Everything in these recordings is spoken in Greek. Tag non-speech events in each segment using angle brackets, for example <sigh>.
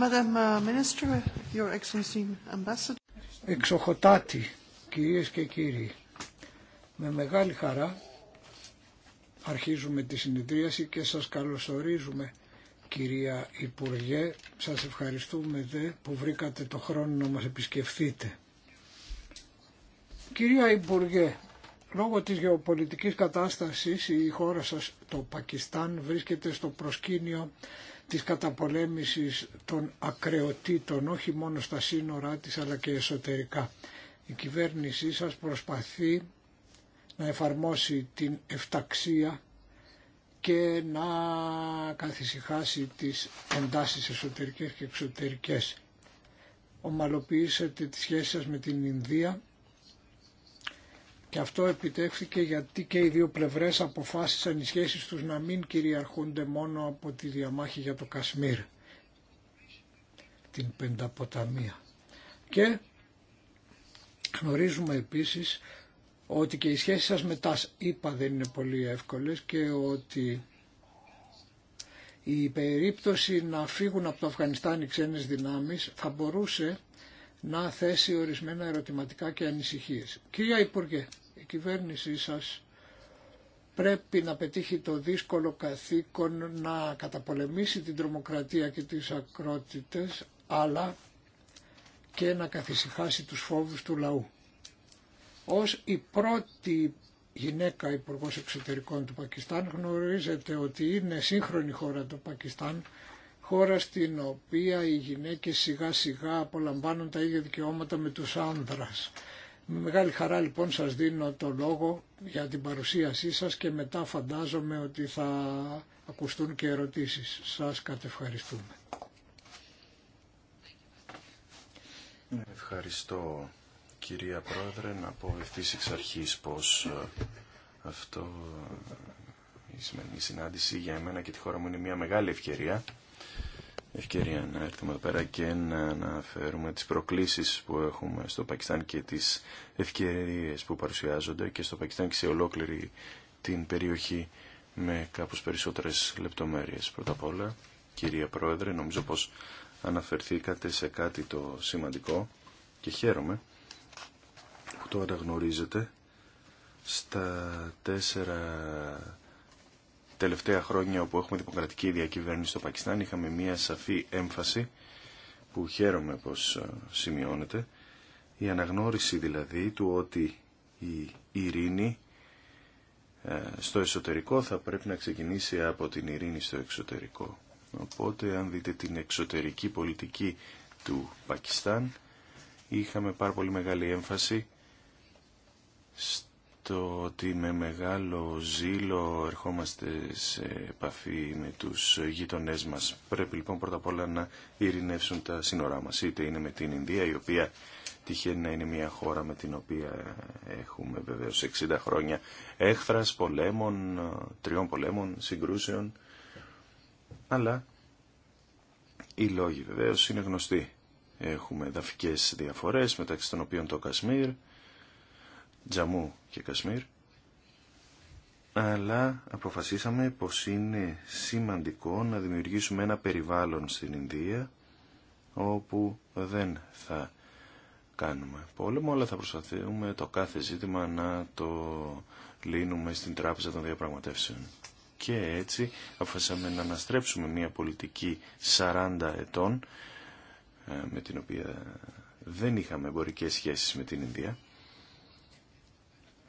Uh, Εξοχοτάτη, κυρίες και κύριοι, με μεγάλη χαρά αρχίζουμε τη συνεδρίαση και σας καλωσορίζουμε κυρία Υπουργέ. Σας ευχαριστούμε δε που βρήκατε το χρόνο να μας επισκεφθείτε. Κυρία Υπουργέ, Λόγω της γεωπολιτικής κατάστασης η χώρα σας, το Πακιστάν, βρίσκεται στο προσκήνιο της καταπολέμησης των ακρεωτήτων, όχι μόνο στα σύνορά της αλλά και εσωτερικά. Η κυβέρνησή σας προσπαθεί να εφαρμόσει την εφταξία και να καθησυχάσει τις εντάσεις εσωτερικές και εξωτερικές. Ομαλοποιήσατε τις σχέσεις σας με την Ινδία και αυτό επιτέχθηκε γιατί και οι δύο πλευρές αποφάσισαν οι σχέσεις τους να μην κυριαρχούνται μόνο από τη διαμάχη για το Κασμίρ, την Πενταποταμία. Και γνωρίζουμε επίσης ότι και οι σχέσεις σας με τα δεν είναι πολύ εύκολες και ότι η περίπτωση να φύγουν από το Αφγανιστάν οι ξένες δυνάμεις θα μπορούσε να θέσει ορισμένα ερωτηματικά και ανησυχίες. Κυρία Υπουργέ, η κυβέρνησή σας πρέπει να πετύχει το δύσκολο καθήκον να καταπολεμήσει την τρομοκρατία και τις ακρότητες, αλλά και να καθησυχάσει τους φόβους του λαού. Ως η πρώτη γυναίκα Υπουργός Εξωτερικών του Πακιστάν γνωρίζετε ότι είναι σύγχρονη χώρα το Πακιστάν χώρα στην οποία οι γυναίκες σιγά σιγά απολαμβάνουν τα ίδια δικαιώματα με τους άνδρας. Με μεγάλη χαρά λοιπόν σας δίνω το λόγο για την παρουσίασή σας και μετά φαντάζομαι ότι θα ακουστούν και ερωτήσεις. Σας κατευχαριστούμε. Ευχαριστώ κυρία Πρόεδρε να πω ευθύς εξ αρχής πως ε, αυτό η σημερινή συνάντηση για εμένα και τη χώρα μου είναι μια μεγάλη ευκαιρία ευκαιρία να έρθουμε εδώ πέρα και να αναφέρουμε τις προκλήσεις που έχουμε στο Πακιστάν και τις ευκαιρίες που παρουσιάζονται και στο Πακιστάν και σε ολόκληρη την περιοχή με κάπως περισσότερες λεπτομέρειες. Πρώτα απ' όλα, κυρία Πρόεδρε, νομίζω πως αναφερθήκατε σε κάτι το σημαντικό και χαίρομαι που το αναγνωρίζετε στα τέσσερα τελευταία χρόνια όπου έχουμε δημοκρατική διακυβέρνηση στο Πακιστάν είχαμε μία σαφή έμφαση που χαίρομαι πως ε, σημειώνεται η αναγνώριση δηλαδή του ότι η ειρήνη ε, στο εσωτερικό θα πρέπει να ξεκινήσει από την ειρήνη στο εξωτερικό. Οπότε αν δείτε την εξωτερική πολιτική του Πακιστάν είχαμε πάρα πολύ μεγάλη έμφαση το ότι με μεγάλο ζήλο ερχόμαστε σε επαφή με τους γειτονές μας. Πρέπει λοιπόν πρώτα απ' όλα να ειρηνεύσουν τα σύνορά μας, είτε είναι με την Ινδία η οποία τυχαίνει να είναι μια χώρα με την οποία έχουμε βεβαίως 60 χρόνια έχθρας, πολέμων, τριών πολέμων, συγκρούσεων, αλλά οι λόγοι βεβαίως είναι γνωστοί. Έχουμε δαφικές διαφορές μεταξύ των οποίων το Κασμίρ, Τζαμού και Κασμίρ, αλλά αποφασίσαμε πως είναι σημαντικό να δημιουργήσουμε ένα περιβάλλον στην Ινδία όπου δεν θα κάνουμε πόλεμο, αλλά θα προσπαθούμε το κάθε ζήτημα να το λύνουμε στην τράπεζα των διαπραγματεύσεων. Και έτσι αποφασίσαμε να αναστρέψουμε μια πολιτική 40 ετών ε, με την οποία δεν είχαμε εμπορικές σχέσεις με την Ινδία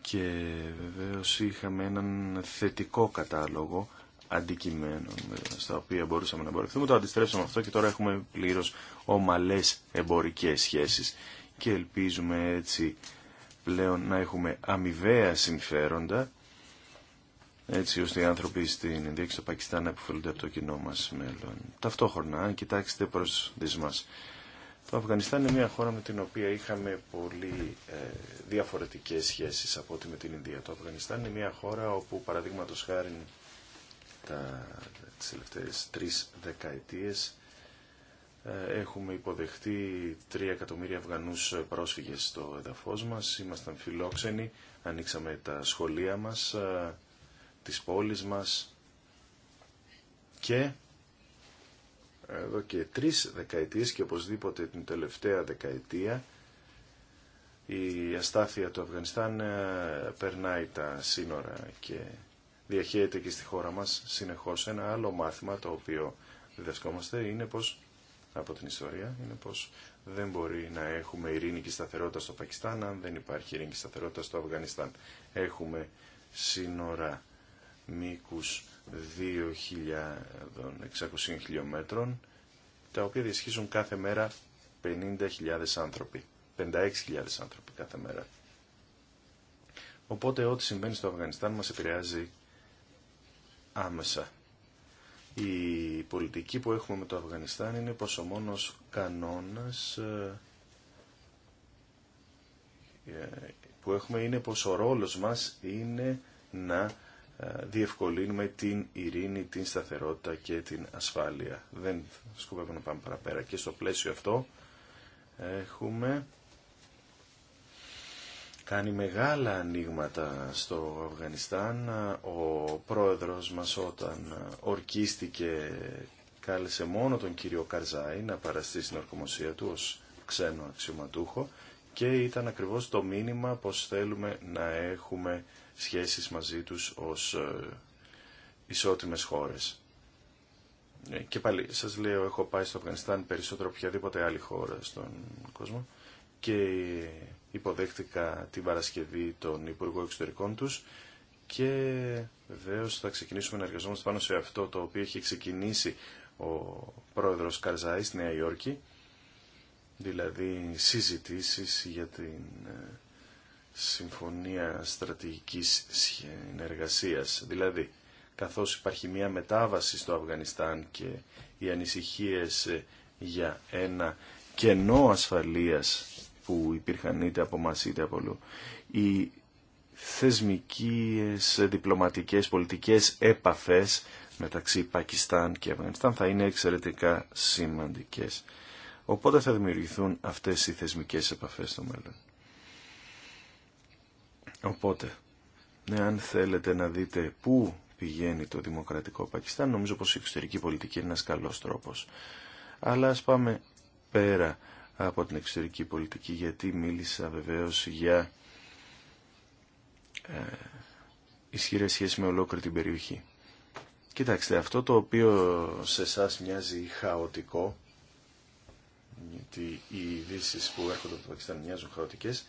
και βεβαίως είχαμε έναν θετικό κατάλογο αντικειμένων ε, στα οποία μπορούσαμε να εμπορευτούμε. Το αντιστρέψαμε αυτό και τώρα έχουμε πλήρως ομαλές εμπορικές σχέσεις και ελπίζουμε έτσι πλέον να έχουμε αμοιβαία συμφέροντα έτσι ώστε οι άνθρωποι στην Ινδία και στο Πακιστάν να επιφελούνται από το κοινό μας μέλλον. Ταυτόχρονα, αν κοιτάξετε προς μας... Το Αφγανιστάν είναι μια χώρα με την οποία είχαμε πολύ ε, διαφορετικές σχέσεις από ό,τι με την Ινδία. Το Αφγανιστάν είναι μια χώρα όπου παραδείγματο χάρη τα, τις τελευταίες τρεις δεκαετίες ε, έχουμε υποδεχτεί τρία εκατομμύρια Αφγανούς πρόσφυγες στο εδαφός μας. Ήμασταν φιλόξενοι, ανοίξαμε τα σχολεία μας, ε, τις πόλεις μας και εδώ και τρεις δεκαετίες και οπωσδήποτε την τελευταία δεκαετία η αστάθεια του Αφγανιστάν ε, περνάει τα σύνορα και διαχέεται και στη χώρα μας συνεχώς. Ένα άλλο μάθημα το οποίο διδασκόμαστε είναι πως, από την ιστορία, είναι πως δεν μπορεί να έχουμε ειρήνη και σταθερότητα στο Πακιστάν αν δεν υπάρχει ειρήνη και σταθερότητα στο Αφγανιστάν. Έχουμε σύνορα μήκους 2.600 χιλιόμετρων, τα οποία διασχίζουν κάθε μέρα 50.000 άνθρωποι, 56.000 άνθρωποι κάθε μέρα. Οπότε ό,τι συμβαίνει στο Αφγανιστάν μας επηρεάζει άμεσα. Η πολιτική που έχουμε με το Αφγανιστάν είναι πως ο μόνος κανόνας ε, ε, που έχουμε είναι πως ο ρόλος μας είναι να ε, διευκολύνουμε την ειρήνη, την σταθερότητα και την ασφάλεια. Δεν σκοπεύουμε να πάμε παραπέρα. Και στο πλαίσιο αυτό έχουμε κάνει μεγάλα ανοίγματα στο Αφγανιστάν. Ο πρόεδρος μας όταν ορκίστηκε κάλεσε μόνο τον κύριο Καρζάη να παραστεί στην ορκομοσία του ως ξένο αξιωματούχο και ήταν ακριβώς το μήνυμα πως θέλουμε να έχουμε σχέσεις μαζί τους ως ε, ισότιμες χώρες. Ε, και πάλι σας λέω, έχω πάει στο Αφγανιστάν περισσότερο οποιαδήποτε άλλη χώρα στον κόσμο και υποδέχτηκα την Παρασκευή των υπουργών Εξωτερικών τους και βεβαίω θα ξεκινήσουμε να εργαζόμαστε πάνω σε αυτό το οποίο έχει ξεκινήσει ο πρόεδρος Καρζάη στη Νέα Υόρκη, δηλαδή συζητήσεις για την ε, συμφωνία στρατηγικής συνεργασίας. Δηλαδή, καθώς υπάρχει μια μετάβαση στο Αφγανιστάν και οι ανησυχίες για ένα κενό ασφαλείας που υπήρχαν είτε από μας είτε από αλλού, οι θεσμικές, διπλωματικές, πολιτικές έπαφες μεταξύ Πακιστάν και Αφγανιστάν θα είναι εξαιρετικά σημαντικές. Οπότε θα δημιουργηθούν αυτές οι θεσμικές επαφές στο μέλλον. Οπότε, ναι, αν θέλετε να δείτε πού πηγαίνει το Δημοκρατικό Πακιστάν, νομίζω πως η εξωτερική πολιτική είναι ένας καλός τρόπος. Αλλά ας πάμε πέρα από την εξωτερική πολιτική, γιατί μίλησα βεβαίως για ε, ισχυρές με ολόκληρη την περιοχή. Κοιτάξτε, αυτό το οποίο σε εσά μοιάζει χαοτικό, γιατί οι ειδήσει που έρχονται από το Πακιστάν μοιάζουν χαοτικές,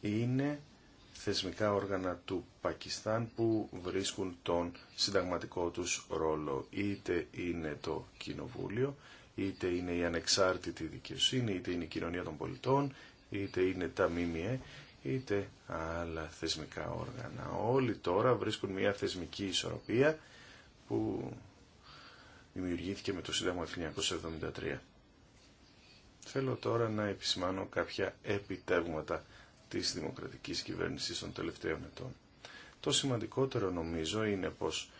είναι θεσμικά όργανα του Πακιστάν που βρίσκουν τον συνταγματικό τους ρόλο. Είτε είναι το Κοινοβούλιο, είτε είναι η ανεξάρτητη δικαιοσύνη, είτε είναι η κοινωνία των πολιτών, είτε είναι τα ΜΜΕ, είτε άλλα θεσμικά όργανα. Όλοι τώρα βρίσκουν μια θεσμική ισορροπία που δημιουργήθηκε με το Σύνταγμα 1973. Θέλω τώρα να επισημάνω κάποια επιτεύγματα της δημοκρατικής κυβέρνησης των τελευταίων ετών. Το σημαντικότερο νομίζω είναι πως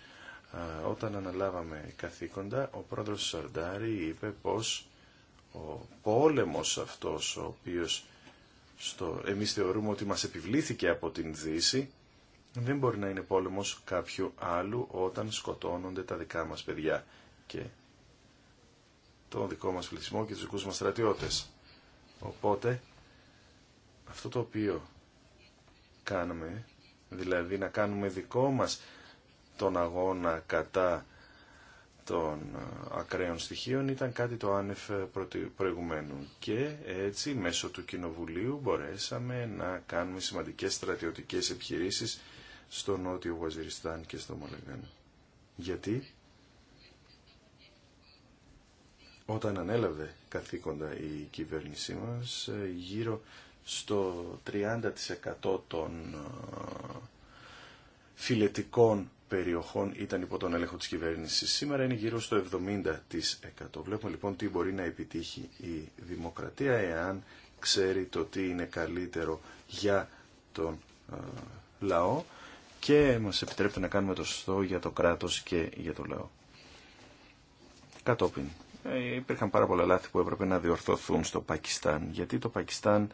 όταν αναλάβαμε καθήκοντα ο πρόεδρος Σαρντάρη είπε πως ο πόλεμος αυτός ο οποίος στο, εμείς θεωρούμε ότι μας επιβλήθηκε από την Δύση δεν μπορεί να είναι πόλεμος κάποιου άλλου όταν σκοτώνονται τα δικά μας παιδιά και το δικό μας πληθυσμό και τους δικούς μας στρατιώτες. Οπότε αυτό το οποίο κάνουμε, δηλαδή να κάνουμε δικό μας τον αγώνα κατά των ε, ακραίων στοιχείων ήταν κάτι το άνευ ε, προηγουμένου και έτσι μέσω του Κοινοβουλίου μπορέσαμε να κάνουμε σημαντικές στρατιωτικές επιχειρήσεις στο Νότιο Βαζιριστάν και στο Μολεγάν. Γιατί όταν ανέλαβε καθήκοντα η κυβέρνησή μας ε, γύρω στο 30% των ε, φιλετικών περιοχών ήταν υπό τον έλεγχο της κυβέρνησης. Σήμερα είναι γύρω στο 70%. Βλέπουμε λοιπόν τι μπορεί να επιτύχει η δημοκρατία εάν ξέρει το τι είναι καλύτερο για τον ε, λαό και μας επιτρέπει να κάνουμε το σωστό για το κράτος και για το λαό. Κατόπιν, ε, υπήρχαν πάρα πολλά λάθη που έπρεπε να διορθωθούν στο Πακιστάν, γιατί το Πακιστάν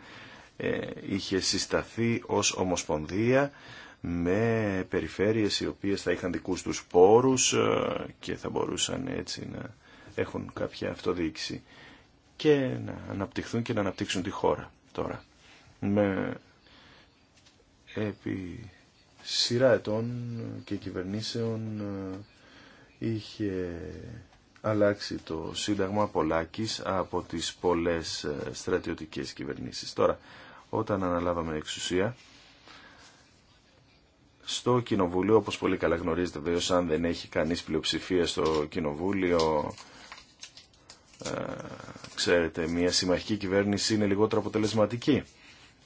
ε, είχε συσταθεί ως ομοσπονδία με περιφέρειες οι οποίες θα είχαν δικούς τους πόρους ε, και θα μπορούσαν έτσι να έχουν κάποια αυτοδιοίκηση και να αναπτυχθούν και να αναπτύξουν τη χώρα τώρα. Με επί σειρά ετών και κυβερνήσεων ε, είχε αλλάξει το Σύνταγμα Πολάκης από τις πολλές στρατιωτικές κυβερνήσεις. Τώρα, όταν αναλάβαμε εξουσία στο Κοινοβούλιο, όπως πολύ καλά γνωρίζετε βέβαια, αν δεν έχει κανείς πλειοψηφία στο Κοινοβούλιο, ε, ξέρετε, μια συμμαχική κυβέρνηση είναι λιγότερο αποτελεσματική.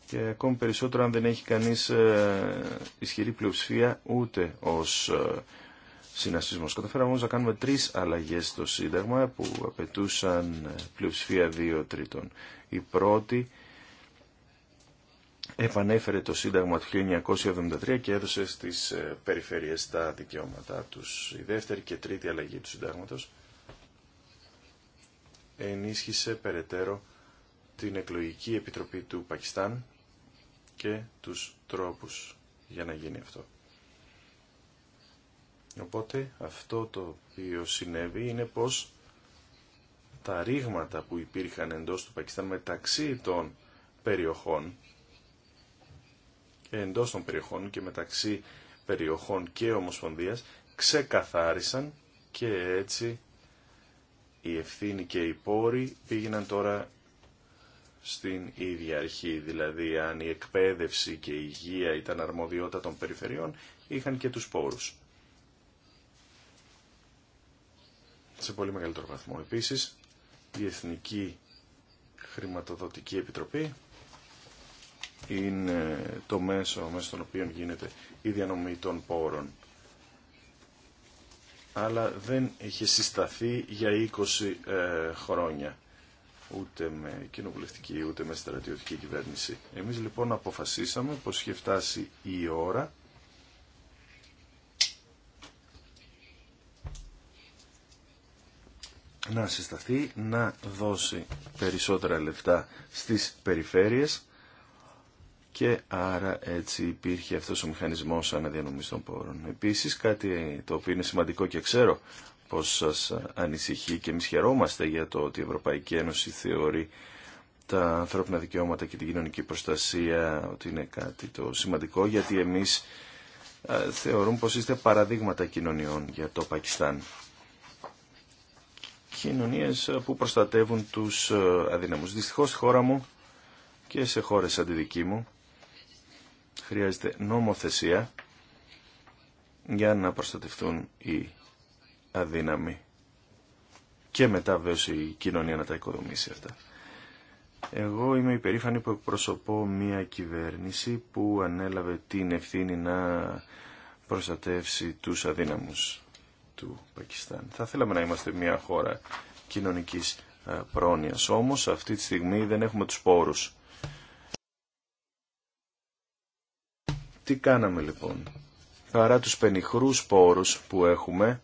Και ακόμη περισσότερο αν δεν έχει κανείς ε, ισχυρή πλειοψηφία ούτε ως ε, συνασπισμός. Καταφέραμε όμως να κάνουμε τρεις αλλαγές στο Σύνταγμα που απαιτούσαν ε, πλειοψηφία δύο τρίτων. Η πρώτη επανέφερε το Σύνταγμα του 1973 και έδωσε στις ε, περιφερειές τα δικαιώματά τους. Η δεύτερη και τρίτη αλλαγή του Συντάγματος ενίσχυσε περαιτέρω την εκλογική επιτροπή του Πακιστάν και τους τρόπους για να γίνει αυτό. Οπότε αυτό το οποίο συνέβη είναι πως τα ρήγματα που υπήρχαν εντός του Πακιστάν μεταξύ των περιοχών εντός των περιοχών και μεταξύ περιοχών και ομοσπονδίας ξεκαθάρισαν και έτσι η ευθύνη και οι πόροι πήγαιναν τώρα στην ίδια αρχή. Δηλαδή αν η εκπαίδευση και η υγεία ήταν αρμοδιότητα των περιφερειών είχαν και τους πόρους. Σε πολύ μεγαλύτερο βαθμό. Επίσης η Εθνική Χρηματοδοτική Επιτροπή είναι το μέσο μέσα στον οποίο γίνεται η διανομή των πόρων. Αλλά δεν είχε συσταθεί για 20 ε, χρόνια ούτε με κοινοβουλευτική ούτε με στρατιωτική κυβέρνηση. Εμείς λοιπόν αποφασίσαμε πως είχε φτάσει η ώρα να συσταθεί, να δώσει περισσότερα λεφτά στις περιφέρειες και άρα έτσι υπήρχε αυτός ο μηχανισμός αναδιανομής των πόρων. Επίσης κάτι το οποίο είναι σημαντικό και ξέρω πως σας ανησυχεί και εμείς χαιρόμαστε για το ότι η Ευρωπαϊκή Ένωση θεωρεί τα ανθρώπινα δικαιώματα και την κοινωνική προστασία ότι είναι κάτι το σημαντικό γιατί εμείς θεωρούμε πως είστε παραδείγματα κοινωνιών για το Πακιστάν. Κοινωνίες που προστατεύουν τους αδυναμούς. Δυστυχώς στη χώρα μου και σε χώρες σαν μου χρειάζεται νομοθεσία για να προστατευτούν οι αδύναμοι και μετά βέβαια η κοινωνία να τα οικοδομήσει αυτά. Εγώ είμαι υπερήφανη που εκπροσωπώ μια κυβέρνηση που ανέλαβε την ευθύνη να προστατεύσει τους αδύναμους του Πακιστάν. Θα θέλαμε να είμαστε μια χώρα κοινωνικής πρόνοιας, όμως αυτή τη στιγμή δεν έχουμε τους πόρους Τι κάναμε λοιπόν. Παρά τους πενιχρούς πόρους που έχουμε,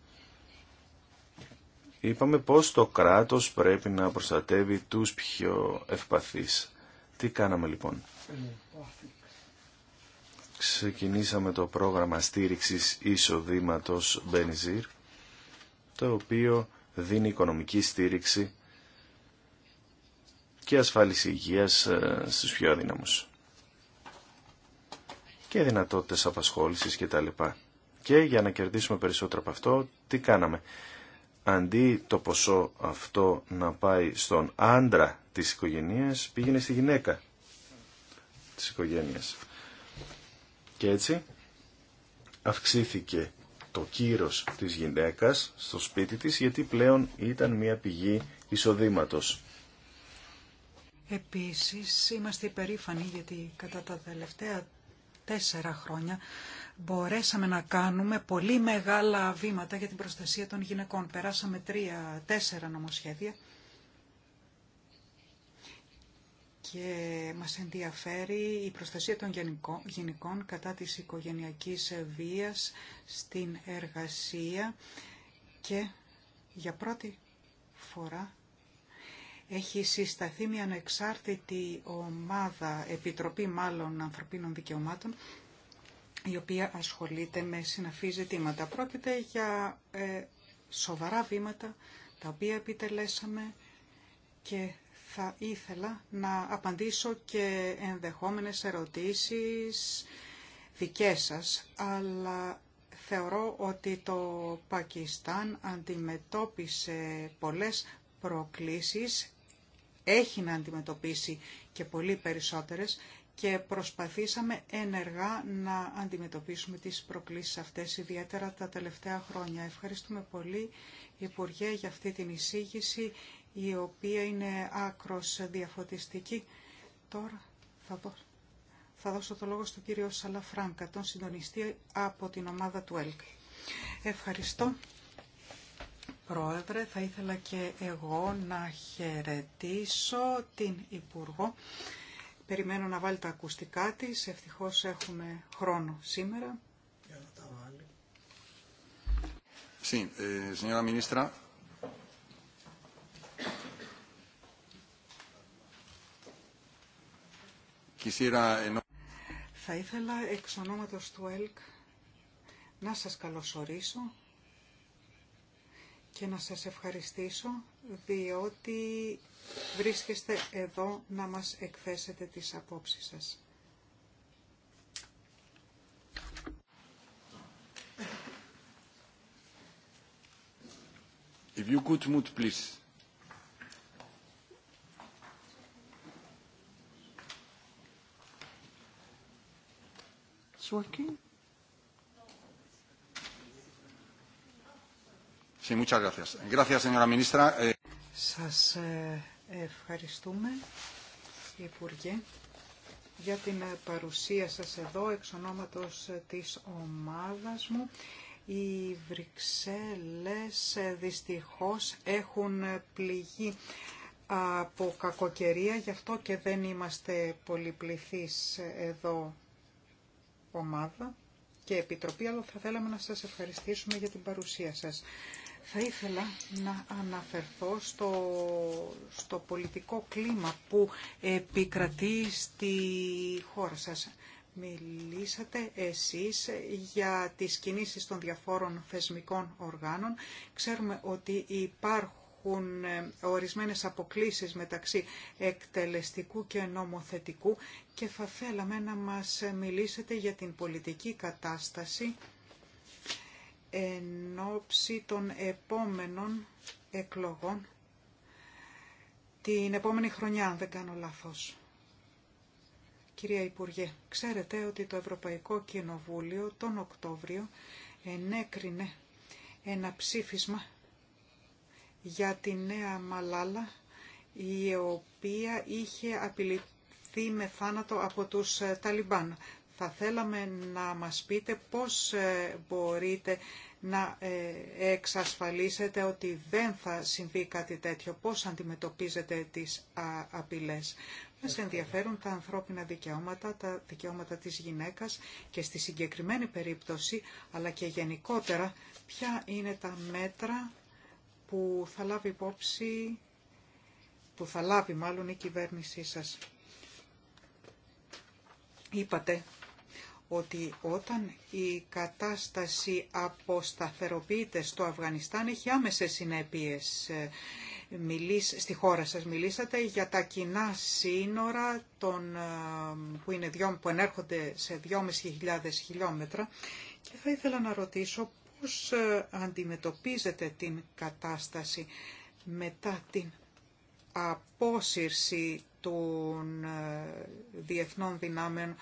είπαμε πως το κράτος πρέπει να προστατεύει τους πιο ευπαθείς. Τι κάναμε λοιπόν. Ξεκινήσαμε το πρόγραμμα στήριξης εισοδήματος Μπενιζήρ, το οποίο δίνει οικονομική στήριξη και ασφάλιση υγείας ε, στους πιο αδύναμους και δυνατότητες απασχόλησης κτλ. Και για να κερδίσουμε περισσότερο από αυτό, τι κάναμε. Αντί το ποσό αυτό να πάει στον άντρα της οικογένειας, πήγαινε στη γυναίκα της οικογένειας. Και έτσι αυξήθηκε το κύρος της γυναίκας στο σπίτι της, γιατί πλέον ήταν μια πηγή εισοδήματος. Επίσης, είμαστε υπερήφανοι γιατί κατά τα τελευταία τέσσερα χρόνια μπορέσαμε να κάνουμε πολύ μεγάλα βήματα για την προστασία των γυναικών. Περάσαμε τρία, τέσσερα νομοσχέδια και μας ενδιαφέρει η προστασία των γυναικών κατά της οικογενειακής βίας στην εργασία και για πρώτη φορά έχει συσταθεί μια ανεξάρτητη ομάδα, επιτροπή μάλλον ανθρωπίνων δικαιωμάτων, η οποία ασχολείται με συναφή ζητήματα. Πρόκειται για ε, σοβαρά βήματα τα οποία επιτελέσαμε και θα ήθελα να απαντήσω και ενδεχόμενες ερωτήσεις δικές σας, αλλά θεωρώ ότι το Πακιστάν αντιμετώπισε πολλές προκλήσεις έχει να αντιμετωπίσει και πολύ περισσότερες και προσπαθήσαμε ενεργά να αντιμετωπίσουμε τις προκλήσεις αυτές, ιδιαίτερα τα τελευταία χρόνια. Ευχαριστούμε πολύ, Υπουργέ, για αυτή την εισήγηση, η οποία είναι άκρος διαφωτιστική. Τώρα θα δώσω, θα δώσω το λόγο στον κύριο Σαλαφράνκα, τον συντονιστή από την ομάδα του ΕΛΚ. Ευχαριστώ. Πρόεδρε, θα ήθελα και εγώ να χαιρετήσω την Υπουργό. Περιμένω να βάλει τα ακουστικά της. Ευτυχώς έχουμε χρόνο σήμερα. Για να eh, Θα ήθελα εξ ονόματος του ΕΛΚ να σας καλωσορίσω και να σας ευχαριστήσω διότι βρίσκεστε εδώ να μας εκθέσετε τις απόψεις σας. If you could mute please. It's working. Sí, eh, Σας ε, ευχαριστούμε, Υπουργέ, για την ε, παρουσία σας εδώ εξ ονόματος ε, της ομάδας μου. Οι Βρυξέλλες δυστυχώς έχουν πληγεί από κακοκαιρία, γι' αυτό και δεν είμαστε πολυπληθής εδώ ομάδα και επιτροπή, αλλά θα θέλαμε να σας ευχαριστήσουμε για την παρουσία σας. Θα ήθελα να αναφερθώ στο, στο πολιτικό κλίμα που επικρατεί στη χώρα σας. Μιλήσατε εσείς για τις κινήσεις των διαφόρων θεσμικών οργάνων. Ξέρουμε ότι υπάρχουν ε, ορισμένες αποκλίσεις μεταξύ εκτελεστικού και νομοθετικού και θα θέλαμε να μας μιλήσετε για την πολιτική κατάσταση εν ώψη των επόμενων εκλογών την επόμενη χρονιά, αν δεν κάνω λάθος. Κυρία Υπουργέ, ξέρετε ότι το Ευρωπαϊκό Κοινοβούλιο τον Οκτώβριο ενέκρινε ένα ψήφισμα για τη νέα Μαλάλα η οποία είχε απειληθεί με θάνατο από τους ε, Ταλιμπάν. Θα θέλαμε να μας πείτε πώς ε, μπορείτε να ε, εξασφαλίσετε ότι δεν θα συμβεί κάτι τέτοιο, πώς αντιμετωπίζετε τις απειλές. Μας ενδιαφέρουν τα ανθρώπινα δικαιώματα, τα δικαιώματα της γυναίκας και στη συγκεκριμένη περίπτωση, αλλά και γενικότερα, ποια είναι τα μέτρα που θα λάβει υπόψη, που θα λάβει μάλλον η κυβέρνησή σας. Είπατε ότι όταν η κατάσταση αποσταθεροποιείται στο Αφγανιστάν έχει άμεσες συνέπειες. Μιλείς, στη χώρα σας μιλήσατε για τα κοινά σύνορα των, ε, που, είναι δυο, που ενέρχονται σε 2.500 χιλιόμετρα και θα ήθελα να ρωτήσω πώς ε, αντιμετωπίζετε την κατάσταση μετά την απόσυρση των ε, διεθνών δυνάμεων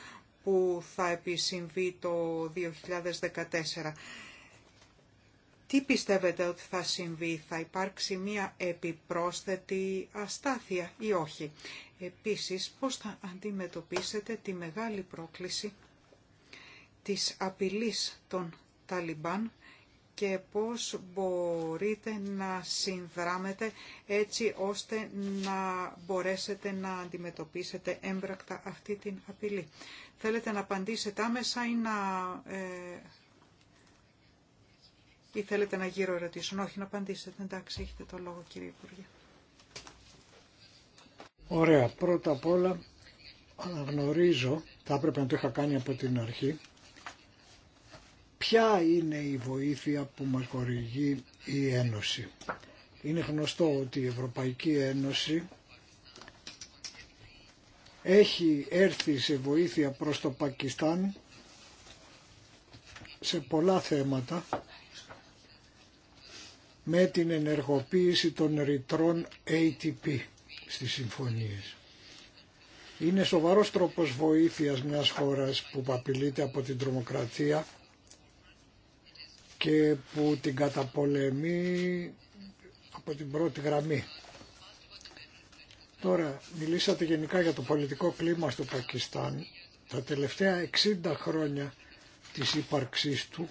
που θα επισυμβεί το 2014. Τι πιστεύετε ότι θα συμβεί, θα υπάρξει μία επιπρόσθετη αστάθεια ή όχι. Επίσης, πώς θα αντιμετωπίσετε τη μεγάλη πρόκληση της απειλής των Ταλιμπάν και πώς μπορείτε να συνδράμετε έτσι ώστε να μπορέσετε να αντιμετωπίσετε έμπρακτα αυτή την απειλή. Θέλετε να απαντήσετε άμεσα ή να... Ε, ή θέλετε να γύρω ερωτήσουν. Όχι, να απαντήσετε. Εντάξει, έχετε το λόγο κύριε Υπουργέ. Ωραία. Πρώτα απ' όλα αναγνωρίζω, θα έπρεπε να το είχα κάνει από την αρχή, ποια είναι η βοήθεια που μας χορηγεί η Ένωση. Είναι γνωστό ότι η Ευρωπαϊκή Ένωση έχει έρθει σε βοήθεια προς το Πακιστάν σε πολλά θέματα με την ενεργοποίηση των ρητρών ATP στις συμφωνίες. Είναι σοβαρός τρόπος βοήθειας μιας χώρας που απειλείται από την τρομοκρατία και που την καταπολεμεί από την πρώτη γραμμή. Τώρα, μιλήσατε γενικά για το πολιτικό κλίμα στο Πακιστάν. Τα τελευταία 60 χρόνια της ύπαρξής του,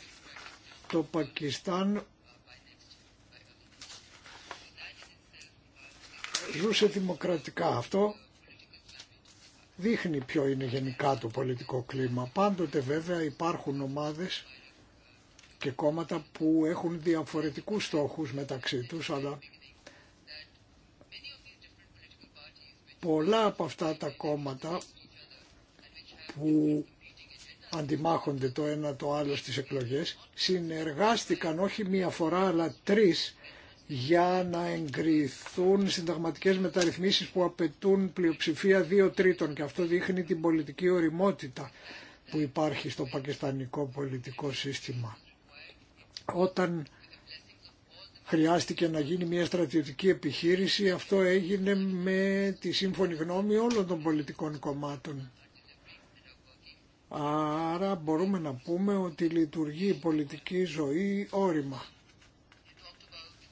το Πακιστάν ζούσε δημοκρατικά. Αυτό δείχνει ποιο είναι γενικά το πολιτικό κλίμα. Πάντοτε βέβαια υπάρχουν ομάδες και κόμματα που έχουν διαφορετικούς στόχους μεταξύ τους, αλλά πολλά από αυτά τα κόμματα που αντιμάχονται το ένα το άλλο στις εκλογές συνεργάστηκαν όχι μία φορά αλλά τρεις για να εγκριθούν συνταγματικές μεταρρυθμίσεις που απαιτούν πλειοψηφία δύο τρίτων και αυτό δείχνει την πολιτική οριμότητα που υπάρχει στο πακιστανικό πολιτικό σύστημα όταν χρειάστηκε να γίνει μια στρατιωτική επιχείρηση, αυτό έγινε με τη σύμφωνη γνώμη όλων των πολιτικών κομμάτων. Άρα μπορούμε να πούμε ότι λειτουργεί η πολιτική ζωή όρημα.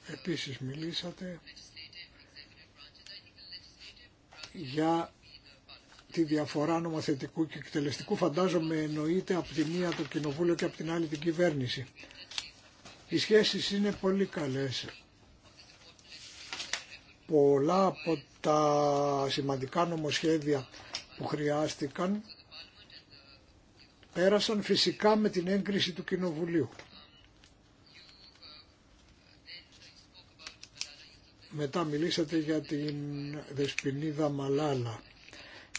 Επίσης μιλήσατε για τη διαφορά νομοθετικού και εκτελεστικού. Φαντάζομαι εννοείται από τη μία το κοινοβούλιο και από την άλλη την κυβέρνηση. Οι σχέσεις είναι πολύ καλές. Πολλά από τα σημαντικά νομοσχέδια που χρειάστηκαν πέρασαν φυσικά με την έγκριση του Κοινοβουλίου. Μετά μιλήσατε για την Δεσποινίδα Μαλάλα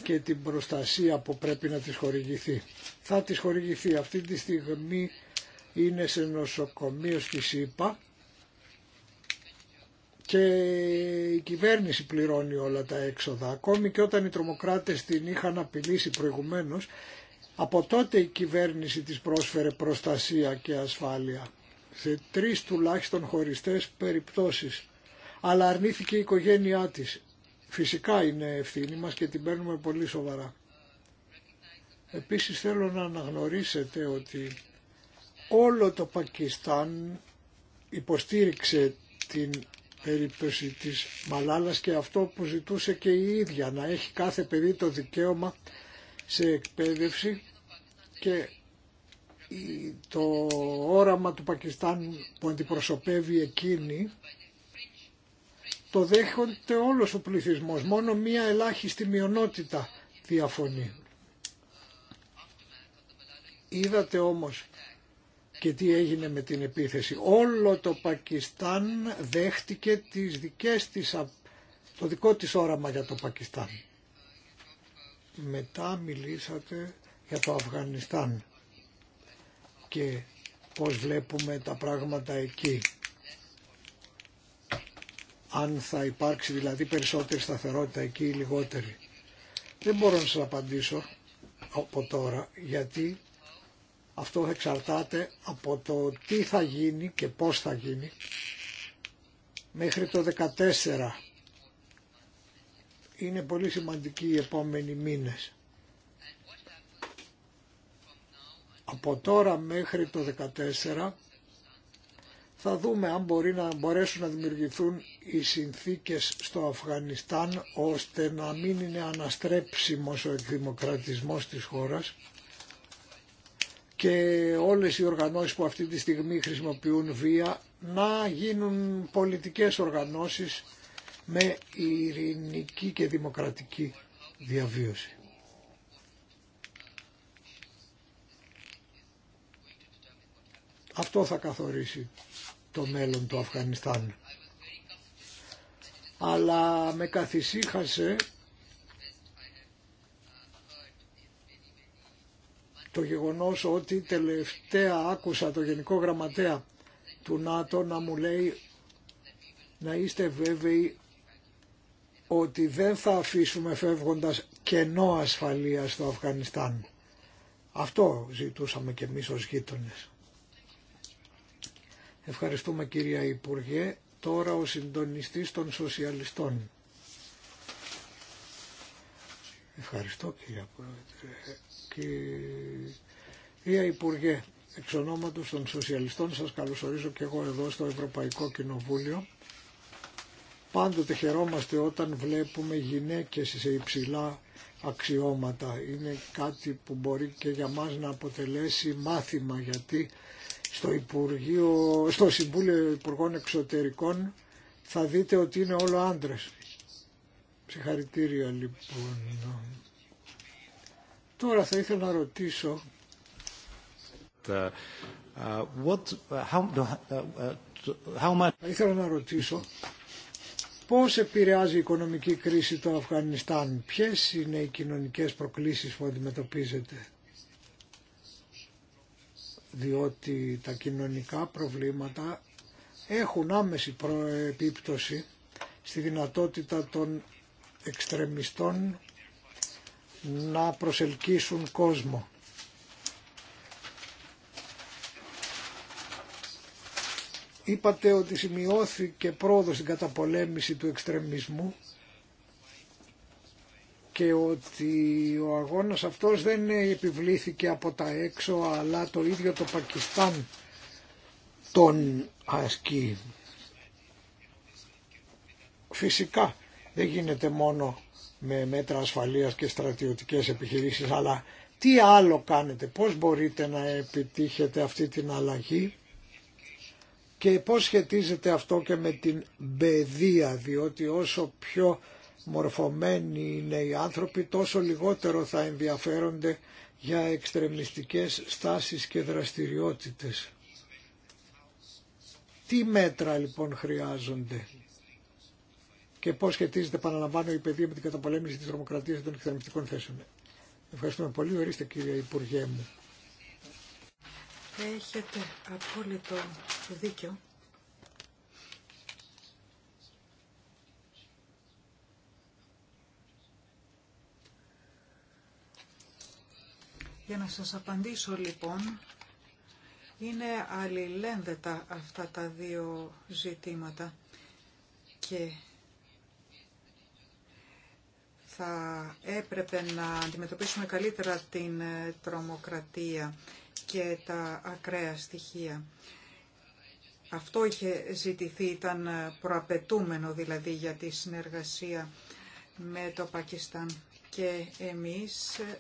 και την προστασία που πρέπει να της χορηγηθεί. Θα της χορηγηθεί αυτή τη στιγμή είναι σε νοσοκομείο στη ΣΥΠΑ και η κυβέρνηση πληρώνει όλα τα έξοδα. Ακόμη και όταν οι τρομοκράτες την είχαν απειλήσει προηγουμένως, από τότε η κυβέρνηση της πρόσφερε προστασία και ασφάλεια. Σε τρεις τουλάχιστον χωριστές περιπτώσεις. Αλλά αρνήθηκε η οικογένειά της. Φυσικά είναι ευθύνη μας και την παίρνουμε πολύ σοβαρά. Επίσης θέλω να αναγνωρίσετε ότι Όλο το Πακιστάν υποστήριξε την περίπτωση της Μαλάλας και αυτό που ζητούσε και η ίδια να έχει κάθε παιδί το δικαίωμα σε εκπαίδευση και το όραμα του Πακιστάν που αντιπροσωπεύει εκείνη το δέχονται όλος ο πληθυσμός, μόνο μία ελάχιστη μειονότητα διαφωνεί. Είδατε όμως και τι έγινε με την επίθεση. Όλο το Πακιστάν δέχτηκε τις δικές της, το δικό της όραμα για το Πακιστάν. Μετά μιλήσατε για το Αφγανιστάν και πώς βλέπουμε τα πράγματα εκεί. Αν θα υπάρξει δηλαδή περισσότερη σταθερότητα εκεί ή λιγότερη. Δεν μπορώ να σας απαντήσω από τώρα γιατί αυτό εξαρτάται από το τι θα γίνει και πώς θα γίνει μέχρι το 14. Είναι πολύ σημαντικοί οι επόμενοι μήνες. Από τώρα μέχρι το 14 θα δούμε αν μπορεί να μπορέσουν να δημιουργηθούν οι συνθήκες στο Αφγανιστάν ώστε να μην είναι αναστρέψιμος ο εκδημοκρατισμός της χώρας και όλες οι οργανώσεις που αυτή τη στιγμή χρησιμοποιούν βία να γίνουν πολιτικές οργανώσεις με ειρηνική και δημοκρατική διαβίωση. Αυτό θα καθορίσει το μέλλον του Αφγανιστάν. Αλλά με καθησύχασε το γεγονός ότι τελευταία άκουσα το Γενικό Γραμματέα του ΝΑΤΟ να μου λέει να είστε βέβαιοι ότι δεν θα αφήσουμε φεύγοντας κενό ασφαλεία στο Αφγανιστάν. Αυτό ζητούσαμε και εμείς ως γείτονες. Ευχαριστούμε κυρία Υπουργέ. Τώρα ο συντονιστής των σοσιαλιστών. Ευχαριστώ κυρία Πρόεδρε. Κυρία Υπουργέ, εξ ονόματος των Σοσιαλιστών σας καλωσορίζω και εγώ εδώ στο Ευρωπαϊκό Κοινοβούλιο. Πάντοτε χαιρόμαστε όταν βλέπουμε γυναίκες σε υψηλά αξιώματα. Είναι κάτι που μπορεί και για μας να αποτελέσει μάθημα γιατί στο, Υπουργείο, στο Συμβούλιο Υπουργών Εξωτερικών θα δείτε ότι είναι όλο άντρες. Συγχαρητήρια λοιπόν. Τώρα θα ήθελα να ρωτήσω ε, ε, ε, θα ήθελα να ρωτήσω πώς επηρεάζει η οικονομική κρίση το Αφγανιστάν, ποιες είναι οι κοινωνικές προκλήσεις που αντιμετωπίζετε. Διότι τα κοινωνικά προβλήματα έχουν άμεση προεπίπτωση στη δυνατότητα των εξτρεμιστών να προσελκύσουν κόσμο. Είπατε ότι σημειώθηκε πρόοδος στην καταπολέμηση του εξτρεμισμού και ότι ο αγώνας αυτός δεν επιβλήθηκε από τα έξω αλλά το ίδιο το Πακιστάν τον ασκεί. Φυσικά δεν γίνεται μόνο με μέτρα ασφαλείας και στρατιωτικές επιχειρήσεις, αλλά τι άλλο κάνετε, πώς μπορείτε να επιτύχετε αυτή την αλλαγή και πώς σχετίζεται αυτό και με την παιδεία, διότι όσο πιο μορφωμένοι είναι οι άνθρωποι, τόσο λιγότερο θα ενδιαφέρονται για εξτρεμιστικές στάσεις και δραστηριότητες. Τι μέτρα λοιπόν χρειάζονται και πώς σχετίζεται, επαναλαμβάνω, η παιδεία με την καταπολέμηση της τρομοκρατίας των εξτρεμιστικών θέσεων. Ευχαριστούμε πολύ. Ορίστε κύριε Υπουργέ μου. Έχετε απόλυτο δίκιο. Για να σας απαντήσω λοιπόν, είναι αλληλένδετα αυτά τα δύο ζητήματα και θα έπρεπε να αντιμετωπίσουμε καλύτερα την ε, τρομοκρατία και τα ακραία στοιχεία. Αυτό είχε ζητηθεί, ήταν ε, προαπαιτούμενο δηλαδή για τη συνεργασία με το Πακιστάν και εμείς ε,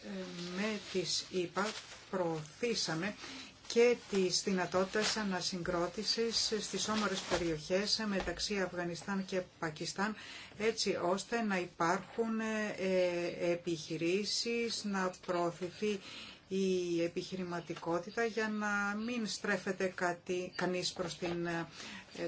με τις ίπα προωθήσαμε και της δυνατότητας ανασυγκρότησης στις όμορες περιοχές μεταξύ Αφγανιστάν και Πακιστάν έτσι ώστε να υπάρχουν ε, επιχειρήσεις, να προωθηθεί η επιχειρηματικότητα για να μην στρέφεται κάτι, κανείς προς την ε,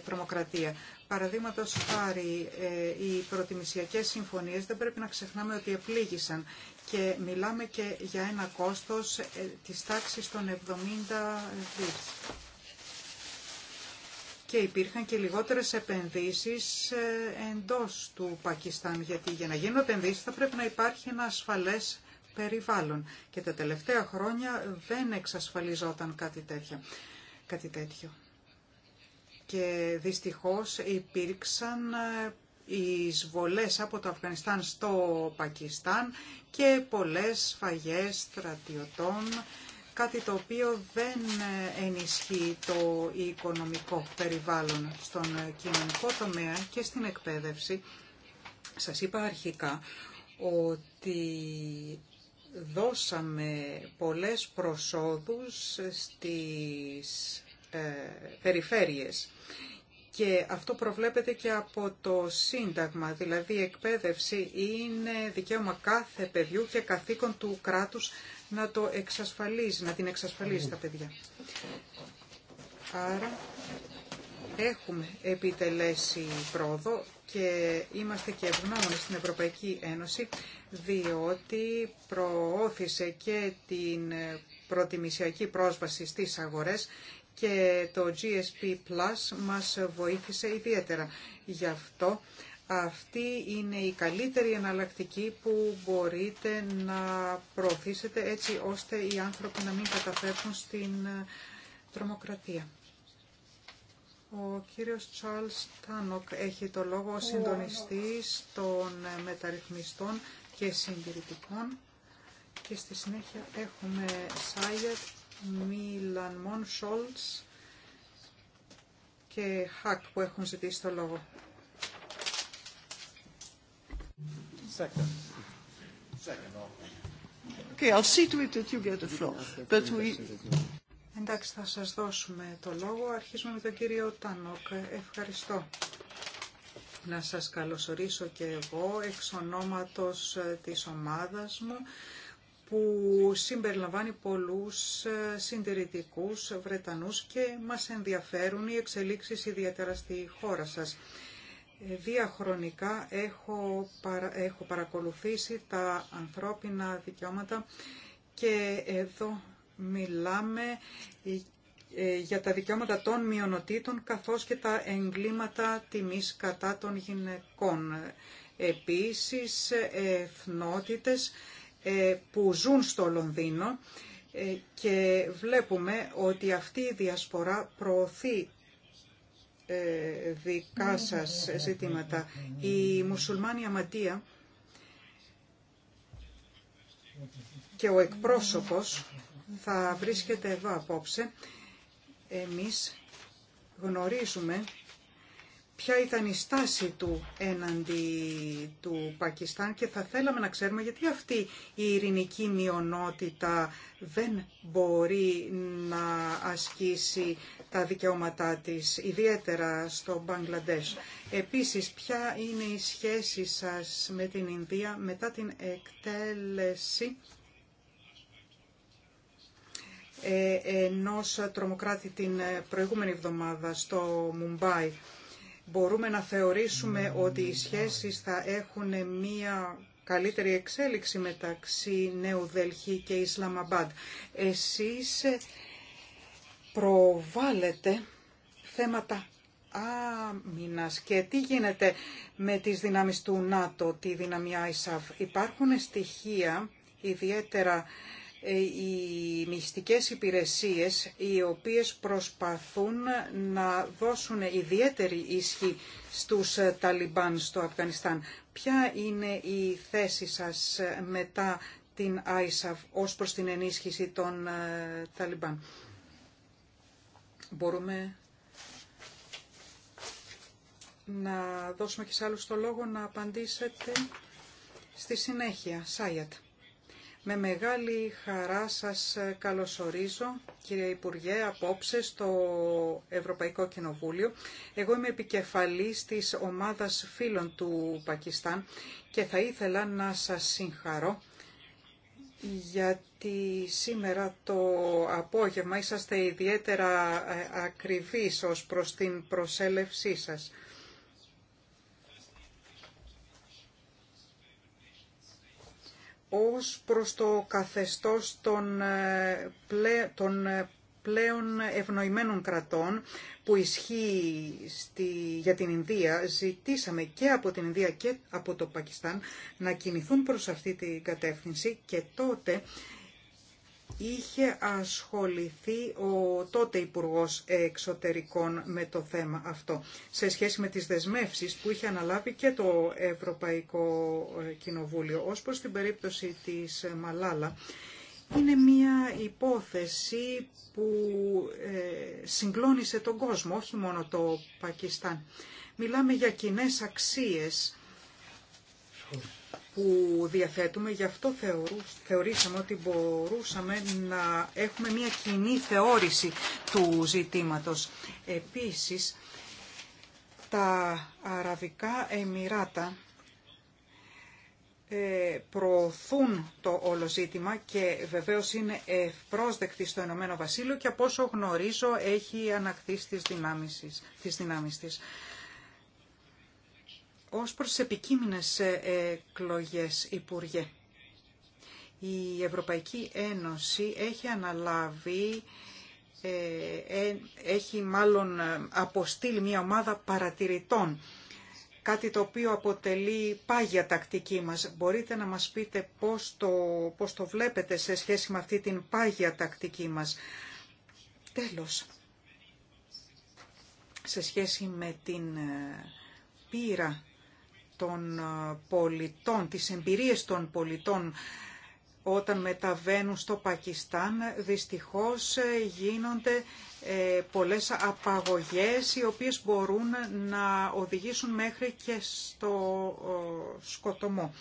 τρομοκρατία. Παραδείγματο χάρη, ε, οι προτιμησιακές συμφωνίες δεν πρέπει να ξεχνάμε ότι επλήγησαν και μιλάμε και για ένα κόστος ε, της τάξης των 70 δις. Και υπήρχαν και λιγότερες επενδύσεις ε, εντός του Πακιστάν, γιατί για να γίνουν επενδύσεις θα πρέπει να υπάρχει ένα ασφαλές περιβάλλον. Και τα τελευταία χρόνια δεν εξασφαλιζόταν κάτι τέτοιο. Κάτι τέτοιο και δυστυχώς υπήρξαν ε, εισβολές από το Αφγανιστάν στο Πακιστάν και πολλές φαγές στρατιωτών, κάτι το οποίο δεν ε, ενισχύει το οικονομικό περιβάλλον στον ε, κοινωνικό τομέα και στην εκπαίδευση. Σας είπα αρχικά ότι δώσαμε πολλές προσόδους στις ε, περιφέρειες. Και αυτό προβλέπεται και από το Σύνταγμα, δηλαδή η εκπαίδευση είναι δικαίωμα κάθε παιδιού και καθήκον του κράτους να το εξασφαλίζει, να την εξασφαλίζει τα παιδιά. Άρα έχουμε επιτελέσει πρόοδο και είμαστε και ευγνώμονες στην Ευρωπαϊκή Ένωση διότι προώθησε και την προτιμησιακή πρόσβαση στις αγορές και το GSP Plus μας βοήθησε ιδιαίτερα. Γι' αυτό αυτή είναι η καλύτερη εναλλακτική που μπορείτε να προωθήσετε έτσι ώστε οι άνθρωποι να μην καταφέρουν στην ε, τρομοκρατία. Ο κύριος Charles Τάνοκ έχει το λόγο ως συντονιστής των ε, μεταρρυθμιστών και συντηρητικών και στη συνέχεια έχουμε Σάιετ Μίλαν Μον Σόλτς και Χακ που έχουν ζητήσει το λόγο. Εντάξει, θα σας δώσουμε το λόγο. Αρχίζουμε με τον κύριο Τάνοκ. Ευχαριστώ. Να σας καλωσορίσω και εγώ εξ ονόματος ε, της ομάδας μου που συμπεριλαμβάνει πολλούς ε, συντηρητικούς Βρετανούς και μας ενδιαφέρουν οι εξελίξεις ιδιαίτερα στη χώρα σας. Ε, διαχρονικά έχω, έχω παρακολουθήσει τα ανθρώπινα δικαιώματα και εδώ μιλάμε ε, για τα δικαιώματα των μειονοτήτων καθώς και τα εγκλήματα τιμής κατά των γυναικών. Επίσης, εθνότητες ε, που ζουν στο Λονδίνο ε, και βλέπουμε ότι αυτή η διασπορά προωθεί ε, δικά σας ζητήματα. Η μουσουλμάνια Ματία και ο εκπρόσωπος θα βρίσκεται εδώ απόψε. Εμείς γνωρίζουμε ποια ήταν η στάση του έναντι του Πακιστάν και θα θέλαμε να ξέρουμε γιατί αυτή η ειρηνική μειονότητα δεν μπορεί να ασκήσει τα δικαιώματά της, ιδιαίτερα στο Μπαγκλαντές. Επίσης, ποια είναι η σχέση σας με την Ινδία μετά την εκτέλεση ε, ενός τρομοκράτη την προηγούμενη εβδομάδα στο Μουμπάι μπορούμε να θεωρήσουμε ότι οι σχέσεις θα έχουν μία καλύτερη εξέλιξη μεταξύ Νέου Δελχή και Ισλαμαμπάντ. Εσείς προβάλλετε θέματα άμυνας και τι γίνεται με τις δυνάμεις του ΝΑΤΟ, τη δυναμιά Αισαβ; Υπάρχουν στοιχεία, ιδιαίτερα ε, οι μυστικές υπηρεσίες οι οποίες προσπαθούν να δώσουν ιδιαίτερη ίσχυ στους ε, Ταλιμπάν στο Αφγανιστάν. Ποια είναι η θέση σας ε, μετά την ISAF ως προς την ενίσχυση των Ταλιμπάν. Μπορούμε να δώσουμε και σε άλλους το λόγο να απαντήσετε στη συνέχεια. Σάιατ. Με μεγάλη χαρά σας καλωσορίζω, κύριε Υπουργέ, απόψε στο Ευρωπαϊκό Κοινοβούλιο. Εγώ είμαι επικεφαλής της ομάδας φίλων του Πακιστάν και θα ήθελα να σας συγχαρώ γιατί σήμερα το απόγευμα είσαστε ιδιαίτερα ε, ακριβείς ως προς την προσέλευσή σας. ως προς το καθεστώς των, ε, πλέ, των ε, πλέον ευνοημένων κρατών που ισχύει στη, για την Ινδία, ζητήσαμε και από την Ινδία και από το Πακιστάν να κινηθούν προς αυτή την κατεύθυνση και τότε είχε ασχοληθεί ο τότε Υπουργός Εξωτερικών με το θέμα αυτό, σε σχέση με τις δεσμεύσεις που είχε αναλάβει και το Ευρωπαϊκό ε, Κοινοβούλιο. Ως προς την περίπτωση της ε, Μαλάλα, είναι μια υπόθεση που ε, συγκλώνησε τον κόσμο, όχι μόνο το Πακιστάν. Μιλάμε για κοινέ αξίες που διαθέτουμε, γι' αυτό θεωρήσαμε ότι μπορούσαμε να έχουμε μια κοινή θεώρηση του ζητήματος. Επίσης, τα Αραβικά Εμμυράτα ε, προωθούν το όλο ζήτημα και βεβαίως είναι ευπρόσδεκτη στο Ηνωμένο Βασίλειο και από όσο γνωρίζω έχει ανακτήσει τις δυνάμεις της. Ως προς επικείμενες ε, εκλογές, Υπουργέ, η Ευρωπαϊκή Ένωση έχει αναλάβει, ε, ε, έχει μάλλον αποστείλει μια ομάδα παρατηρητών, κάτι το οποίο αποτελεί πάγια τακτική μας. Μπορείτε να μας πείτε πώς το, πώς το βλέπετε σε σχέση με αυτή την πάγια τακτική μας. Τέλος, σε σχέση με την πείρα των ε, πολιτών, τις εμπειρίες των πολιτών όταν μεταβαίνουν στο Πακιστάν, δυστυχώς ε, γίνονται ε, πολλές απαγωγές οι οποίες μπορούν να οδηγήσουν μέχρι και στο σκοτωμό.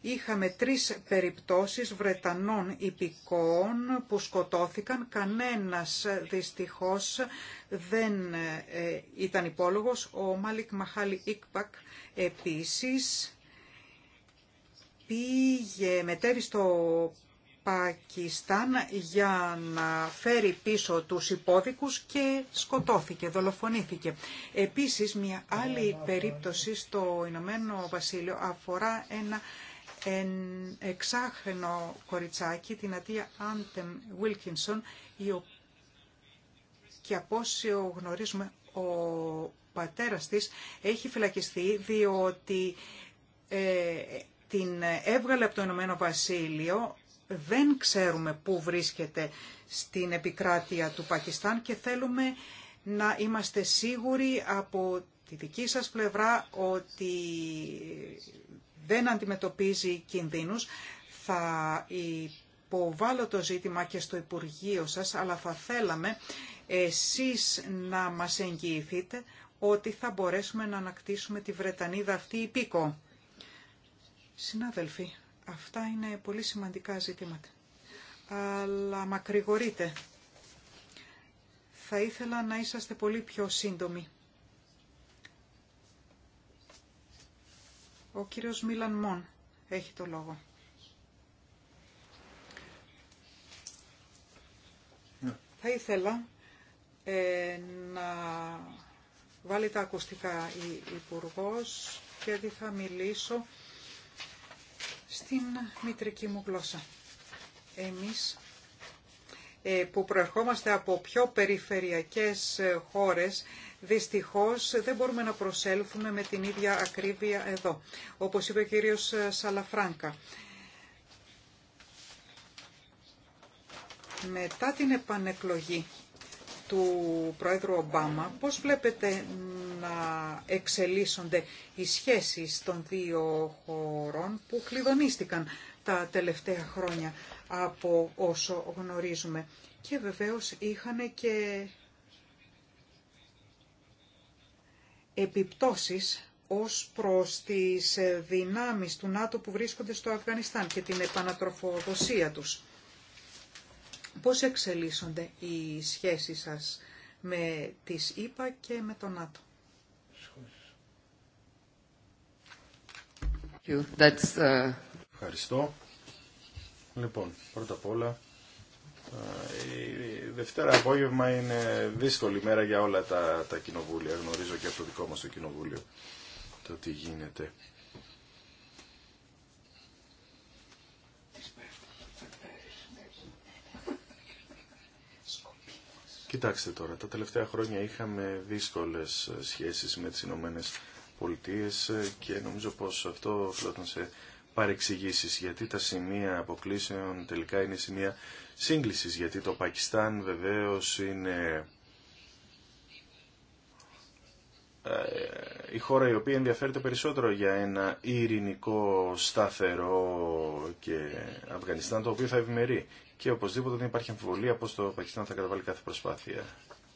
Είχαμε τρεις περιπτώσεις Βρετανών υπηκόων που σκοτώθηκαν. Κανένας δυστυχώς δεν ε, ήταν υπόλογος. Ο Μαλικ Μαχάλι Ικπακ επίσης πήγε μετέβη στο Πακιστάν για να φέρει πίσω τους υπόδικους και σκοτώθηκε, δολοφονήθηκε. Επίσης, μια άλλη περίπτωση στο Ηνωμένο Βασίλειο αφορά ένα εξάχρενο κοριτσάκι, την Ατία Άντεμ Βίλκινσον, και από όσοι γνωρίζουμε ο πατέρας της έχει φυλακιστεί διότι ε, την έβγαλε από το Ηνωμένο Βασίλειο δεν ξέρουμε πού βρίσκεται στην επικράτεια του Πακιστάν και θέλουμε να είμαστε σίγουροι από τη δική σας πλευρά ότι δεν αντιμετωπίζει κινδύνους. Θα υποβάλλω το ζήτημα και στο Υπουργείο σας, αλλά θα θέλαμε εσείς να μας εγγυηθείτε ότι θα μπορέσουμε να ανακτήσουμε τη Βρετανίδα αυτή υπήκο. Συνάδελφοι, Αυτά είναι πολύ σημαντικά ζητήματα. Αλλά μακρηγορείτε. Θα ήθελα να είσαστε πολύ πιο σύντομοι. Ο κύριος Μίλαν Μον έχει το λόγο. Ναι. Θα ήθελα ε, να βάλει τα ακουστικά η Υπουργός και θα μιλήσω στην μητρική μου γλώσσα. Εμείς ε, που προερχόμαστε από πιο περιφερειακές ε, χώρες, δυστυχώς δεν μπορούμε να προσέλθουμε με την ίδια ακρίβεια εδώ, όπως είπε ο κύριος ε, Σαλαφράνκα. Μετά την επανεκλογή του Πρόεδρου Ομπάμα, πώς βλέπετε να εξελίσσονται οι σχέσεις των δύο χωρών που κλειδονίστηκαν τα τελευταία χρόνια από όσο γνωρίζουμε. Και βεβαίως είχαν και επιπτώσεις ως προς τις δυνάμεις του ΝΑΤΟ που βρίσκονται στο Αφγανιστάν και την επανατροφοδοσία τους. Πώς εξελίσσονται οι σχέσεις σας με τις ΗΠΑ και με τον ΝΑΤΟ. Uh, Ευχαριστώ. Λοιπόν, πρώτα απ' όλα, ε, η Δευτέρα απόγευμα είναι δύσκολη μέρα για όλα τα, τα κοινοβούλια. Γνωρίζω και από το δικό μας το κοινοβούλιο το τι γίνεται. Κοιτάξτε τώρα, τα τελευταία χρόνια είχαμε δύσκολες ε, σχέσεις με τις Ηνωμένε Πολιτείες ε, και νομίζω πως αυτό φλόταν σε παρεξηγήσεις, γιατί τα σημεία αποκλήσεων τελικά είναι σημεία σύγκλησης, γιατί το Πακιστάν βεβαίως είναι Ε, η χώρα η οποία ενδιαφέρεται περισσότερο για ένα ειρηνικό, σταθερό και Αφγανιστάν το οποίο θα ευημερεί. Και οπωσδήποτε δεν υπάρχει αμφιβολία πως το Πακιστάν θα καταβάλει κάθε προσπάθεια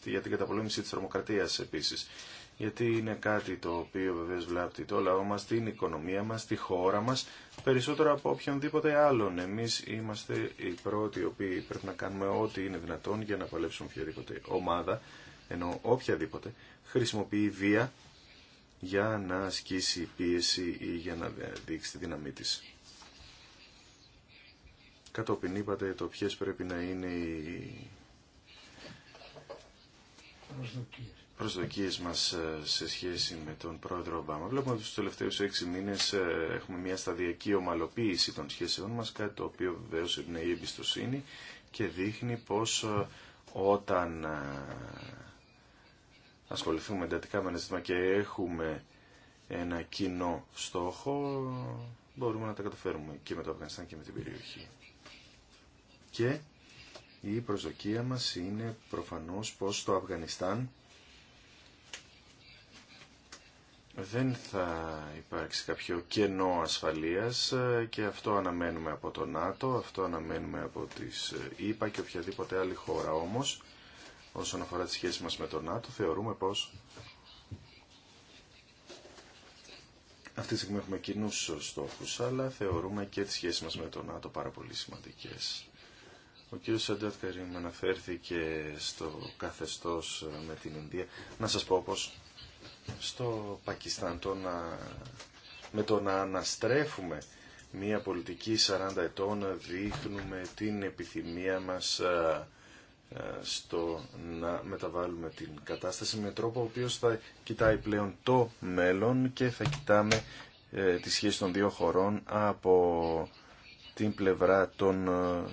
για την καταπολέμηση της τρομοκρατίας επίσης. Γιατί είναι κάτι το οποίο βεβαίω βλάπτει το λαό μας, την οικονομία μας, τη χώρα μας, περισσότερο από οποιονδήποτε άλλον. Εμείς είμαστε οι πρώτοι οι οποίοι πρέπει να κάνουμε ό,τι είναι δυνατόν για να παλέψουμε οποιαδήποτε ομάδα, ενώ οποιαδήποτε χρησιμοποιεί βία για να ασκήσει πίεση ή για να δείξει τη δύναμή τη. Κατόπιν είπατε το ποιε πρέπει να είναι οι προσδοκίε μας ε, σε σχέση με τον πρόεδρο Ομπάμα. Βλέπουμε ότι στου τελευταίους έξι μήνες ε, έχουμε μια σταδιακή ομαλοποίηση των σχέσεών μα κάτι το οποίο βεβαίω εμπνέει εμπιστοσύνη και δείχνει πω ε, όταν ασχοληθούμε εντατικά με ένα ζήτημα και έχουμε ένα κοινό στόχο, μπορούμε να τα καταφέρουμε και με το Αφγανιστάν και με την περιοχή. Και η προσδοκία μας είναι προφανώς πως το Αφγανιστάν δεν θα υπάρξει κάποιο κενό ασφαλείας ε, και αυτό αναμένουμε από το ΝΑΤΟ, αυτό αναμένουμε από τις ε, ΗΠΑ και οποιαδήποτε άλλη χώρα όμως όσον αφορά τη σχέση μας με τον ΝΑΤΟ, θεωρούμε πως αυτή τη στιγμή έχουμε κοινού στόχους, αλλά θεωρούμε και τη σχέση μας με τον ΝΑΤΟ πάρα πολύ σημαντικές. Ο κ. Σαντάτ Καρύμ αναφέρθηκε στο καθεστώς ε, με την Ινδία. Να σας πω πως στο Πακιστάν το να... με το να αναστρέφουμε μια πολιτική 40 ετών δείχνουμε την επιθυμία μας ε, ε, στο να μεταβάλουμε την κατάσταση με τρόπο ο οποίος θα κοιτάει πλέον το μέλλον και θα κοιτάμε ε, τη σχέση των δύο χωρών από την πλευρά των ε,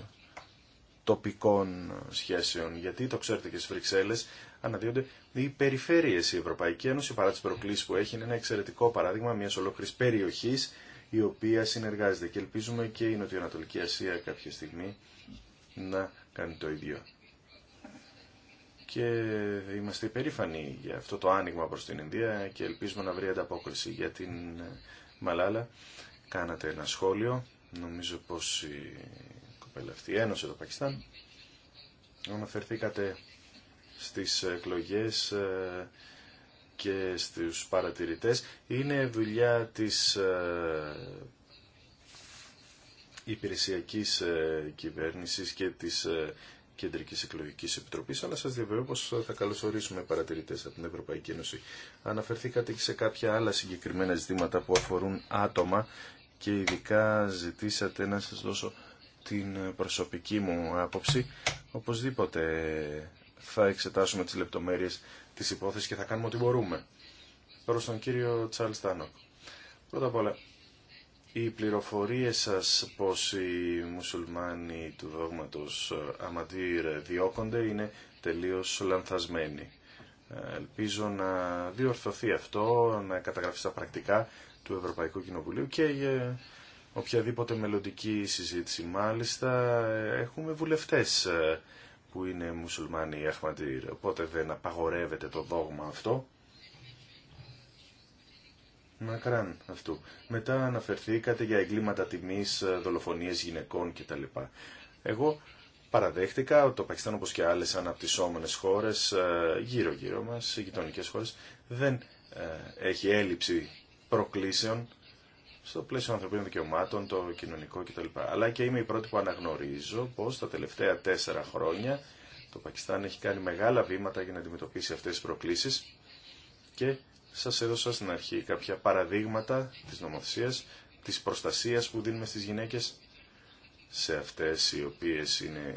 τοπικών σχέσεων. Γιατί το ξέρετε και στις Βρυξέλλες αναδύονται οι περιφέρειες. Η Ευρωπαϊκή Ένωση παρά τις προκλήσεις που έχει είναι ένα εξαιρετικό παράδειγμα μιας ολόκληρης περιοχής η οποία συνεργάζεται και ελπίζουμε και η Νοτιοανατολική Ασία κάποια στιγμή να κάνει το ίδιο και είμαστε υπερήφανοι για αυτό το άνοιγμα προς την Ινδία και ελπίζουμε να βρει ανταπόκριση για την Μαλάλα. Κάνατε ένα σχόλιο, νομίζω πως η κοπέλα αυτή ένωσε το Πακιστάν. Αναφερθήκατε στις εκλογές ε, και στους παρατηρητές. Είναι δουλειά της ε, υπηρεσιακής ε, κυβέρνησης και της Κεντρική Εκλογική Επιτροπή, αλλά σα διαβεβαιώ πω θα καλωσορίσουμε παρατηρητέ από την Ευρωπαϊκή Ένωση. Αναφερθήκατε και σε κάποια άλλα συγκεκριμένα ζητήματα που αφορούν άτομα και ειδικά ζητήσατε να σα δώσω την προσωπική μου άποψη. Οπωσδήποτε θα εξετάσουμε τι λεπτομέρειε τη υπόθεση και θα κάνουμε ό,τι μπορούμε. Προ τον κύριο Τσάλ Στάνοκ. Πρώτα απ' όλα, οι πληροφορίες σας πως οι μουσουλμάνοι του δόγματος ε, Αματήρ διώκονται είναι τελείως λανθασμένοι. Ε, ελπίζω να διορθωθεί αυτό, να καταγραφεί στα πρακτικά του Ευρωπαϊκού Κοινοβουλίου και για οποιαδήποτε μελλοντική συζήτηση. Μάλιστα έχουμε βουλευτές ε, που είναι μουσουλμάνοι Αχματήρ, οπότε δεν απαγορεύεται το δόγμα αυτό μακράν αυτού. Μετά αναφερθήκατε για εγκλήματα τιμή, ε, δολοφονίες γυναικών κτλ. Εγώ παραδέχτηκα ότι το Πακιστάν όπω και άλλε αναπτυσσόμενες χώρε, ε, γύρω γύρω μα, οι γειτονικέ χώρες, δεν ε, έχει έλλειψη προκλήσεων στο πλαίσιο ανθρωπίνων δικαιωμάτων, το κοινωνικό κτλ. Αλλά και είμαι η πρώτη που αναγνωρίζω πω τα τελευταία τέσσερα χρόνια το Πακιστάν έχει κάνει μεγάλα βήματα για να αντιμετωπίσει αυτέ τι προκλήσει. και σας έδωσα στην αρχή κάποια παραδείγματα της νομοθεσίας, της προστασίας που δίνουμε στις γυναίκες σε αυτές οι οποίες είναι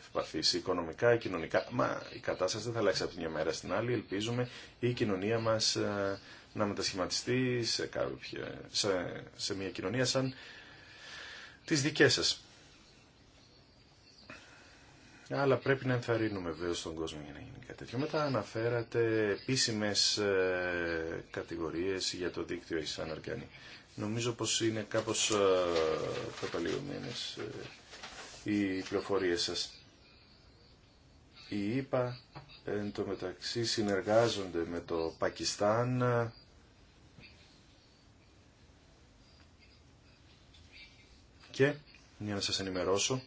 ευπαθείς οικονομικά, κοινωνικά. Μα η κατάσταση δεν θα αλλάξει από την μια μέρα στην άλλη. Ελπίζουμε η κοινωνία μας ε, να μετασχηματιστεί σε, κάποια, σε, σε μια κοινωνία σαν τις δικές σας. Ναι, αλλά πρέπει να ενθαρρύνουμε βέβαια στον κόσμο για να γίνει κάτι τέτοιο. Μετά αναφέρατε επίσημες ε, κατηγορίες για το δίκτυο Ισάν Αρκανή. Νομίζω πως είναι κάπως ε, καταλειωμένες ε, οι πληροφορίες σας. Η ΙΠΑ εν τω μεταξύ συνεργάζονται με το Πακιστάν και για να σας ενημερώσω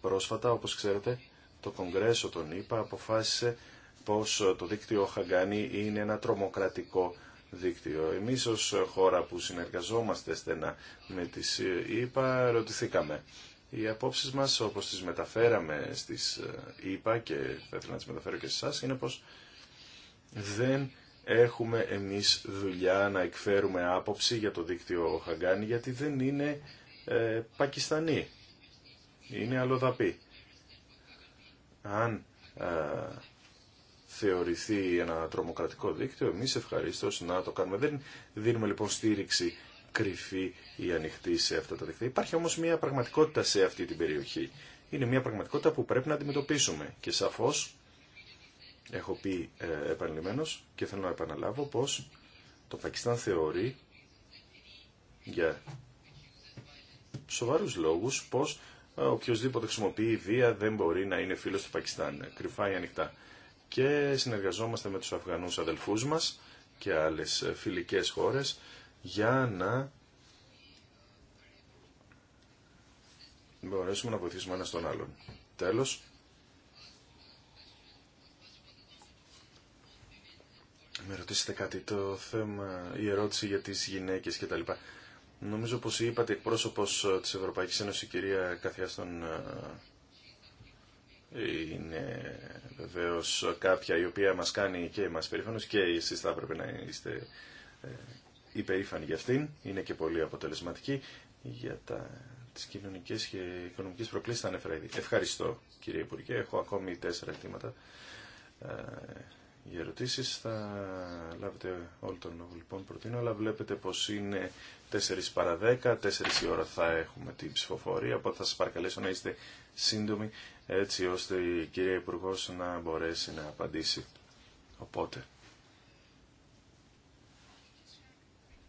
πρόσφατα όπως ξέρετε το Κογκρέσο τον είπα, αποφάσισε πως το δίκτυο Χαγκάνη είναι ένα τρομοκρατικό δίκτυο. Εμείς ως χώρα που συνεργαζόμαστε στενά με τις ΙΠΑ ρωτηθήκαμε. Οι απόψεις μας όπως τις μεταφέραμε στις ΙΠΑ και θα ήθελα να τις μεταφέρω και σε εσάς είναι πως δεν έχουμε εμείς δουλειά να εκφέρουμε άποψη για το δίκτυο Χαγκάνη γιατί δεν είναι ε, Είναι αλλοδαποί αν ε, θεωρηθεί ένα τρομοκρατικό δίκτυο, εμείς ευχαρίστως να το κάνουμε. Δεν δίνουμε λοιπόν στήριξη κρυφή ή ανοιχτή σε αυτά τα δίκτυα. Υπάρχει όμως μια πραγματικότητα σε αυτή την περιοχή. Είναι μια πραγματικότητα που πρέπει να αντιμετωπίσουμε και σαφώς έχω πει ε, επανειλημμένος και θέλω να επαναλάβω πως το Πακιστάν θεωρεί για σοβαρούς λόγους πως οποιοδήποτε χρησιμοποιεί βία δεν μπορεί να είναι φίλος του Πακιστάν, κρυφά ή ανοιχτά. Και συνεργαζόμαστε με τους Αφγανούς αδελφούς μας και άλλες φιλικές χώρες για να μπορέσουμε να βοηθήσουμε ένα τον άλλον. Τέλος, με ρωτήσετε κάτι το θέμα, η ερώτηση για τις γυναίκες λοιπά. Νομίζω πως είπατε εκπρόσωπος ε, της Ευρωπαϊκής Ένωσης, η κυρία Καθιάστον, ε, είναι βεβαίως κάποια η οποία μας κάνει και μας περήφανος και εσείς θα έπρεπε να είστε ε, υπερήφανοι για αυτήν. Είναι και πολύ αποτελεσματική για τα, τις κοινωνικές και οικονομικές προκλήσεις θα Ευχαριστώ κύριε Υπουργέ. Έχω ακόμη τέσσερα αιτήματα για ερωτήσει Θα λάβετε όλο τον λόγο λοιπόν προτείνω, αλλά βλέπετε πω είναι 4 παρα 10, 4 η ώρα θα έχουμε την ψηφοφορία, οπότε θα σα παρακαλέσω να είστε σύντομοι έτσι ώστε η κυρία Υπουργό να μπορέσει να απαντήσει. Οπότε.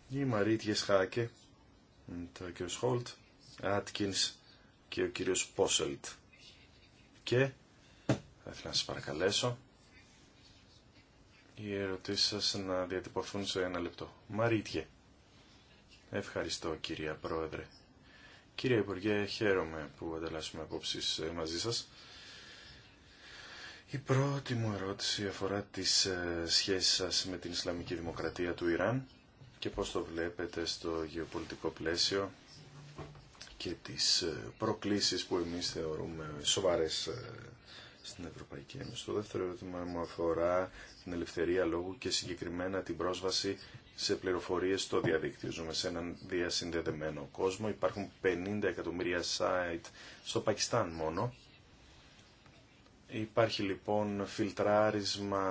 Η Μαρίτια Σχάκε, το κ. Χόλτ, Άτκινς και ο κύριος Πόσελτ. Και θα ήθελα να σας παρακαλέσω οι ερωτήσει σα να διατυπωθούν σε ένα λεπτό. Μαρίτιε. Ευχαριστώ κυρία Πρόεδρε. Κύριε Υπουργέ, χαίρομαι που ανταλλάσσουμε απόψει ε, μαζί σας. Η πρώτη μου ερώτηση αφορά τις ε, σχέσεις σας με την Ισλαμική Δημοκρατία του Ιράν και πώς το βλέπετε στο γεωπολιτικό πλαίσιο και τις ε, προκλήσεις που εμείς θεωρούμε σοβαρές στην Ευρωπαϊκή Ένωση. Το δεύτερο ερώτημα μου αφορά την ελευθερία λόγου και συγκεκριμένα την πρόσβαση σε πληροφορίες στο διαδίκτυο. Ζούμε σε έναν διασυνδεδεμένο κόσμο. Υπάρχουν 50 εκατομμύρια site στο Πακιστάν μόνο. Υπάρχει λοιπόν φιλτράρισμα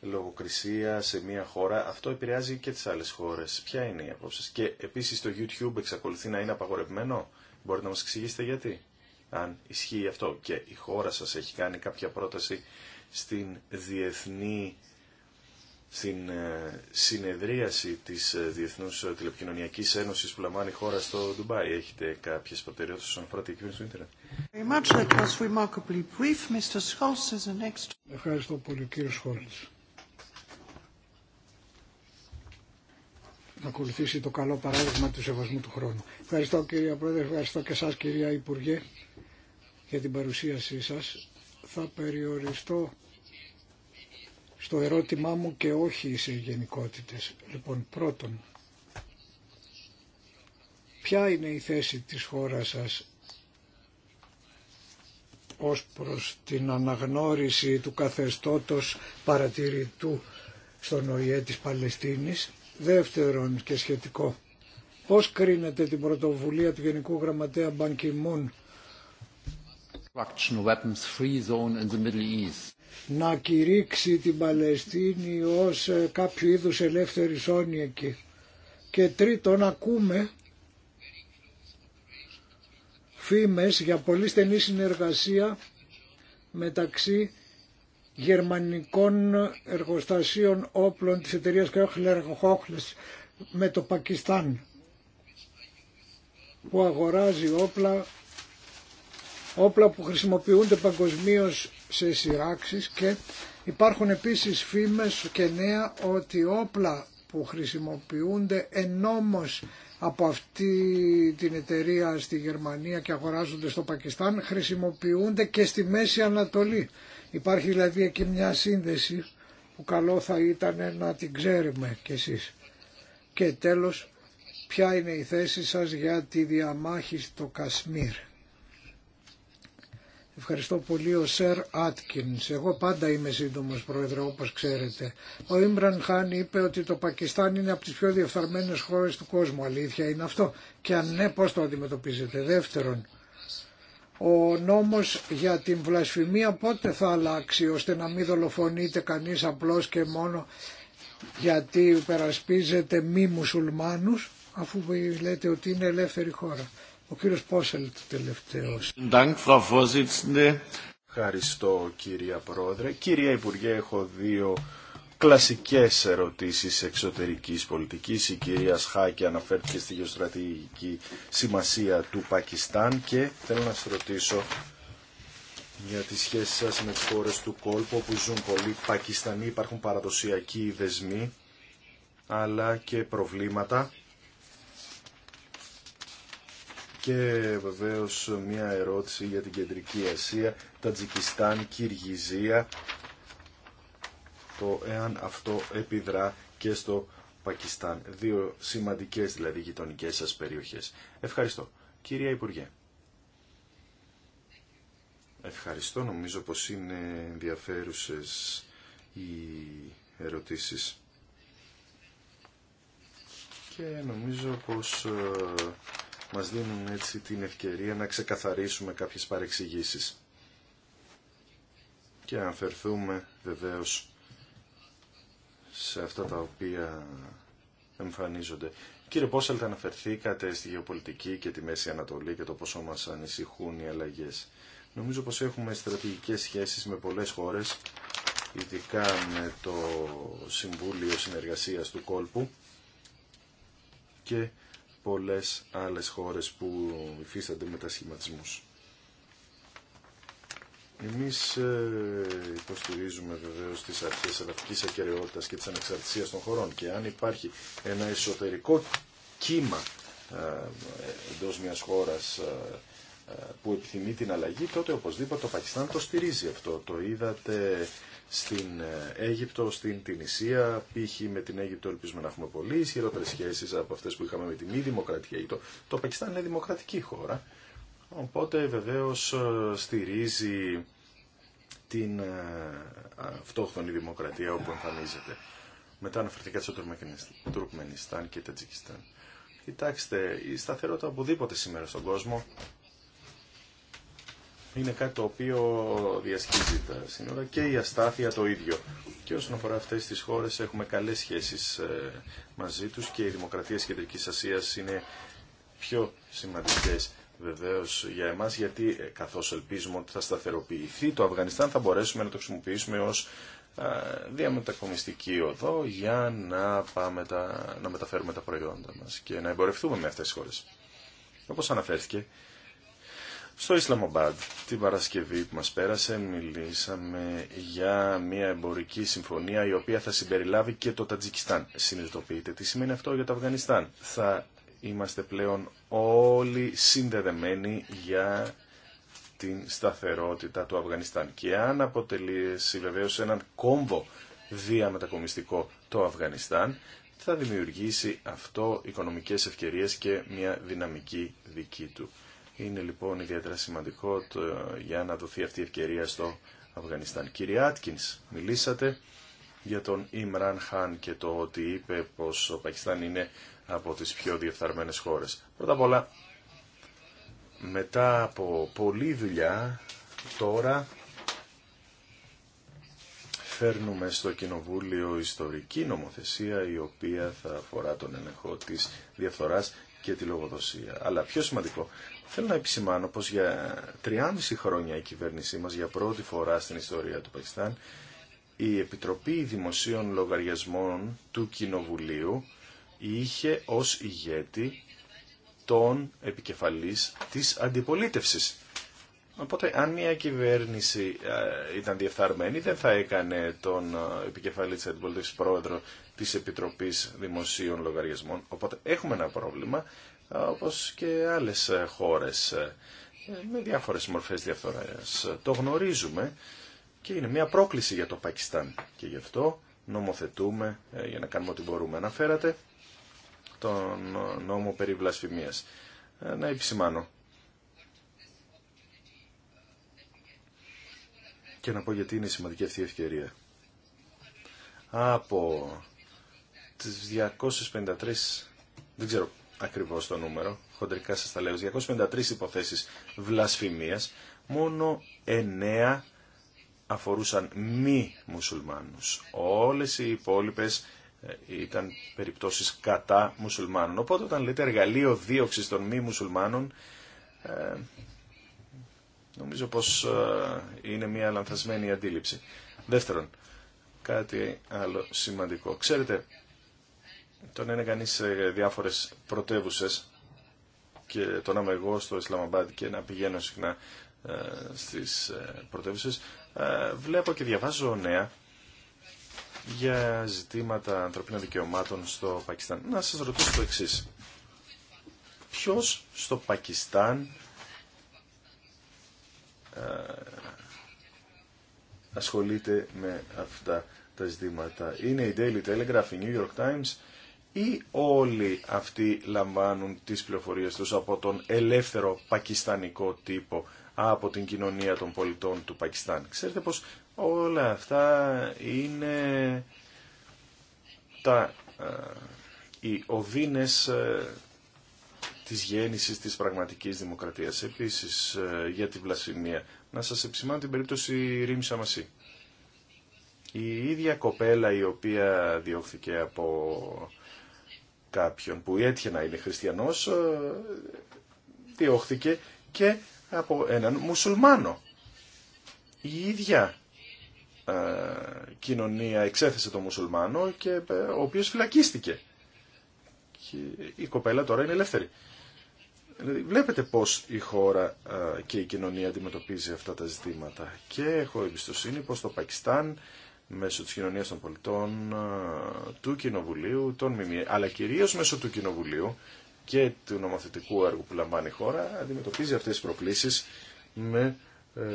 λογοκρισία σε μια χώρα. Αυτό επηρεάζει και τις άλλες χώρες. Ποια είναι η απόψη. Και επίσης το YouTube εξακολουθεί να είναι απαγορευμένο. Μπορείτε να μας εξηγήσετε γιατί αν ισχύει αυτό και η χώρα σας έχει κάνει κάποια πρόταση στην διεθνή στην ε, συνεδρίαση της ε, Διεθνούς Τηλεπικοινωνιακής Ένωσης που λαμβάνει χώρα στο Ντουμπάι. Έχετε κάποιες προτεραιότητες στον αφορά την κυβέρνηση του Ιντερνετ. Ευχαριστώ πολύ κύριε Σχόλτς. Να ακολουθήσει το καλό παράδειγμα του σεβασμού του χρόνου. Ευχαριστώ κύριε Πρόεδρε, ευχαριστώ και εσάς κυρία Υπουργέ για την παρουσίασή σας. Θα περιοριστώ στο ερώτημά μου και όχι σε γενικότητες. Λοιπόν, πρώτον, ποια είναι η θέση της χώρας σας ως προς την αναγνώριση του καθεστώτος παρατηρητού στον ΟΗΕ της Παλαιστίνης. Δεύτερον και σχετικό, πώς κρίνεται την πρωτοβουλία του Γενικού Γραμματέα Μπανκιμούν να κηρύξει την Παλαιστίνη ως ε, κάποιο είδους ελεύθερη ζώνη εκεί. Και τρίτον ακούμε φήμες για πολύ στενή συνεργασία μεταξύ γερμανικών εργοστασίων όπλων της εταιρείας Κέχλερ Χόχλες με το Πακιστάν που αγοράζει όπλα όπλα που χρησιμοποιούνται παγκοσμίω σε σειράξει και υπάρχουν επίσης φήμες και νέα ότι όπλα που χρησιμοποιούνται ενόμος από αυτή την εταιρεία στη Γερμανία και αγοράζονται στο Πακιστάν χρησιμοποιούνται και στη Μέση Ανατολή. Υπάρχει δηλαδή εκεί μια σύνδεση που καλό θα ήταν να την ξέρουμε κι εσείς. Και τέλος, ποια είναι η θέση σας για τη διαμάχη στο Κασμίρ. Ευχαριστώ πολύ ο Σερ Άτκινς. Εγώ πάντα είμαι σύντομος πρόεδρε όπως ξέρετε. Ο Ιμπραν Χάν είπε ότι το Πακιστάν είναι από τις πιο διεφθαρμένες χώρες του κόσμου. Αλήθεια είναι αυτό. Και αν ναι πώς το αντιμετωπίζετε. Δεύτερον, ο νόμος για την βλασφημία πότε θα αλλάξει ώστε να μην δολοφονείται κανείς απλώς και μόνο γιατί υπερασπίζεται μη μουσουλμάνους αφού λέτε ότι είναι ελεύθερη χώρα. Ο κύριος Πόσελτ τελευταίος. Ευχαριστώ κυρία Πρόεδρε. Κυρία Υπουργέ, έχω δύο κλασικές ερωτήσεις εξωτερικής πολιτικής. Η κυρία Σχάκη αναφέρθηκε στη γεωστρατηγική σημασία του Πακιστάν και θέλω να σα ρωτήσω για τις σχέσεις σας με τις χώρες του κόλπου όπου ζουν πολλοί Πακιστανοί, υπάρχουν παραδοσιακοί δεσμοί αλλά και προβλήματα και βεβαίως μια ερώτηση για την Κεντρική Ασία, Τατζικιστάν, Κυργιζία, το εάν αυτό επιδρά και στο Πακιστάν. Δύο σημαντικές δηλαδή γειτονικέ σας περιοχές. Ευχαριστώ. Κυρία Υπουργέ. Ευχαριστώ. Νομίζω πως είναι ενδιαφέρουσες οι ερωτήσεις. Και νομίζω πως ε, μας δίνουν έτσι την ευκαιρία να ξεκαθαρίσουμε κάποιες παρεξηγήσεις και να αφαιρθούμε βεβαίως σε αυτά τα οποία εμφανίζονται. Κύριε Πόσελτ, αναφερθήκατε στη γεωπολιτική και τη Μέση Ανατολή και το πόσο μας ανησυχούν οι αλλαγές. Νομίζω πως έχουμε στρατηγικές σχέσεις με πολλές χώρες, ειδικά με το Συμβούλιο Συνεργασίας του Κόλπου και πολλές άλλες χώρες που υφίστανται μετασχηματισμούς. Εμείς ε, υποστηρίζουμε βεβαίως τις αρχές ελαφικής ακεραιότητας και της ανεξαρτησίας των χωρών και αν υπάρχει ένα εσωτερικό κύμα ε, εντό μιας χώρας ε, που επιθυμεί την αλλαγή, τότε οπωσδήποτε το Πακιστάν το στηρίζει αυτό. Το είδατε στην ε, Αίγυπτο, στην Τινησία. Π.χ. με την Αίγυπτο ελπίζουμε να έχουμε πολύ ισχυρότερε σχέσει από αυτέ που είχαμε με τη μη δημοκρατική Αίγυπτο. Το Πακιστάν είναι δημοκρατική χώρα. Οπότε βεβαίω ε, στηρίζει την ε, αυτόχθονη δημοκρατία όπου εμφανίζεται. Μετά αναφερθήκα στο Τουρκμενιστάν και Τατζικιστάν. Κοιτάξτε, η σταθερότητα οπουδήποτε σήμερα στον κόσμο είναι κάτι το οποίο διασχίζει τα σύνορα και η αστάθεια το ίδιο. Και όσον αφορά αυτές τις χώρες έχουμε καλές σχέσεις ε, μαζί τους και οι δημοκρατία Κεντρικής Ασίας είναι πιο σημαντικές βεβαίως για εμάς γιατί ε, καθώς ελπίζουμε ότι θα σταθεροποιηθεί το Αφγανιστάν θα μπορέσουμε να το χρησιμοποιήσουμε ως ε, διαμετακομιστική οδό για να, πάμε τα, να μεταφέρουμε τα προϊόντα μας και να εμπορευτούμε με αυτές τις χώρες. Όπως αναφέρθηκε, στο Ισλαμαμπάντ την Παρασκευή που μας πέρασε μιλήσαμε για μια εμπορική συμφωνία η οποία θα συμπεριλάβει και το Τατζικιστάν. Συνειδητοποιείτε τι σημαίνει αυτό για το Αφγανιστάν. Θα είμαστε πλέον όλοι συνδεδεμένοι για την σταθερότητα του Αφγανιστάν. Και αν αποτελεί βεβαίω έναν κόμβο διαμετακομιστικό το Αφγανιστάν, θα δημιουργήσει αυτό οικονομικές ευκαιρίες και μια δυναμική δική του. Είναι λοιπόν ιδιαίτερα σημαντικό για να δοθεί αυτή η ευκαιρία στο Αφγανιστάν. Κύριε Άτκινς, μιλήσατε για τον Ιμραν Χάν και το ότι είπε πως ο Πακιστάν είναι από τις πιο διεφθαρμένες χώρες. Πρώτα απ' όλα, μετά από πολλή δουλειά, τώρα φέρνουμε στο Κοινοβούλιο ιστορική νομοθεσία η οποία θα αφορά τον ελεγχό της διαφθοράς και τη λογοδοσία. Αλλά πιο σημαντικό Θέλω να επισημάνω πως για 3,5 χρόνια η κυβέρνησή μας για πρώτη φορά στην ιστορία του Πακιστάν η Επιτροπή Δημοσίων Λογαριασμών του Κοινοβουλίου είχε ως ηγέτη τον επικεφαλής της αντιπολίτευσης. Οπότε αν μια κυβέρνηση ε, ήταν διεφθαρμένη δεν θα έκανε τον ε, επικεφαλή της αντιπολίτευσης πρόεδρο της Επιτροπής Δημοσίων Λογαριασμών. Οπότε έχουμε ένα πρόβλημα όπως και άλλες χώρες με διάφορες μορφές διαφθοράς. Το γνωρίζουμε και είναι μια πρόκληση για το Πακιστάν και γι' αυτό νομοθετούμε ε, για να κάνουμε ό,τι μπορούμε. Αναφέρατε τον νόμο περί βλασφημίας. Ε, να επισημάνω. Και να πω γιατί είναι σημαντική αυτή η ευκαιρία. Από τις 253, δεν ξέρω ακριβώς το νούμερο, χοντρικά σα τα λέω, 253 υποθέσεις βλασφημίας, μόνο 9 αφορούσαν μη μουσουλμάνους. Όλες οι υπόλοιπες ε, ήταν περιπτώσεις κατά μουσουλμάνων. Οπότε όταν λέτε εργαλείο δίωξης των μη μουσουλμάνων, ε, νομίζω πως ε, είναι μια λανθασμένη αντίληψη. Δεύτερον, κάτι άλλο σημαντικό. Ξέρετε, το να είναι σε διάφορες πρωτεύουσε και το να είμαι εγώ στο Ισλαμαμπάντ και να πηγαίνω συχνά ε, στις ε, πρωτεύουσε, ε, βλέπω και διαβάζω νέα για ζητήματα ανθρωπίνων δικαιωμάτων στο Πακιστάν. Να σας ρωτήσω το εξή. Ποιος στο Πακιστάν ασχολείται με αυτά τα ζητήματα. Είναι η Daily Telegraph, η New York Times ή όλοι αυτοί λαμβάνουν τις πληροφορίες τους από τον ελεύθερο πακιστανικό τύπο από την κοινωνία των πολιτών του Πακιστάν. Ξέρετε πως όλα αυτά είναι τα, ε, οι οδύνες ε, της γέννησης της πραγματικής δημοκρατίας. Επίσης ε, για τη βλασφημία. Να σας επισημάνω την περίπτωση Ρήμ Σαμασί. Η ίδια κοπέλα η οποία διώχθηκε από κάποιον που έτυχε να είναι χριστιανός ε, διώχθηκε και από έναν μουσουλμάνο. Η ίδια ε, κοινωνία εξέθεσε τον μουσουλμάνο και ε, ο οποίος φυλακίστηκε. Και η κοπέλα τώρα είναι ελεύθερη. Δηλαδή βλέπετε πώς η χώρα και η κοινωνία αντιμετωπίζει αυτά τα ζητήματα. Και έχω εμπιστοσύνη πως το Πακιστάν μέσω της κοινωνίας των πολιτών, του Κοινοβουλίου, των ΜΜΕ, αλλά κυρίως μέσω του Κοινοβουλίου και του νομοθετικού έργου που λαμβάνει η χώρα, αντιμετωπίζει αυτές τις προκλήσεις με ε,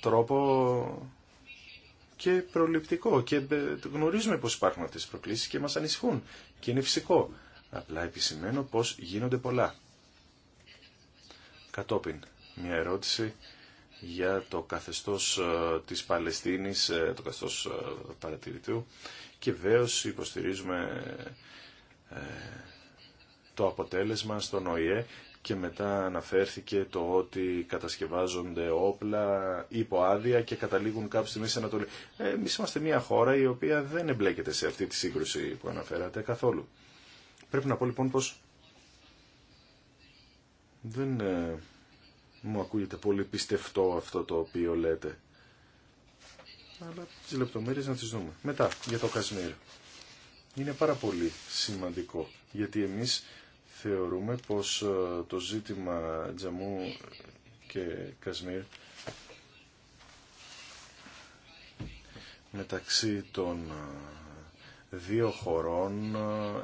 τρόπο και προληπτικό. Και ε, γνωρίζουμε πως υπάρχουν αυτές τις προκλήσεις και μας ανησυχούν. Και είναι φυσικό. Απλά επισημαίνω πως γίνονται πολλά. Κατόπιν, μια ερώτηση για το καθεστώς ε, της Παλαιστίνης, ε, το καθεστώς ε, παρατηρητού και βεβαίω υποστηρίζουμε το αποτέλεσμα στον ΟΗΕ και μετά αναφέρθηκε το ότι κατασκευάζονται όπλα υπό άδεια και καταλήγουν κάπου στη Μέση Ανατολή. Εμεί είμαστε μια χώρα η οποία δεν εμπλέκεται σε αυτή τη σύγκρουση που αναφέρατε καθόλου. Πρέπει να πω λοιπόν πως δεν μου ακούγεται πολύ πιστευτό αυτό το οποίο λέτε. Αλλά τι λεπτομέρειες να τις δούμε. Μετά, για το Κασμίρ. Είναι πάρα πολύ σημαντικό, γιατί εμείς θεωρούμε πως ε, το ζήτημα Τζαμού και Κασμίρ μεταξύ των ε, δύο χωρών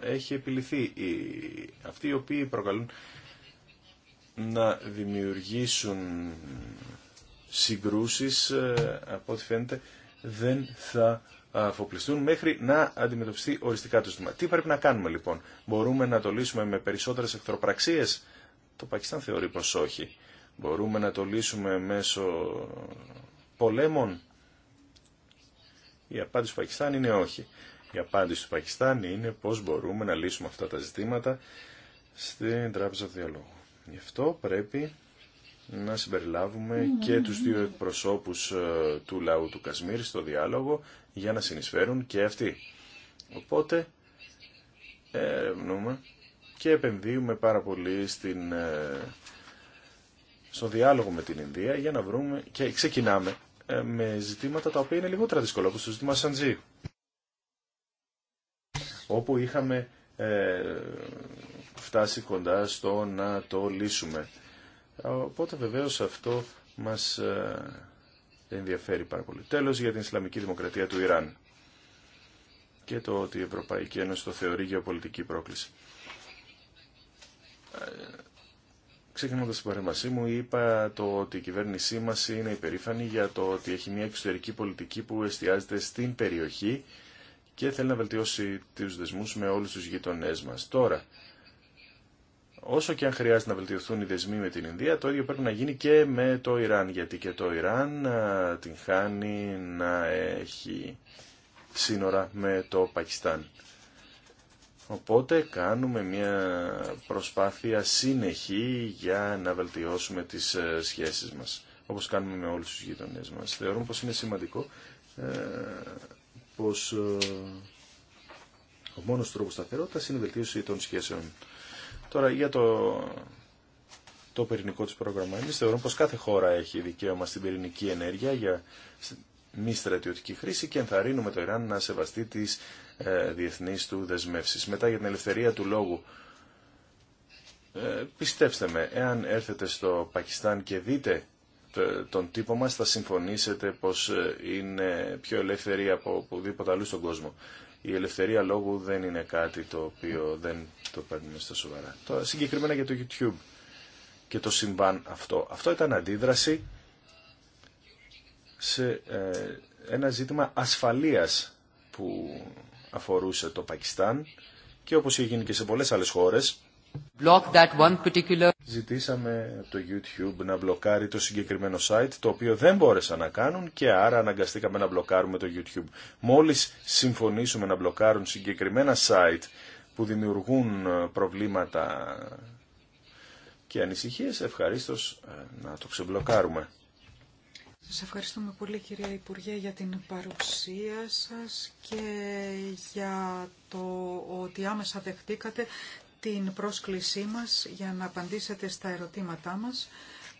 ε, έχει επιληθεί. αυτοί οι οποίοι προκαλούν να δημιουργήσουν συγκρούσεις, ε, από ό,τι φαίνεται, δεν θα αφοπλιστούν μέχρι να αντιμετωπιστεί οριστικά το ζήτημα. Τι πρέπει να κάνουμε λοιπόν. Μπορούμε να το λύσουμε με περισσότερες εχθροπραξίες. Το Πακιστάν θεωρεί πως όχι. Μπορούμε να το λύσουμε μέσω πολέμων. Η απάντηση του Πακιστάν είναι όχι. Η απάντηση του Πακιστάν είναι πώς μπορούμε να λύσουμε αυτά τα ζητήματα στην Τράπεζα Διαλόγου. Γι' αυτό πρέπει να συμπεριλάβουμε και ναι. τους δύο εκπροσώπους ε, του λαού του Κασμίρ στο διάλογο για να συνεισφέρουν και αυτοί. Οπότε ερευνούμε και επενδύουμε πάρα πολύ στην, ε, στο διάλογο με την Ινδία για να βρούμε και ξεκινάμε ε, με ζητήματα τα οποία είναι λιγότερα δύσκολα όπως το ζήτημα Σαντζή όπου είχαμε φτάσει κοντά στο να το λύσουμε. Οπότε βεβαίως αυτό μας ε, ενδιαφέρει πάρα πολύ. Τέλος για την Ισλαμική Δημοκρατία του Ιράν και το ότι η Ευρωπαϊκή Ένωση το θεωρεί γεωπολιτική πρόκληση. Ε, Ξεκινώντα την παρέμβασή μου, είπα το ότι η κυβέρνησή μα είναι υπερήφανη για το ότι έχει μια εξωτερική πολιτική που εστιάζεται στην περιοχή και θέλει να βελτιώσει του δεσμού με όλου του γειτονέ μα. Τώρα, Όσο και αν χρειάζεται να βελτιωθούν οι δεσμοί με την Ινδία, το ίδιο πρέπει να γίνει και με το Ιράν, γιατί και το Ιράν την χάνει να έχει σύνορα με το Πακιστάν. Οπότε κάνουμε μια προσπάθεια συνεχή για να βελτιώσουμε τις ε, σχέσεις μας, όπως κάνουμε με όλους τους γειτονές μας. Θεωρούμε πως είναι σημαντικό ε, πως ε, ο μόνος τρόπος σταθερότητας είναι η βελτίωση των σχέσεων Τώρα για το, το πυρηνικό τη πρόγραμμα. Εμείς θεωρούμε πως κάθε χώρα έχει δικαίωμα στην πυρηνική ενέργεια για μη στρατιωτική χρήση και ενθαρρύνουμε το Ιράν να σεβαστεί τι ε, διεθνείς του δεσμεύσει. Μετά για την ελευθερία του λόγου. Ε, πιστέψτε με, εάν έρθετε στο Πακιστάν και δείτε τον τύπο μας θα συμφωνήσετε πως ε, είναι πιο ελεύθερη από οπουδήποτε αλλού στον κόσμο η ελευθερία λόγου δεν είναι κάτι το οποίο δεν το παίρνουμε στα σοβαρά. συγκεκριμένα για το YouTube και το συμβάν αυτό. Αυτό ήταν αντίδραση σε ε, ένα ζήτημα ασφαλείας που αφορούσε το Πακιστάν και όπως είχε γίνει και σε πολλές άλλες χώρες Block that one particular... Ζητήσαμε το YouTube να μπλοκάρει το συγκεκριμένο site, το οποίο δεν μπόρεσαν να κάνουν και άρα αναγκαστήκαμε να μπλοκάρουμε το YouTube. Μόλις συμφωνήσουμε να μπλοκάρουν συγκεκριμένα site που δημιουργούν ε, προβλήματα και ανησυχίες, ευχαρίστως ε, να το ξεμπλοκάρουμε. Σας ευχαριστούμε πολύ κυρία Υπουργέ για την παρουσία σας και για το ότι άμεσα δεχτήκατε την πρόσκλησή μας για να απαντήσετε στα ερωτήματά μας.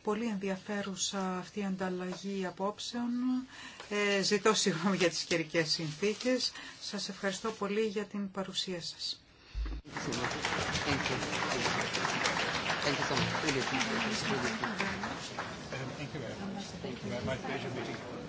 Πολύ ενδιαφέρουσα αυτή η ανταλλαγή απόψεων. Ε, ζητώ συγγνώμη για τις καιρικέ συνθήκες. Σας ευχαριστώ πολύ για την παρουσία σας. Thank you. Thank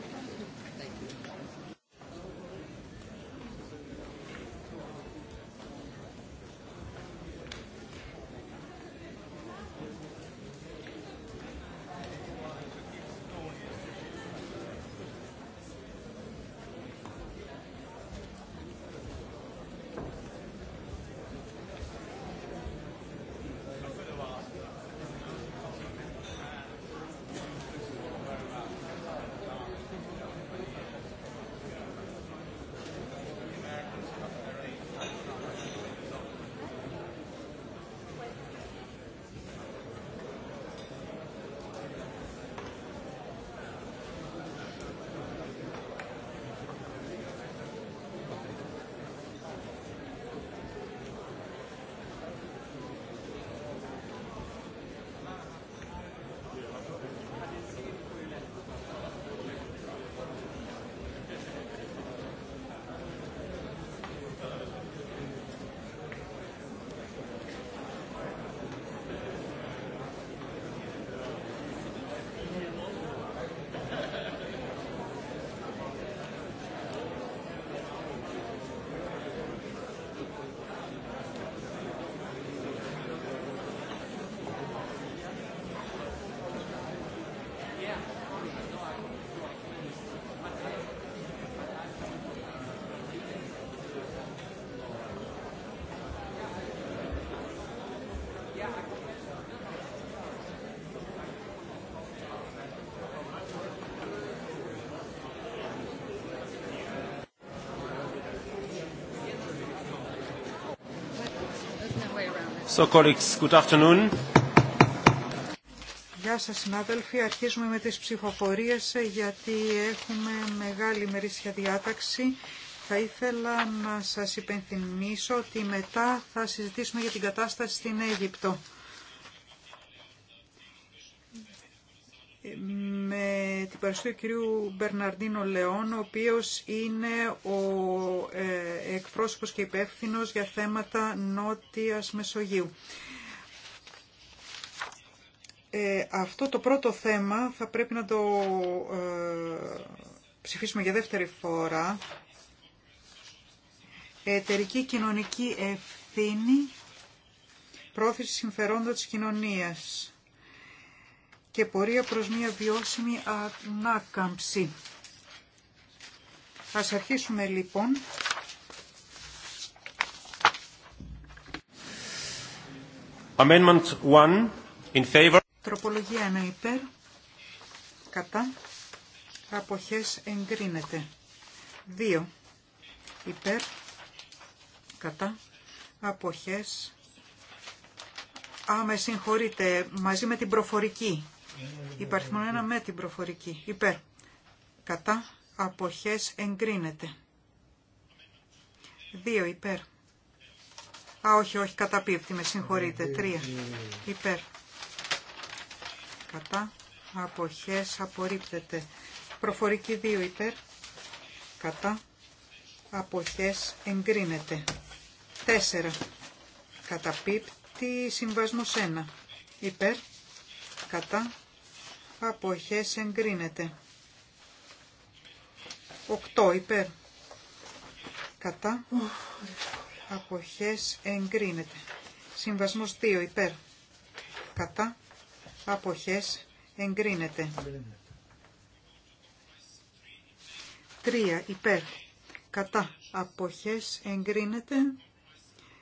Γεια σας συνάδελφοι, αρχίζουμε με τις ψηφοφορίες ε, γιατί έχουμε μεγάλη μερίσια διάταξη. Θα ήθελα να σας υπενθυμίσω ότι μετά θα συζητήσουμε για την κατάσταση στην Αίγυπτο. ευχαριστώ κύριο Μπερναρντίνο Λεόν, ο οποίος είναι ο ε, και υπεύθυνο για θέματα Νότιας Μεσογείου. Ε, αυτό το πρώτο θέμα θα πρέπει να το ε, ψηφίσουμε για δεύτερη φορά. Εταιρική κοινωνική ευθύνη, πρόθεση συμφερόντων της κοινωνίας και πορεία προς μια βιώσιμη ανάκαμψη. Ας αρχίσουμε λοιπόν. Amendment 1 in favor. Τροπολογία 1 υπέρ. Κατά. Αποχές εγκρίνεται. 2 υπέρ. Κατά. Αποχές. Α, με συγχωρείτε, μαζί με την προφορική Υπαριθμό ένα με την προφορική. Υπέρ. Κατά. Αποχές εγκρίνεται. Δύο υπέρ. Α, όχι, όχι, καταπίπτει, με συγχωρείτε. Τρία υπέρ. Κατά. Αποχές απορρίπτεται. Προφορική δύο υπέρ. Κατά. Αποχές εγκρίνεται. 4. Καταπίπτει συμβασμός 1. Υπέρ. Κατά αποχές εγκρίνεται. 8 υπέρ κατά αποχές εγκρίνεται. Συμβασμός 2 υπέρ κατά αποχές εγκρίνεται. 3 υπέρ κατά αποχές εγκρίνεται.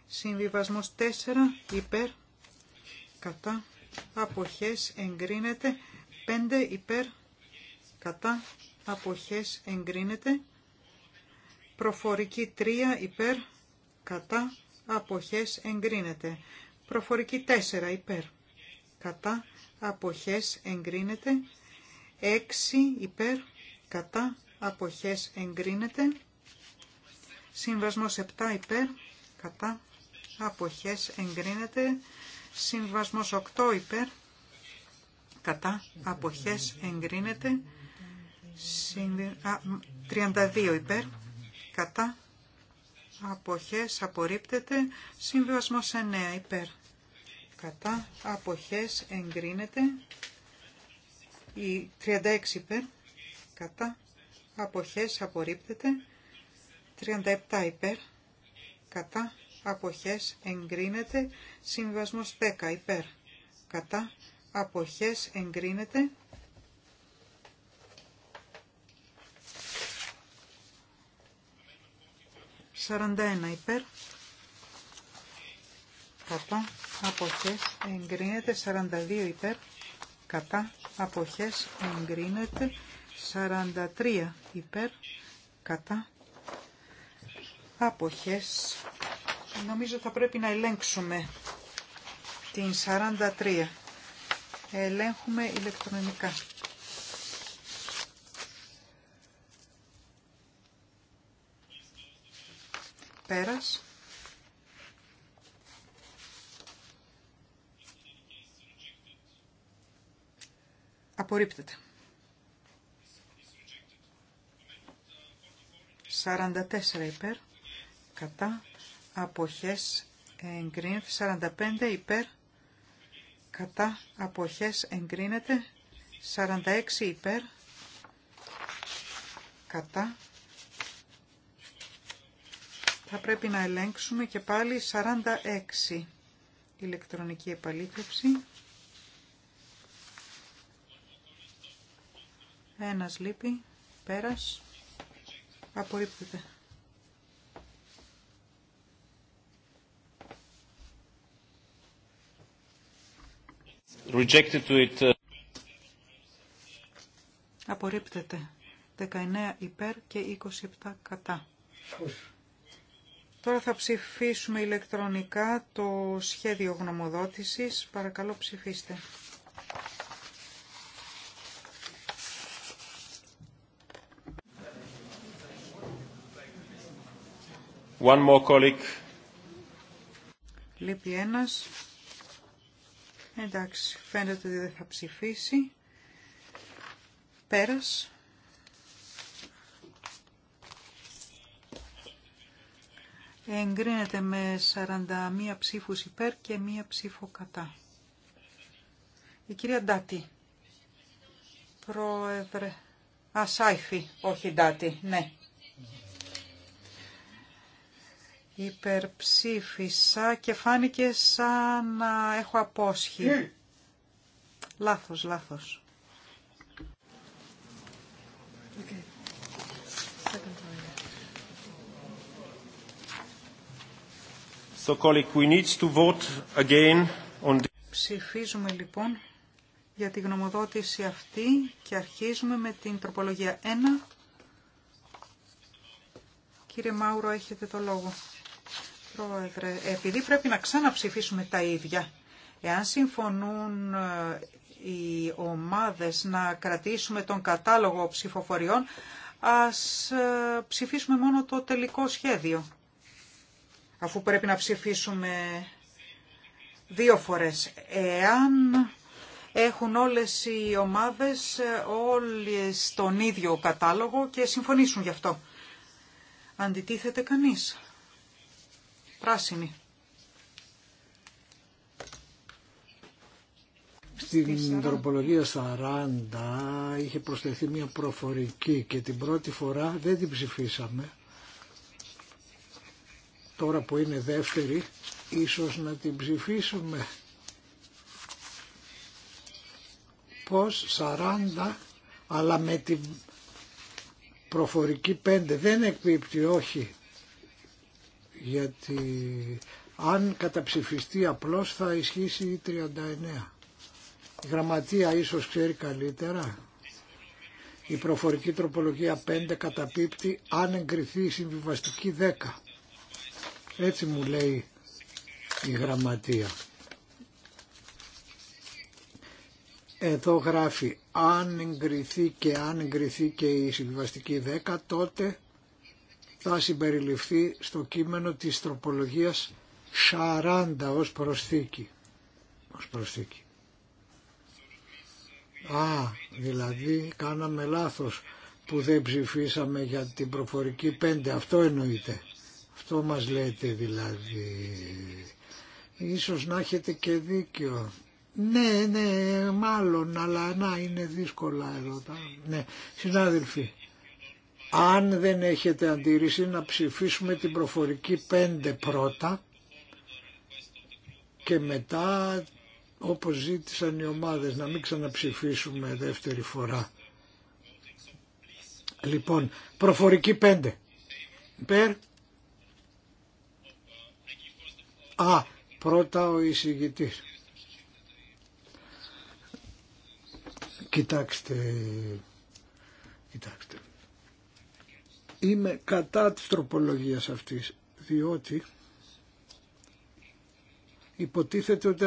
Συμβιβασμός 4 υπέρ κατά αποχές εγκρίνεται. 5 υπέρ κατά αποχές εγκρίνεται. Προφορική 3 υπέρ κατά αποχές εγκρίνεται. Προφορική 4 υπέρ κατά αποχές εγκρίνεται. 6 υπέρ κατά αποχές εγκρίνεται. Συμβασμός 7 υπέρ κατά αποχές εγκρίνεται. Συμβασμός 8 υπέρ κατά αποχές εγκρίνεται 32 υπέρ κατά αποχές απορρίπτεται συμβιβασμός 9 υπέρ κατά αποχές εγκρίνεται η 36 υπέρ κατά αποχές απορρίπτεται 37 υπέρ κατά αποχές εγκρίνεται συμβιβασμός 10 υπέρ κατά αποχές εγκρίνεται. Σαράντα ένα υπέρ. Κατά αποχές εγκρίνεται. Σαράντα δύο υπέρ. Κατά αποχές εγκρίνεται. Σαράντα τρία υπέρ. Κατά αποχές. Νομίζω θα πρέπει να ελέγξουμε την 43. Ελέγχουμε ηλεκτρονικά. Πέρας. Απορρίπτεται. 44 υπέρ, κατά, αποχές εγκρίνεται, 45 υπέρ, κατά αποχές εγκρίνεται 46 υπέρ κατά θα πρέπει να ελέγξουμε και πάλι 46 ηλεκτρονική επαλήθευση ένας λείπει πέρας απορρίπτεται rejected to it. Uh, Απορρίπτεται. 19 υπέρ και 27 κατά. Τώρα θα ψηφίσουμε ηλεκτρονικά το σχέδιο γνωμοδότησης. Παρακαλώ ψηφίστε. One more colleague. Λείπει ένας. Εντάξει, φαίνεται ότι δεν θα ψηφίσει. Πέρας. Εγκρίνεται με 41 ψήφους υπέρ και μία ψήφο κατά. Η κυρία Ντάτη. Πρόεδρε. Ασάιφη, όχι Ντάτη, ναι. υπερψήφισα και φάνηκε σαν να έχω απόσχη. Ναι. Λάθος, λάθος. Okay. we need to vote again on Ψηφίζουμε λοιπόν για τη γνωμοδότηση αυτή και αρχίζουμε με την τροπολογία 1. Κύριε Μάουρο, έχετε το λόγο επειδή πρέπει να ξαναψηφίσουμε τα ίδια, εάν συμφωνούν ε, οι ομάδες να κρατήσουμε τον κατάλογο ψηφοφοριών, ας ε, ψηφίσουμε μόνο το τελικό σχέδιο. Αφού πρέπει να ψηφίσουμε δύο φορές. Εάν έχουν όλες οι ομάδες ε, όλες τον ίδιο κατάλογο και συμφωνήσουν γι' αυτό. Αντιτίθεται κανείς. Στην τροπολογία 40 είχε προσθεθεί μια προφορική και την πρώτη φορά δεν την ψηφίσαμε. Τώρα που είναι δεύτερη, ίσως να την ψηφίσουμε. Πώς 40, αλλά με την προφορική 5 δεν εκπίπτει, όχι γιατί αν καταψηφιστεί απλώς θα ισχύσει η 39. Η γραμματεία ίσως ξέρει καλύτερα. Η προφορική τροπολογία 5 καταπίπτει αν εγκριθεί η συμβιβαστική 10. Έτσι μου λέει η γραμματεία. Εδώ γράφει αν εγκριθεί και αν εγκριθεί και η συμβιβαστική 10 τότε θα συμπεριληφθεί στο κείμενο της τροπολογίας 40 ως προσθήκη. Ως προσθήκη. Α, δηλαδή κάναμε λάθος που δεν ψηφίσαμε για την προφορική 5. Αυτό εννοείται. Αυτό μας λέτε δηλαδή. Ίσως να έχετε και δίκιο. Ναι, ναι, μάλλον, αλλά να είναι δύσκολα εδώ. Ναι, συνάδελφοι, αν δεν έχετε αντίρρηση να ψηφίσουμε την προφορική 5 πρώτα και μετά όπως ζήτησαν οι ομάδες να μην ξαναψηφίσουμε δεύτερη φορά. Λοιπόν, προφορική 5. Περ. Α, πρώτα ο εισηγητής. Κοιτάξτε, κοιτάξτε είμαι κατά της τροπολογίας αυτής, διότι υποτίθεται ότι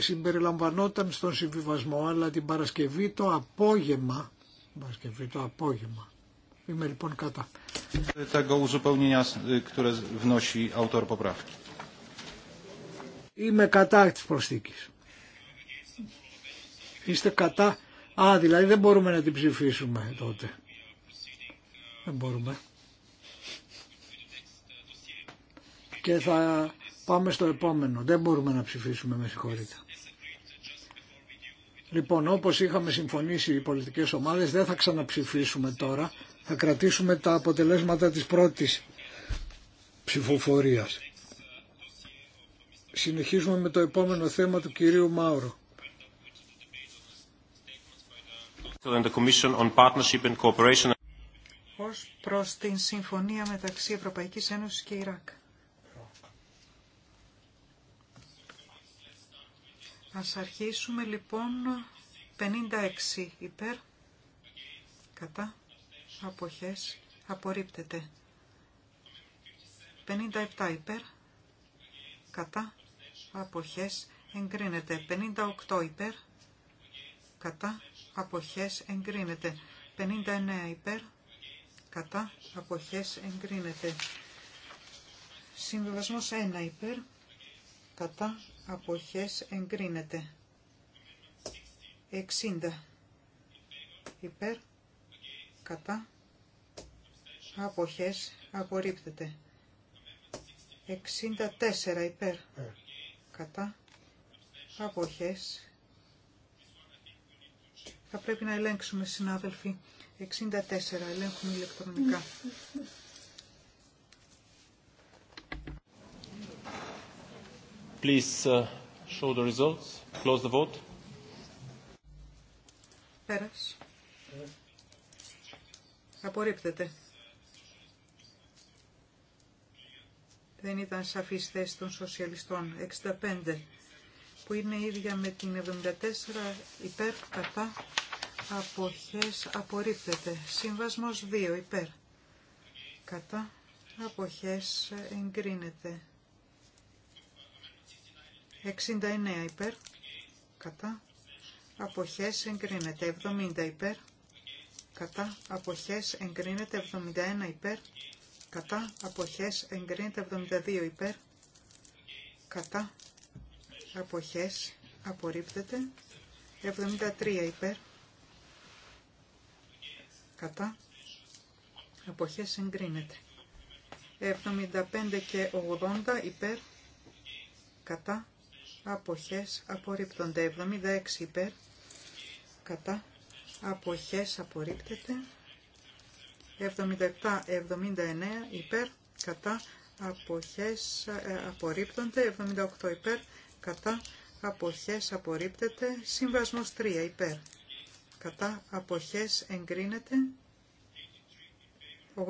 συμπεριλαμβανόταν στον συμβιβασμό, αλλά την Παρασκευή το απόγευμα, Παρασκευή το απόγευμα, είμαι λοιπόν κατά. Είμαι κατά της προσθήκης. Είστε κατά. Α, δηλαδή δεν μπορούμε να την ψηφίσουμε τότε. Δεν μπορούμε. και θα πάμε στο επόμενο. Δεν μπορούμε να ψηφίσουμε, με συγχωρείτε. Λοιπόν, όπως είχαμε συμφωνήσει οι πολιτικές ομάδες, δεν θα ξαναψηφίσουμε τώρα. Θα κρατήσουμε τα αποτελέσματα της πρώτης ψηφοφορίας. Συνεχίζουμε με το επόμενο θέμα του κυρίου Μάουρο. Ως προς την συμφωνία μεταξύ Ευρωπαϊκής Ένωσης και Ιράκ. Ας αρχίσουμε λοιπόν 56 υπέρ, κατά, αποχές, απορρίπτεται. 57 υπέρ, κατά, αποχές, εγκρίνεται. 58 υπέρ, κατά, αποχές, εγκρίνεται. 59 υπέρ, κατά, αποχές, εγκρίνεται. Συμβιβασμός 1 υπέρ, κατά, αποχές εγκρίνεται. 60 υπέρ κατά αποχές απορρίπτεται. 64 υπέρ ε. κατά αποχές θα πρέπει να ελέγξουμε συνάδελφοι 64 ελέγχουμε ηλεκτρονικά Please uh, show the results. Close the vote. Πέρας. Απορρίπτεται. Δεν ήταν σαφής θέση των σοσιαλιστών. 65 που είναι ίδια με την 74 υπέρ κατά αποχές απορρίπτεται. Συμβασμός 2 υπέρ κατά αποχές εγκρίνεται. 69 υπέρ, κατά, αποχές εγκρίνεται. 70 υπέρ, κατά, αποχές εγκρίνεται. 71 υπέρ, κατά, αποχές εγκρίνεται. 72 υπέρ, κατά, αποχές απορρίπτεται. 73 υπέρ, κατά, αποχές εγκρίνεται. 75 και 80 υπέρ, κατά, αποχές απορρίπτονται. 76 υπέρ κατά αποχές απορρίπτεται. 77-79 υπέρ κατά αποχές ε, απορρίπτονται. 78 υπέρ κατά αποχές απορρίπτεται. Συμβασμός 3 υπέρ κατά αποχές εγκρίνεται.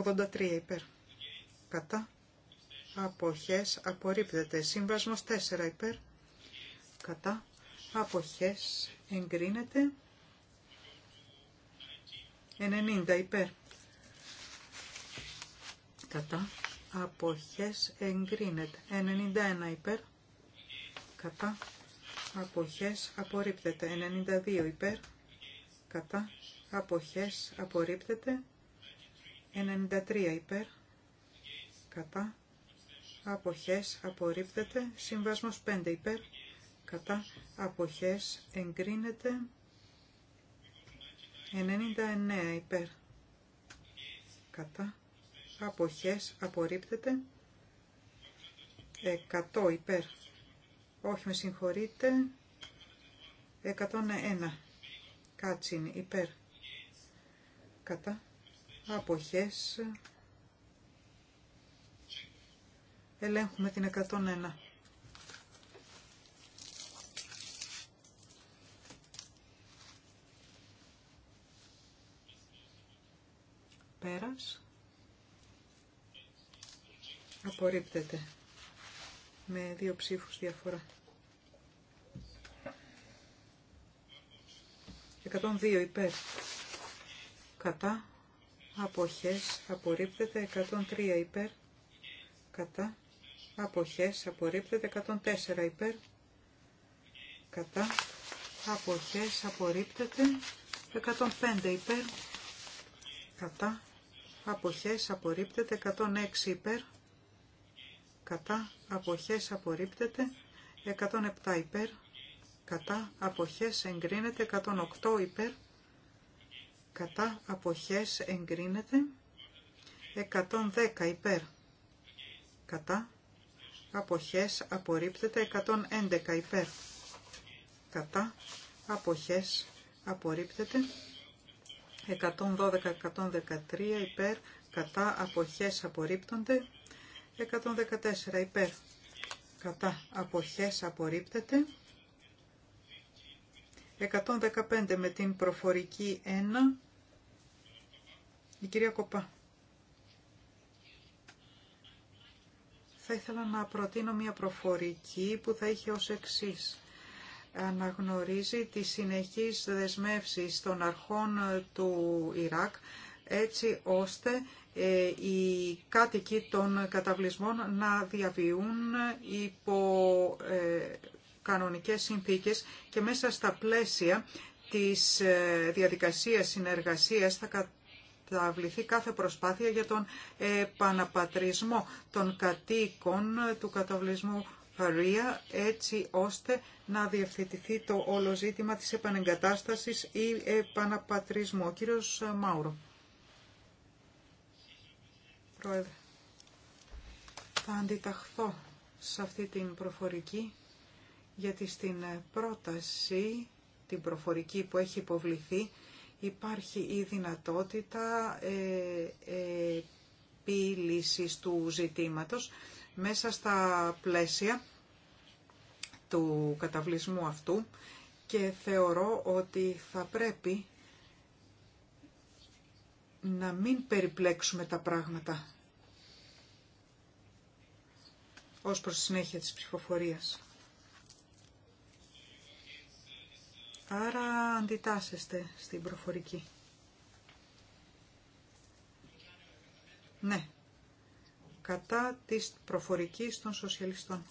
83 υπέρ κατά αποχές απορρίπτεται. Σύμβασμος 4 υπέρ κατά αποχές εγκρίνεται 90 υπέρ κατά αποχές εγκρίνεται 91 υπέρ κατά αποχές απορρίπτεται 92 υπέρ κατά αποχές απορρίπτεται 93 υπέρ κατά αποχές απορρίπτεται συμβασμός 5 υπέρ κατά αποχές εγκρίνεται 99 υπέρ κατά αποχές απορρίπτεται 100 υπέρ όχι με συγχωρείτε 101 κάτσιν υπέρ κατά αποχές ελέγχουμε την 101 Πέρας. Απορρίπτεται. Με δύο ψήφους διαφορά. 102 υπέρ. Κατά. Αποχές. Απορρίπτεται. 103 υπέρ. Κατά. Αποχές. Απορρίπτεται. 104 υπέρ. Κατά. Αποχές. Απορρίπτεται. 105 υπέρ. Κατά αποχές απορρίπτεται 106 υπέρ κατά αποχές απορρίπτεται 107 υπέρ κατά αποχές εγκρίνεται 108 υπέρ κατά αποχές εγκρίνεται 110 υπέρ κατά αποχές απορρίπτεται 111 υπέρ κατά αποχές απορρίπτεται 112-113 υπέρ κατά αποχές απορρίπτονται 114 υπέρ κατά αποχές απορρίπτεται 115 με την προφορική 1 η κυρία Κοπά θα ήθελα να προτείνω μια προφορική που θα είχε ως εξής αναγνωρίζει τις συνεχείς δεσμεύσεις των αρχών του Ιράκ έτσι ώστε ε, οι κάτοικοι των καταβλισμών να διαβιούν υπό ε, κανονικές συνθήκες και μέσα στα πλαίσια της ε, διαδικασίας συνεργασίας θα καταβληθεί κάθε προσπάθεια για τον επαναπατρισμό των κατοίκων του καταβλισμού φαρία έτσι ώστε να διευθετηθεί το όλο ζήτημα της επανεγκατάστασης ή επαναπατρισμού. Ο κύριος Μάουρο. Πρόεδρε, θα αντιταχθώ σε αυτή την προφορική γιατί στην πρόταση, την προφορική που έχει υποβληθεί, υπάρχει η επαναπατρισμου ο κυριος μαουρο θα αντιταχθω σε αυτη την προφορικη γιατι στην προταση την προφορικη που εχει υποβληθει υπαρχει η δυνατοτητα ε, ε του ζητήματος μέσα στα πλαίσια του καταβλισμού αυτού και θεωρώ ότι θα πρέπει να μην περιπλέξουμε τα πράγματα ως προς τη συνέχεια της ψηφοφορίας. Άρα αντιτάσσεστε στην προφορική. Ναι, κατά της προφορικής των σοσιαλιστών.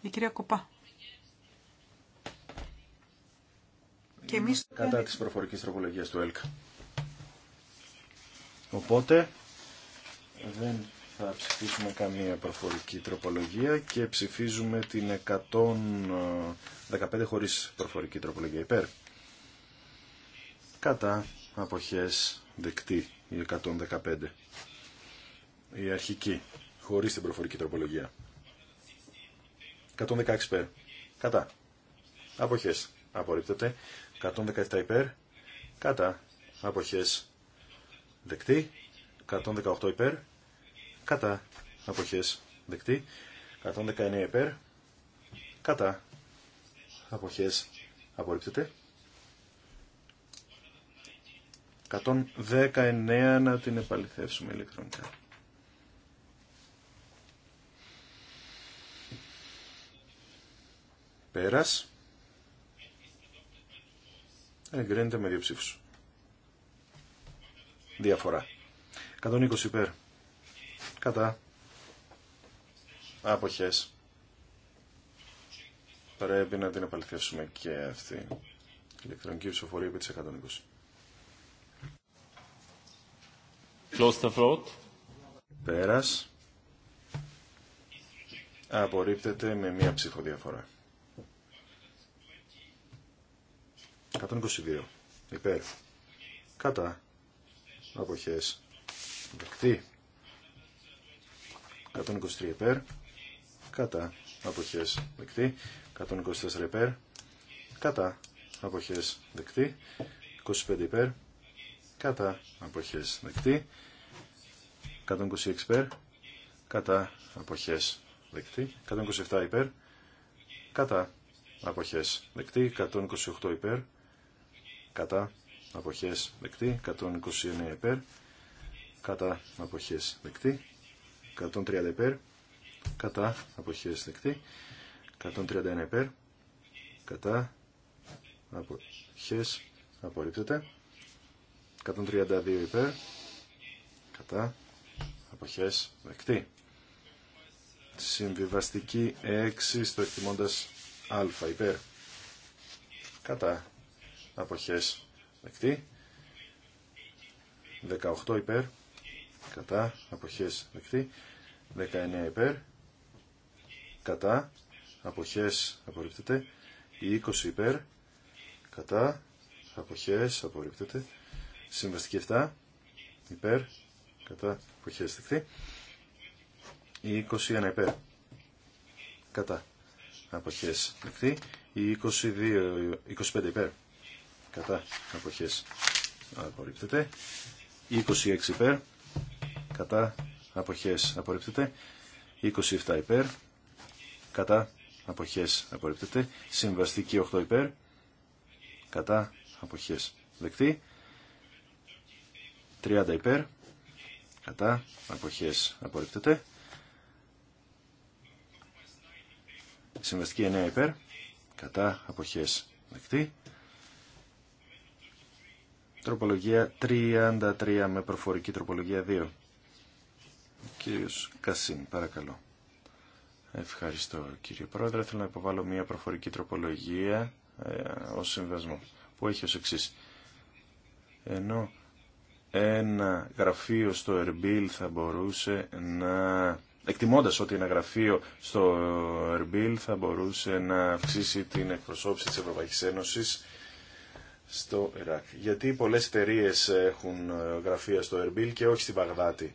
Η κυρία Κοπά. Και εμείς... Κατά της προφορικής τροπολογίας του ΕΛΚΑ. Οπότε δεν θα ψηφίσουμε καμία προφορική τροπολογία και ψηφίζουμε την 115 χωρίς προφορική τροπολογία υπέρ. Κατά αποχές δεκτή η 115 η αρχική, χωρίς την προφορική τροπολογία. 116 υπέρ. Κατά. Αποχές. Απορρίπτεται. 117 υπέρ. Κατά. Αποχές. Δεκτή. 118 υπέρ. Κατά. Αποχές. Δεκτή. 119 υπέρ. Κατά. Αποχές. Απορρίπτεται. 119 να την επαληθεύσουμε ηλεκτρονικά. Πέρας. Εγκρίνεται με δύο ψήφους. Διαφορά. 120 υπέρ. Κατά. Αποχές. Πρέπει να την επαληθεύσουμε και αυτή. η Ηλεκτρονική ψηφοφορία επί της 120. Close the Πέρας. Απορρίπτεται με μία ψηφοδιαφορά. 122. Υπέρ. Κατά. Αποχές. Δεκτή. 123 υπέρ. Κατά. Αποχές. Δεκτή. 124 υπέρ. Κατά. Αποχές. Δεκτή. 25 υπέρ. Κατά. Αποχές. Δεκτή. 126 υπέρ. Κατά. Αποχές. Δεκτή. 127 υπέρ. Κατά. Αποχές. Δεκτή. 128 υπέρ κατά αποχές δεκτή, 129 υπέρ, κατά αποχές δεκτή, 130 υπέρ, κατά αποχές δεκτή, 131 υπέρ, κατά αποχές απορρίπτεται, 132 υπέρ, κατά αποχές δεκτή. Συμβιβαστική 6 στο εκτιμώντας α υπέρ, κατά αποχές δεκτή. 18 υπέρ, κατά, αποχές δεκτή. 19 υπέρ, κατά, αποχές απορρίπτεται. 20 υπέρ, κατά, αποχές απορρίπτεται. Συμβαστική 7 υπέρ, κατά, αποχές δεκτή. 21 υπέρ, κατά, αποχές δεκτή. 22, 25 υπέρ, κατά αποχές απορρίπτεται 26 υπέρ κατά αποχές απορρίπτεται 27 υπέρ κατά αποχές απορρίπτεται συμβαστική 8 υπέρ κατά αποχές δεκτή 30 υπέρ κατά αποχές απορρίπτεται συμβαστική 9 υπέρ κατά αποχές δεκτή Τροπολογία 33 με προφορική τροπολογία 2. Κύριος Κασίν, παρακαλώ. Ευχαριστώ κύριε Πρόεδρε. Θέλω να υποβάλω μια προφορική τροπολογία ε, ως συμβασμό που έχει ως εξής. Ενώ ένα γραφείο στο Ερμπίλ θα μπορούσε να... Εκτιμώντας ότι ένα γραφείο στο Ερμπίλ θα μπορούσε να αυξήσει την εκπροσώπηση της Ευρωπαϊκής Ένωσης στο Ιράκ. Γιατί πολλές εταιρείε έχουν ε, γραφεία στο Ερμπίλ και όχι στη Βαγδάτη.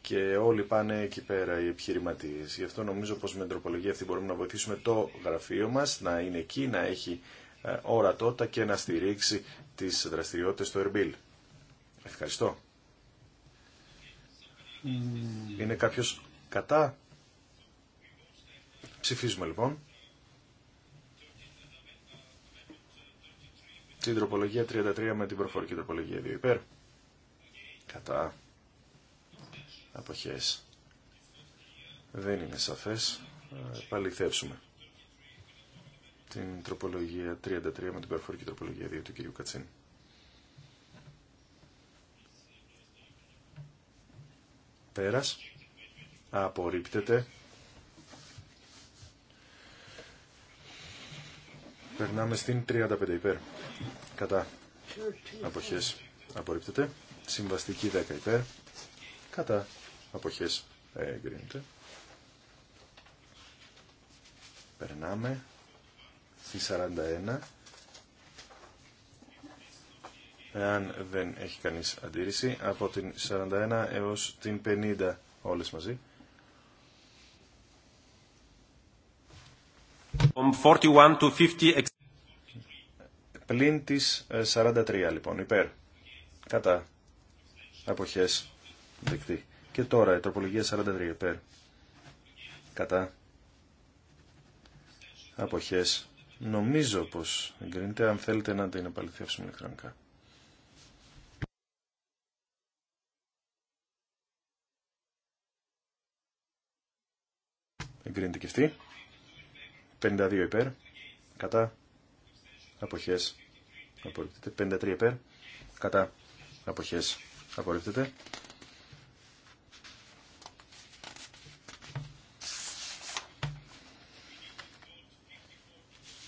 Και όλοι πάνε εκεί πέρα οι επιχειρηματίε. Γι' αυτό νομίζω πως με την τροπολογία αυτή μπορούμε να βοηθήσουμε το γραφείο μας να είναι εκεί, να έχει ε, ορατότητα και να στηρίξει τις δραστηριότητες στο Ερμπίλ. Ευχαριστώ. Είναι κάποιος κατά. Ψηφίζουμε λοιπόν. την τροπολογία 33 με την προφορική τροπολογία 2 υπέρ. Κατά αποχές. Δεν είναι σαφές. Ε, επαληθεύσουμε την τροπολογία 33 με την προφορική τροπολογία 2 του κ. Κατσίν. Πέρας. Απορρίπτεται Περνάμε στην 35 υπέρ. Κατά. Αποχές. Απορρίπτεται. Συμβαστική 10 υπέρ. Κατά. Αποχές. Εγκρίνεται. Περνάμε στη 41. Εάν δεν έχει κανείς αντίρρηση, από την 41 έως την 50 όλες μαζί. Πλην 43 ε, λοιπόν, υπέρ. Κατά. Αποχές. Δεκτή. Και τώρα η τροπολογία 43 υπέρ. Κατά. Αποχές. Νομίζω πως εγκρίνεται αν θέλετε να την επαληθεύσουμε ηλεκτρονικά. Εγκρίνεται και αυτή. 52 υπέρ, κατά αποχές απορρίπτεται. 53 υπέρ, κατά αποχές απορρίπτεται.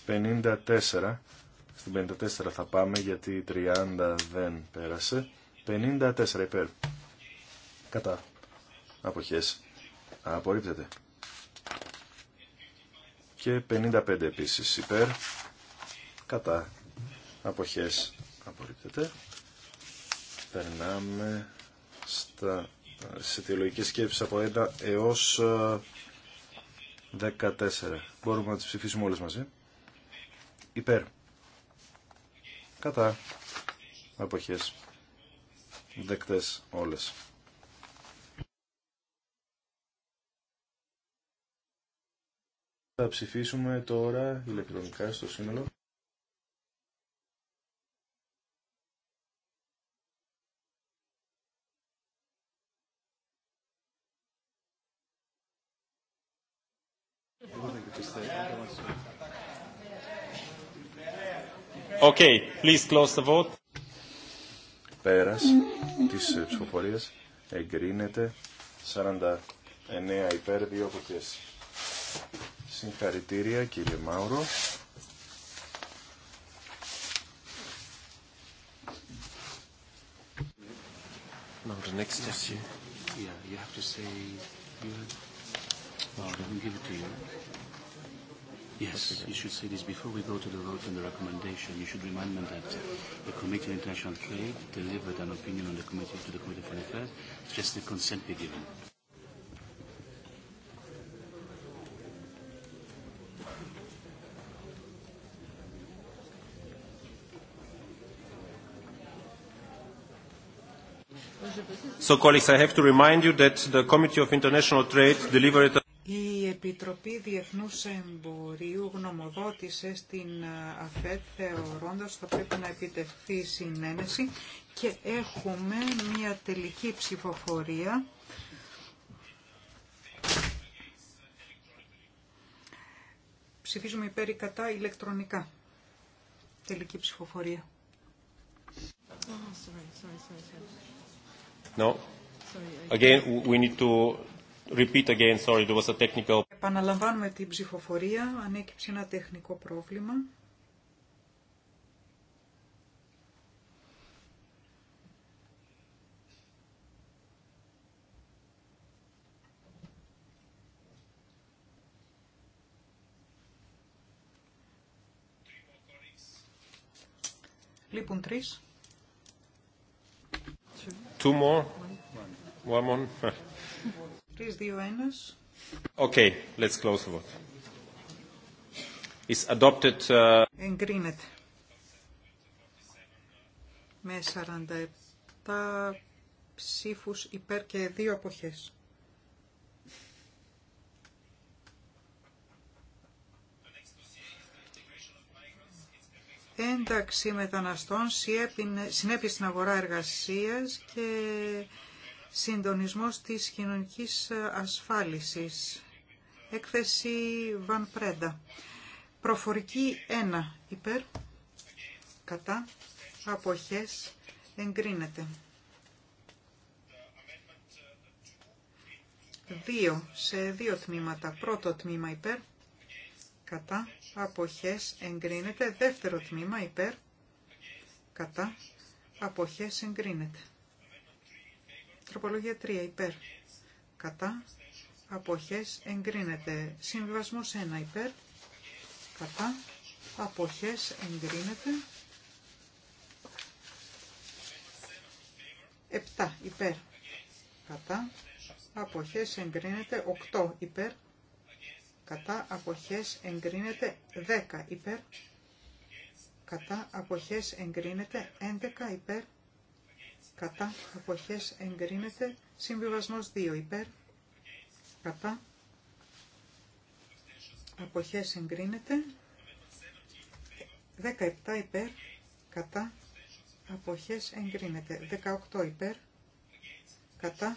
54. Στην 54 θα πάμε γιατί 30 δεν πέρασε. 54 υπέρ. Κατά. Αποχές. Απορρίπτεται και 55 επίσης υπέρ κατά αποχές απορρίπτεται περνάμε στα, σε σκέψει σκέψεις από 1 έως 14 ε, μπορούμε να τις ψηφίσουμε όλες μαζί υπέρ κατά αποχές δεκτές όλες Θα ψηφίσουμε τώρα ηλεκτρονικά στο σύνολο. Okay, please close the vote. Πέρας της ε, ψηφοφορίας εγκρίνεται 49 υπέρ 2 αποχές. Συγχαρητήρια κύριε Μάουρο. the next Yeah, you have to say give it to you. Yes, you should say this before we go to the vote on the recommendation. You should remind them that the Committee on International Trade delivered an opinion on the committee to the Committee of Foreign Affairs. Just the consent be given. Η Επιτροπή Διεθνούς Εμπορίου γνωμοδότησε στην ε, ΑΦΕΤ θεωρώντας ότι θα πρέπει να επιτευχθεί η συνένεση και έχουμε μια τελική ψηφοφορία ψηφίζουμε υπέρ ή κατά ηλεκτρονικά. Τελική ψηφοφορία. Oh, sorry, sorry, No. Again, we need to repeat again. Sorry, there was a technical. Επαναλαμβάνουμε την ψηφοφορία. Ανέκυψε ένα τεχνικό πρόβλημα. Λείπουν τρεις. Two more? One more? <laughs> Τρεις, δύο, ένας. Okay, let's close the vote. It's adopted... Uh... Εγκρίνεται. Με 47 ψήφους υπέρ και δύο αποχές. ένταξη μεταναστών, συνέπειε στην αγορά εργασίας και συντονισμός της κοινωνικής ασφάλισης. Έκθεση Βαν Πρέντα. Προφορική 1. Υπέρ. Κατά. Αποχές. Εγκρίνεται. 2. Σε δύο τμήματα. Πρώτο τμήμα υπέρ κατά αποχές εγκρίνεται. Δεύτερο τμήμα υπέρ κατά αποχές εγκρίνεται. Τροπολογία 3 υπέρ κατά αποχές εγκρίνεται. Συμβιβασμός 1 υπέρ κατά αποχές εγκρίνεται. 7 υπέρ κατά αποχές εγκρίνεται. 8 υπέρ κατά αποχές εγκρίνεται 10 υπέρ, κατά αποχές εγκρίνεται 11 υπέρ, κατά αποχές εγκρίνεται συμβιβασμός 2 υπέρ, κατά αποχές εγκρίνεται 17 υπέρ, κατά αποχές εγκρίνεται 18 υπέρ, κατά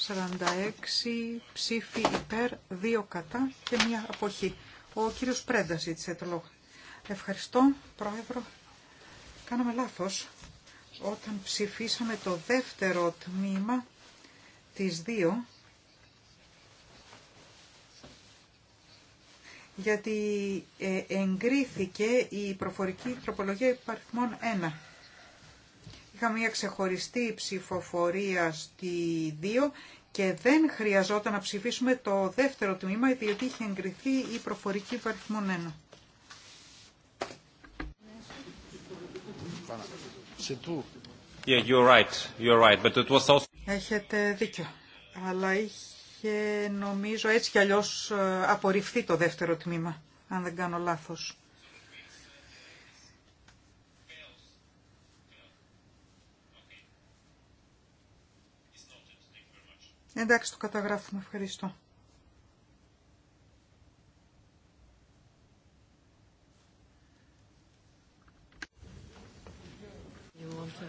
46 ψήφοι υπέρ, 2 κατά και μία αποχή. Ο κύριος Πρέντα ζήτησε το λόγο. Ευχαριστώ, Πρόεδρο. Κάναμε λάθος όταν ψηφίσαμε το δεύτερο τμήμα της 2 γιατί ε, εγκρίθηκε η προφορική τροπολογία υπαριθμών 1 είχα μια ξεχωριστή ψηφοφορία στη 2 και δεν χρειαζόταν να ψηφίσουμε το δεύτερο τμήμα διότι είχε εγκριθεί η προφορική υπαριθμών 1. Έχετε δίκιο. Αλλά είχε νομίζω έτσι κι αλλιώς ε, απορριφθεί το δεύτερο τμήμα, αν δεν κάνω λάθος. Εντάξει, το καταγράφουμε. Ευχαριστώ.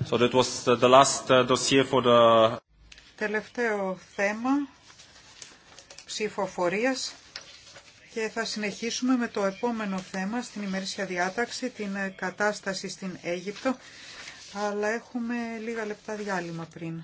So that was the last uh, dossier for the... Τελευταίο θέμα ψηφοφορίας και θα συνεχίσουμε με το επόμενο θέμα στην ημερήσια διάταξη, την ε, κατάσταση στην Αίγυπτο, αλλά έχουμε λίγα λεπτά διάλειμμα πριν.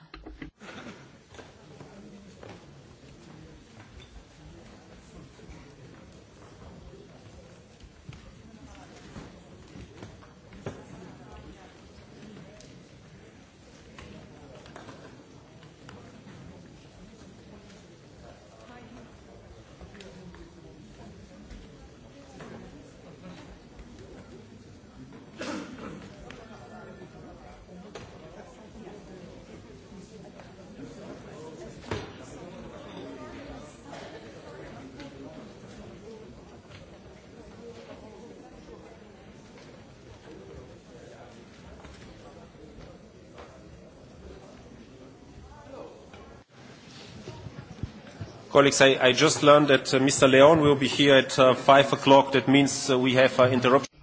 Colleagues, I just learned that Mr. Leon will be here at 5 o'clock. That means we have an interruption.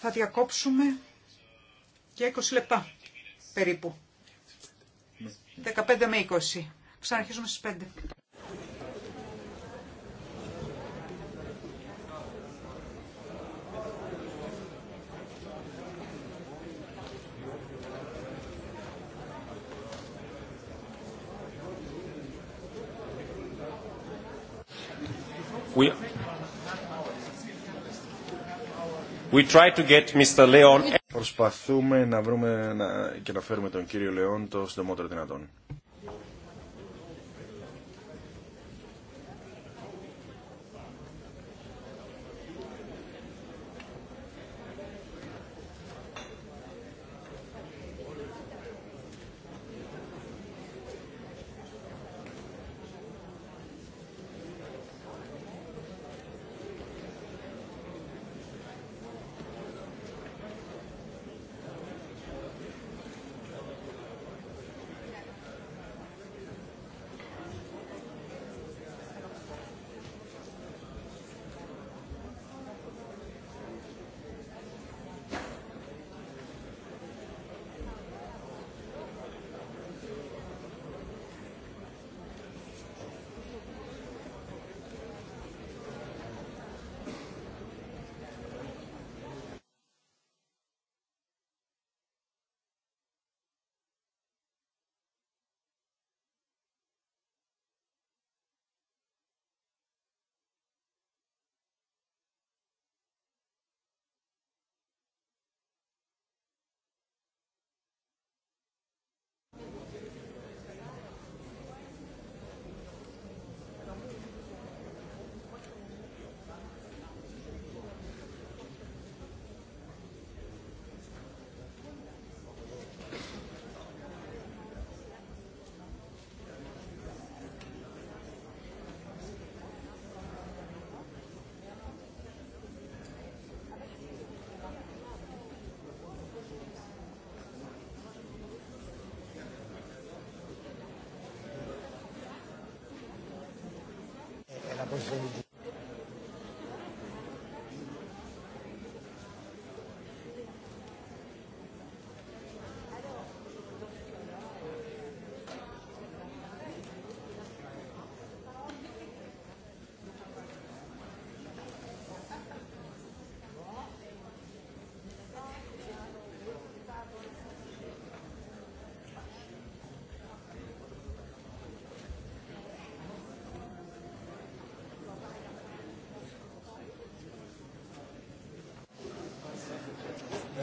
Θα διακόψουμε για 20 λεπτά περίπου. 15 με 20. Ξαναρχίζουμε στις 5. Προσπαθούμε να βρούμε και να φέρουμε τον κύριο Λεόν το συντομότερο δυνατόν. Υπότιτλοι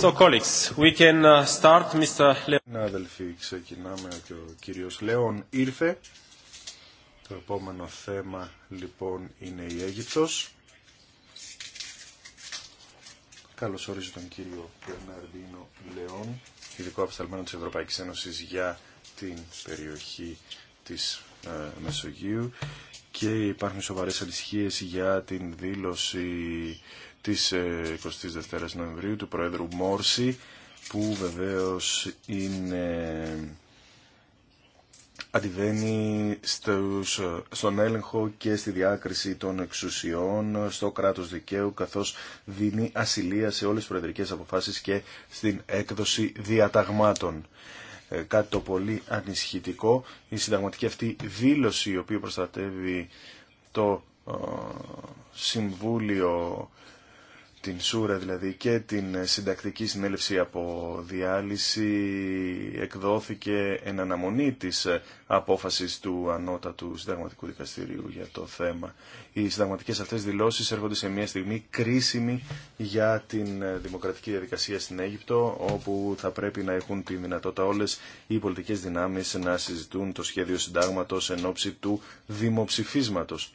So, colleagues, we can uh, ναι, Αδελφοί, ξεκινάμε και ο κύριος Λέων ήρθε. Το επόμενο θέμα λοιπόν είναι η Αίγυπτος. Καλώς ορίζω τον κύριο Περναρδίνο Λεόν, ειδικό απεσταλμένο της Ευρωπαϊκής Ένωσης για την περιοχή της ε, Μεσογείου και υπάρχουν σοβαρές ανησυχίες για την δήλωση της 22ης ε, Νοεμβρίου του Πρόεδρου Μόρση που βεβαίως είναι αντιβαίνει στους, στον έλεγχο και στη διάκριση των εξουσιών στο κράτος δικαίου καθώς δίνει ασυλία σε όλες τις προεδρικές αποφάσεις και στην έκδοση διαταγμάτων. Ε, κάτι το πολύ ανησυχητικό. Η συνταγματική αυτή δήλωση η οποία προστατεύει το ε, Συμβούλιο την Σούρα δηλαδή και την συντακτική συνέλευση από διάλυση εκδόθηκε εν αναμονή της απόφασης του ανώτατου συνταγματικού δικαστηρίου για το θέμα. Οι συνταγματικές αυτές δηλώσεις έρχονται σε μια στιγμή κρίσιμη για την δημοκρατική διαδικασία στην Αίγυπτο όπου θα πρέπει να έχουν τη δυνατότητα όλες οι πολιτικές δυνάμεις να συζητούν το σχέδιο συντάγματος εν ώψη του δημοψηφίσματος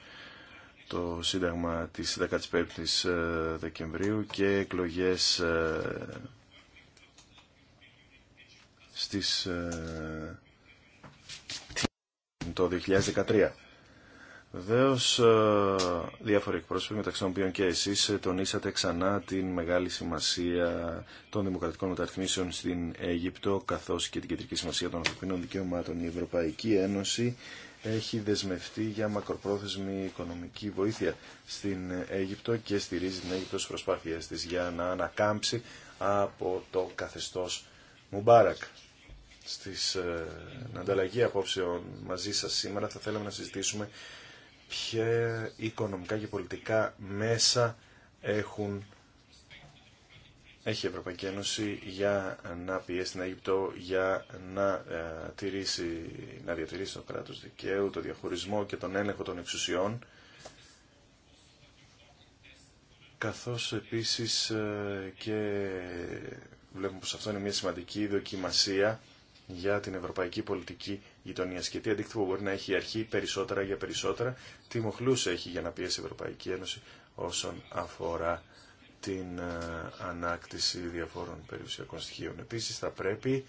το Σύνταγμα της 15ης ε, Δεκεμβρίου και εκλογές ε, στις ε, το 2013. Βεβαίω, διάφοροι εκπρόσωποι μεταξύ των οποίων και εσεί τονίσατε ξανά την μεγάλη σημασία των δημοκρατικών μεταρρυθμίσεων στην Αίγυπτο καθώ και την κεντρική σημασία των ανθρωπίνων δικαιωμάτων. Η Ευρωπαϊκή Ένωση έχει δεσμευτεί για μακροπρόθεσμη οικονομική βοήθεια στην Αίγυπτο και στηρίζει την Αίγυπτο στις προσπάθειές της για να ανακάμψει από το καθεστώς Μουμπάρακ. Στις ε, ανταλλαγή απόψεων μαζί σας σήμερα θα θέλαμε να συζητήσουμε ποια οικονομικά και πολιτικά μέσα έχουν έχει η Ευρωπαϊκή Ένωση για να πιέσει την Αίγυπτο για να, ε, τηρήσει, να διατηρήσει το κράτος δικαίου, το διαχωρισμό και τον έλεγχο των εξουσιών καθώς επίσης ε, και βλέπουμε πως αυτό είναι μια σημαντική δοκιμασία για την ευρωπαϊκή πολιτική γειτονία και τι αντίκτυπο μπορεί να έχει η αρχή περισσότερα για περισσότερα, τι μοχλούς έχει για να πιέσει η Ευρωπαϊκή Ένωση όσον αφορά την ε, ανάκτηση διαφόρων περιουσιακών στοιχείων. Επίσης θα πρέπει...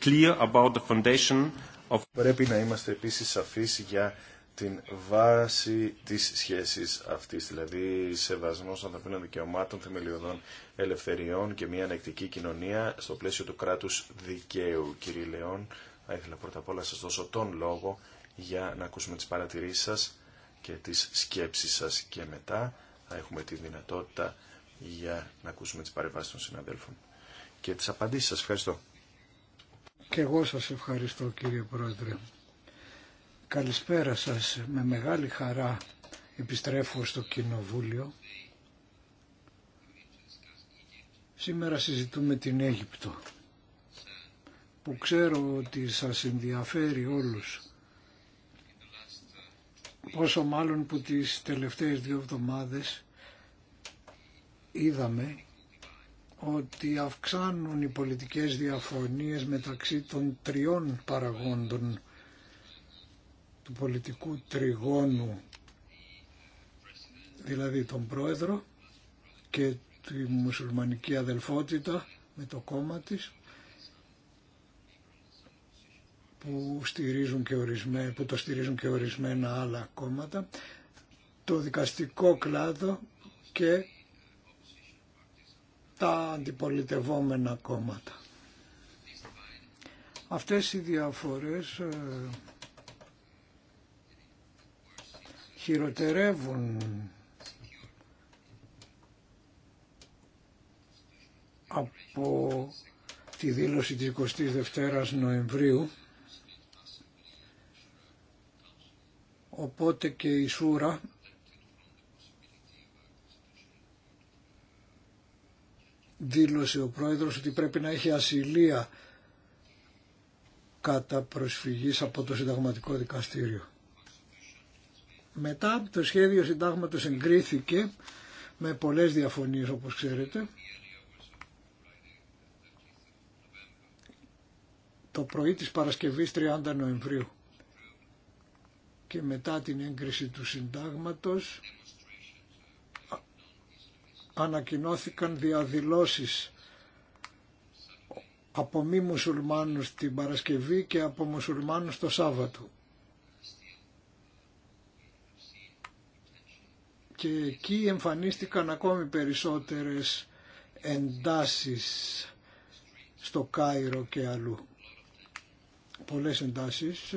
Clear about the foundation of... Πρέπει να είμαστε επίσης σαφείς για την βάση της σχέσης αυτής, δηλαδή σεβασμός ανθρωπίνων δικαιωμάτων, θεμελιωδών ελευθεριών και μια ανεκτική κοινωνία στο πλαίσιο του κράτους δικαίου. Κύριε Λεόν, θα ήθελα πρώτα απ' όλα να σας δώσω τον λόγο για να ακούσουμε τις παρατηρήσεις σας και τις σκέψεις σας και μετά θα έχουμε τη δυνατότητα για να ακούσουμε τις παρεμβάσεις των συναδέλφων και τις απαντήσεις σας. Ευχαριστώ. Και εγώ σας ευχαριστώ κύριε Πρόεδρε. Καλησπέρα σας. Με μεγάλη χαρά επιστρέφω στο Κοινοβούλιο. Σήμερα συζητούμε την Αίγυπτο που ξέρω ότι σας ενδιαφέρει όλους πόσο μάλλον που τις τελευταίες δύο εβδομάδες είδαμε ότι αυξάνουν οι πολιτικές διαφωνίες μεταξύ των τριών παραγόντων του πολιτικού τριγώνου, δηλαδή τον πρόεδρο και τη μουσουλμανική αδελφότητα με το κόμμα της που, στηρίζουν και που το στηρίζουν και ορισμένα άλλα κόμματα, το δικαστικό κλάδο και τα αντιπολιτευόμενα κόμματα. Αυτές οι διαφορές ε, χειροτερεύουν από τη δήλωση της 22ης Νοεμβρίου Οπότε και η Σούρα δήλωσε ο πρόεδρος ότι πρέπει να έχει ασυλία κατά προσφυγής από το συνταγματικό δικαστήριο. Μετά το σχέδιο συντάγματος εγκρίθηκε με πολλές διαφωνίες όπως ξέρετε. Το πρωί της Παρασκευής 30 Νοεμβρίου και μετά την έγκριση του συντάγματος ανακοινώθηκαν διαδηλώσεις από μη μουσουλμάνους την Παρασκευή και από μουσουλμάνους το Σάββατο. Και εκεί εμφανίστηκαν ακόμη περισσότερες εντάσεις στο Κάιρο και αλλού. Πολλές εντάσεις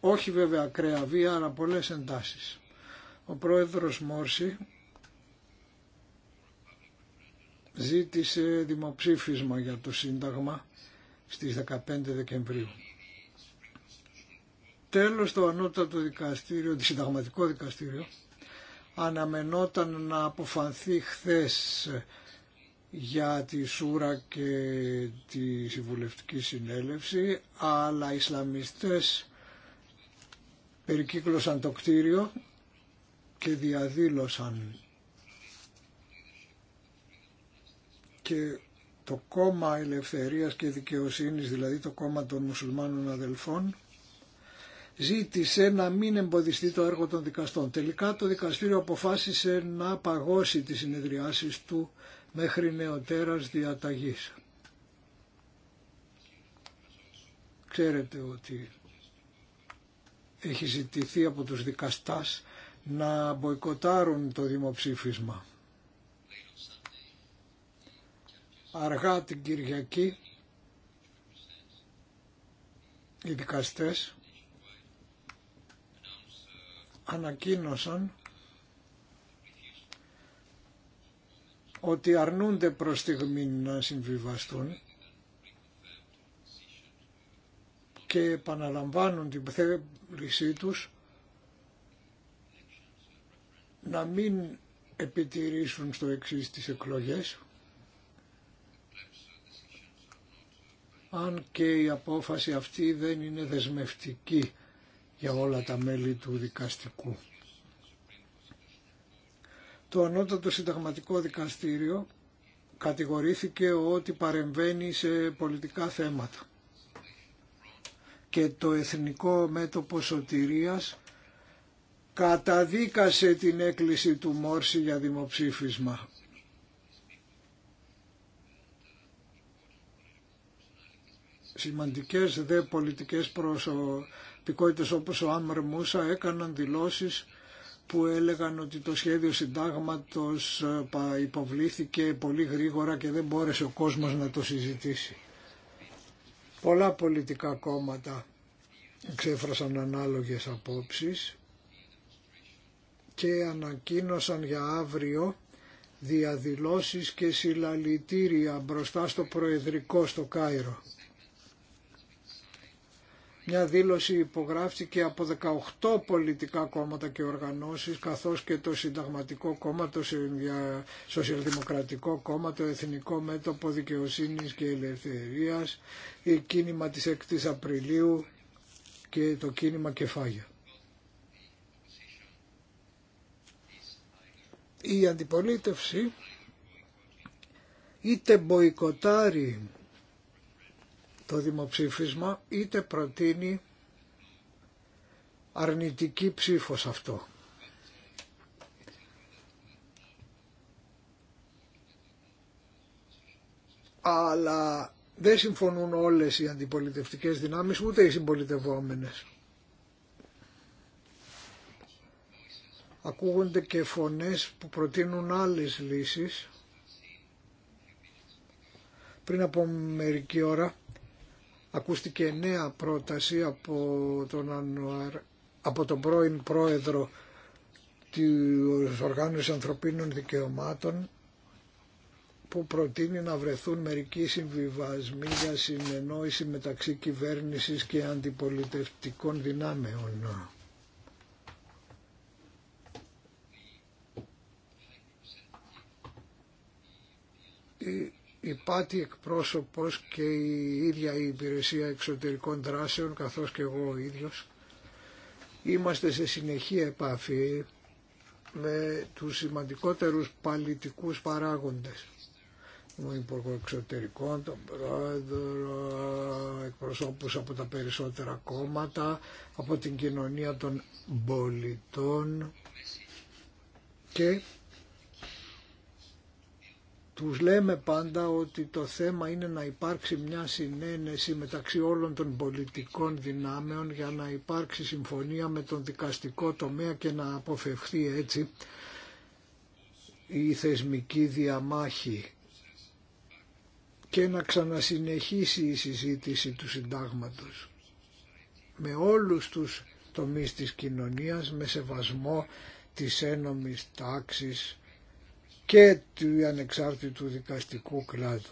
όχι βέβαια ακραία βία, αλλά πολλές εντάσεις. Ο πρόεδρος Μόρση ζήτησε δημοψήφισμα για το Σύνταγμα στις 15 Δεκεμβρίου. Τέλος το ανώτατο δικαστήριο, το συνταγματικό δικαστήριο, αναμενόταν να αποφανθεί χθες για τη Σούρα και τη Συμβουλευτική Συνέλευση, αλλά οι Ισλαμιστές περικύκλωσαν το κτίριο και διαδήλωσαν. Και το κόμμα ελευθερίας και δικαιοσύνης, δηλαδή το κόμμα των μουσουλμάνων αδελφών, ζήτησε να μην εμποδιστεί το έργο των δικαστών. Τελικά το δικαστήριο αποφάσισε να παγώσει τις συνεδριάσεις του μέχρι νεοτέρας διαταγής. Ξέρετε ότι έχει ζητηθεί από τους δικαστάς να μποϊκοτάρουν το δημοψήφισμα. Αργά την Κυριακή οι δικαστές ανακοίνωσαν ότι αρνούνται προς στιγμή να συμβιβαστούν και επαναλαμβάνουν την θέλησή τους να μην επιτηρήσουν στο εξής τις εκλογές αν και η απόφαση αυτή δεν είναι δεσμευτική για όλα τα μέλη του δικαστικού. Το Ανώτατο Συνταγματικό Δικαστήριο κατηγορήθηκε ότι παρεμβαίνει σε πολιτικά θέματα και το Εθνικό Μέτωπο Σωτηρίας καταδίκασε την έκκληση του Μόρση για δημοψήφισμα. Σημαντικές δε πολιτικές προσωπικότητες όπως ο Άμρ Μούσα έκαναν δηλώσεις που έλεγαν ότι το σχέδιο συντάγματος ε, υποβλήθηκε πολύ γρήγορα και δεν μπόρεσε ο κόσμος να το συζητήσει. Πολλά πολιτικά κόμματα εξέφρασαν ανάλογες απόψεις και ανακοίνωσαν για αύριο διαδηλώσεις και συλλαλητήρια μπροστά στο Προεδρικό στο Κάιρο. Μια δήλωση υπογράφτηκε από 18 πολιτικά κόμματα και οργανώσεις καθώς και το Συνταγματικό Κόμμα, το Σοσιαλδημοκρατικό Κόμμα, το Εθνικό Μέτωπο Δικαιοσύνης και Ελευθερίας, η κίνημα της 6ης Απριλίου και το κίνημα Κεφάγια. Η αντιπολίτευση είτε μποϊκοτάρει το δημοψήφισμα είτε προτείνει αρνητική ψήφος αυτό. Αλλά δεν συμφωνούν όλες οι αντιπολιτευτικές δυνάμεις ούτε οι συμπολιτευόμενες. Ακούγονται και φωνές που προτείνουν άλλες λύσεις. Πριν από μερική ώρα Ακούστηκε νέα πρόταση από τον, από τον πρώην πρόεδρο του Οργάνωσης Ανθρωπίνων Δικαιωμάτων που προτείνει να βρεθούν μερικοί συμβιβασμοί για συνεννόηση μεταξύ κυβέρνησης και αντιπολιτευτικών δυνάμεων η πάτη εκπρόσωπος και η ίδια η υπηρεσία εξωτερικών δράσεων καθώς και εγώ ο ίδιος είμαστε σε συνεχή επαφή με τους σημαντικότερους παλιτικούς παράγοντες τον Υπουργό Εξωτερικών, τον Πρόεδρο, εκπροσώπους από τα περισσότερα κόμματα, από την κοινωνία των πολιτών και τους λέμε πάντα ότι το θέμα είναι να υπάρξει μια συνένεση μεταξύ όλων των πολιτικών δυνάμεων για να υπάρξει συμφωνία με τον δικαστικό τομέα και να αποφευχθεί έτσι η θεσμική διαμάχη και να ξανασυνεχίσει η συζήτηση του συντάγματος με όλους τους τομείς της κοινωνίας με σεβασμό της ένομης τάξης και του ανεξάρτητου δικαστικού κλάδου.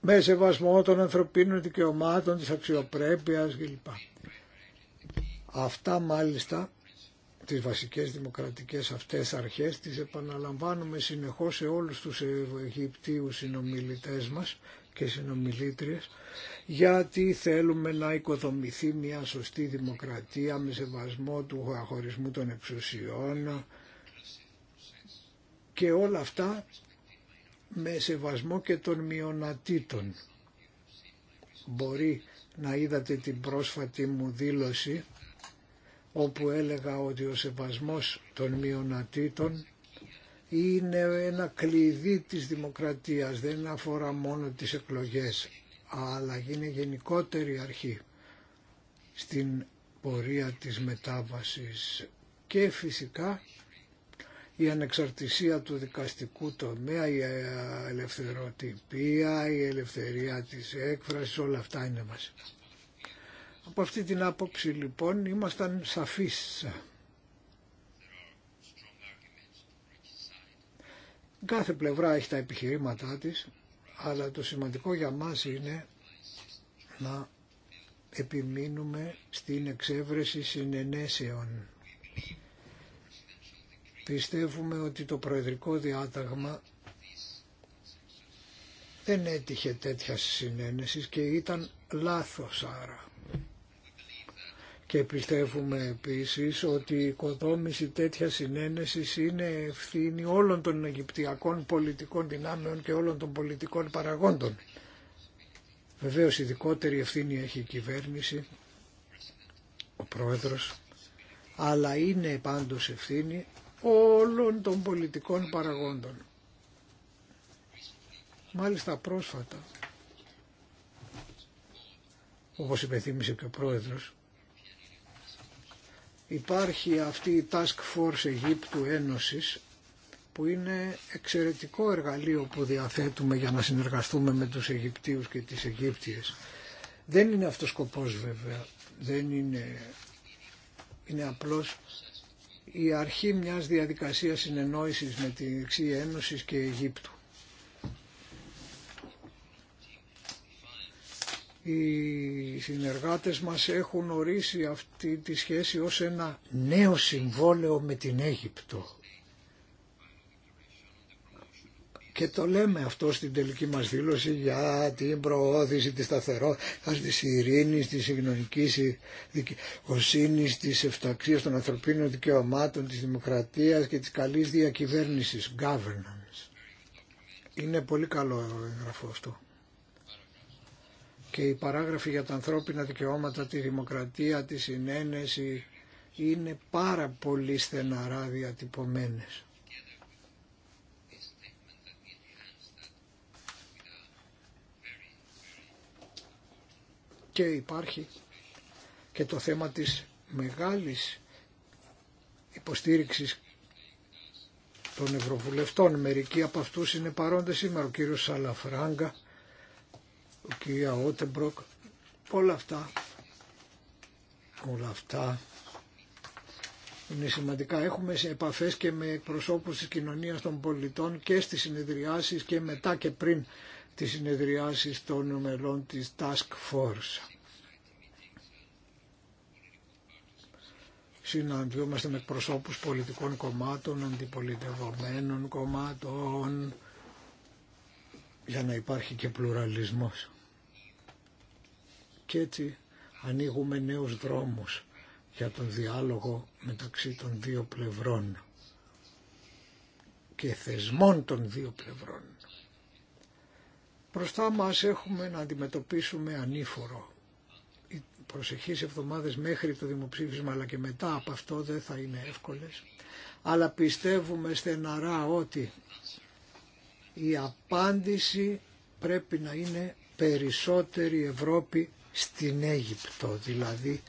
Με σεβασμό των ανθρωπίνων δικαιωμάτων, της αξιοπρέπειας κλπ. Αυτά μάλιστα τις βασικές δημοκρατικές αυτές αρχές τις επαναλαμβάνουμε συνεχώς σε όλους τους Αιγυπτίους συνομιλητές μας και συνομιλήτριες γιατί θέλουμε να οικοδομηθεί μια σωστή δημοκρατία με σεβασμό του αχωρισμού των εξουσιών και όλα αυτά με σεβασμό και των μειονατήτων. Μπορεί να είδατε την πρόσφατη μου δήλωση όπου έλεγα ότι ο σεβασμός των μειονατήτων είναι ένα κλειδί της δημοκρατίας, δεν αφορά μόνο τις εκλογές, αλλά είναι γενικότερη αρχή στην πορεία της μετάβασης και φυσικά η ανεξαρτησία του δικαστικού τομέα, η ελευθεροτυπία, η ελευθερία της έκφρασης, όλα αυτά είναι μας. Από αυτή την άποψη λοιπόν ήμασταν σαφείς. Κάθε πλευρά έχει τα επιχειρήματά της, αλλά το σημαντικό για μας είναι να επιμείνουμε στην εξέβρεση συνενέσεων Πιστεύουμε ότι το Προεδρικό Διάταγμα δεν έτυχε τέτοια συνένεση και ήταν λάθος άρα. Και πιστεύουμε επίσης ότι η οικοδόμηση τέτοια συνένεση είναι ευθύνη όλων των Αιγυπτιακών πολιτικών δυνάμεων και όλων των πολιτικών παραγόντων. Βεβαίω ειδικότερη ευθύνη έχει η κυβέρνηση, ο πρόεδρος, αλλά είναι πάντως ευθύνη όλων των πολιτικών παραγόντων. Μάλιστα πρόσφατα, όπως υπενθύμησε και ο πρόεδρος, υπάρχει αυτή η Task Force Αιγύπτου Ένωσης που είναι εξαιρετικό εργαλείο που διαθέτουμε για να συνεργαστούμε με τους Αιγυπτίους και τις Αιγύπτιες. Δεν είναι αυτός σκοπός βέβαια, δεν είναι, είναι απλώς η αρχή μιας διαδικασίας συνεννόησης με τη Ένωσης και Αιγύπτου. Οι συνεργάτες μας έχουν ορίσει αυτή τη σχέση ως ένα νέο συμβόλαιο με την Αίγυπτο. Και το λέμε αυτό στην τελική μας δήλωση για την προώθηση της σταθερότητας, της ειρήνης, της συγνωνικής δικαιοσύνης, της ευταξίας των ανθρωπίνων δικαιωμάτων, της δημοκρατίας και της καλής διακυβέρνησης, governance. Είναι πολύ καλό εγγραφό αυτό. Και οι παράγραφοι για τα ανθρώπινα δικαιώματα, τη δημοκρατία, τη συνένεση είναι πάρα πολύ στεναρά διατυπωμένες. Και υπάρχει και το θέμα της μεγάλης υποστήριξης των Ευρωβουλευτών. Μερικοί από αυτούς είναι παρόντες σήμερα, ο κύριος Σαλαφράγκα, ο κύριος Ότεμπροκ, όλα αυτά, όλα αυτά είναι σημαντικά. Έχουμε επαφές και με προσώπους της κοινωνίας των πολιτών και στις συνεδριάσεις και μετά και πριν τις συνεδριάσεις των μελών της Task Force. Συναντιόμαστε με προσώπους πολιτικών κομμάτων, αντιπολιτευομένων κομμάτων, για να υπάρχει και πλουραλισμός. Και έτσι ανοίγουμε νέους δρόμους για τον διάλογο μεταξύ των δύο πλευρών και θεσμών των δύο πλευρών. Μπροστά μας έχουμε να αντιμετωπίσουμε ανήφορο. Οι προσεχείς εβδομάδες μέχρι το δημοψήφισμα αλλά και μετά από αυτό δεν θα είναι εύκολες. Αλλά πιστεύουμε στεναρά ότι η απάντηση πρέπει να είναι περισσότερη Ευρώπη στην Αίγυπτο. Δηλαδή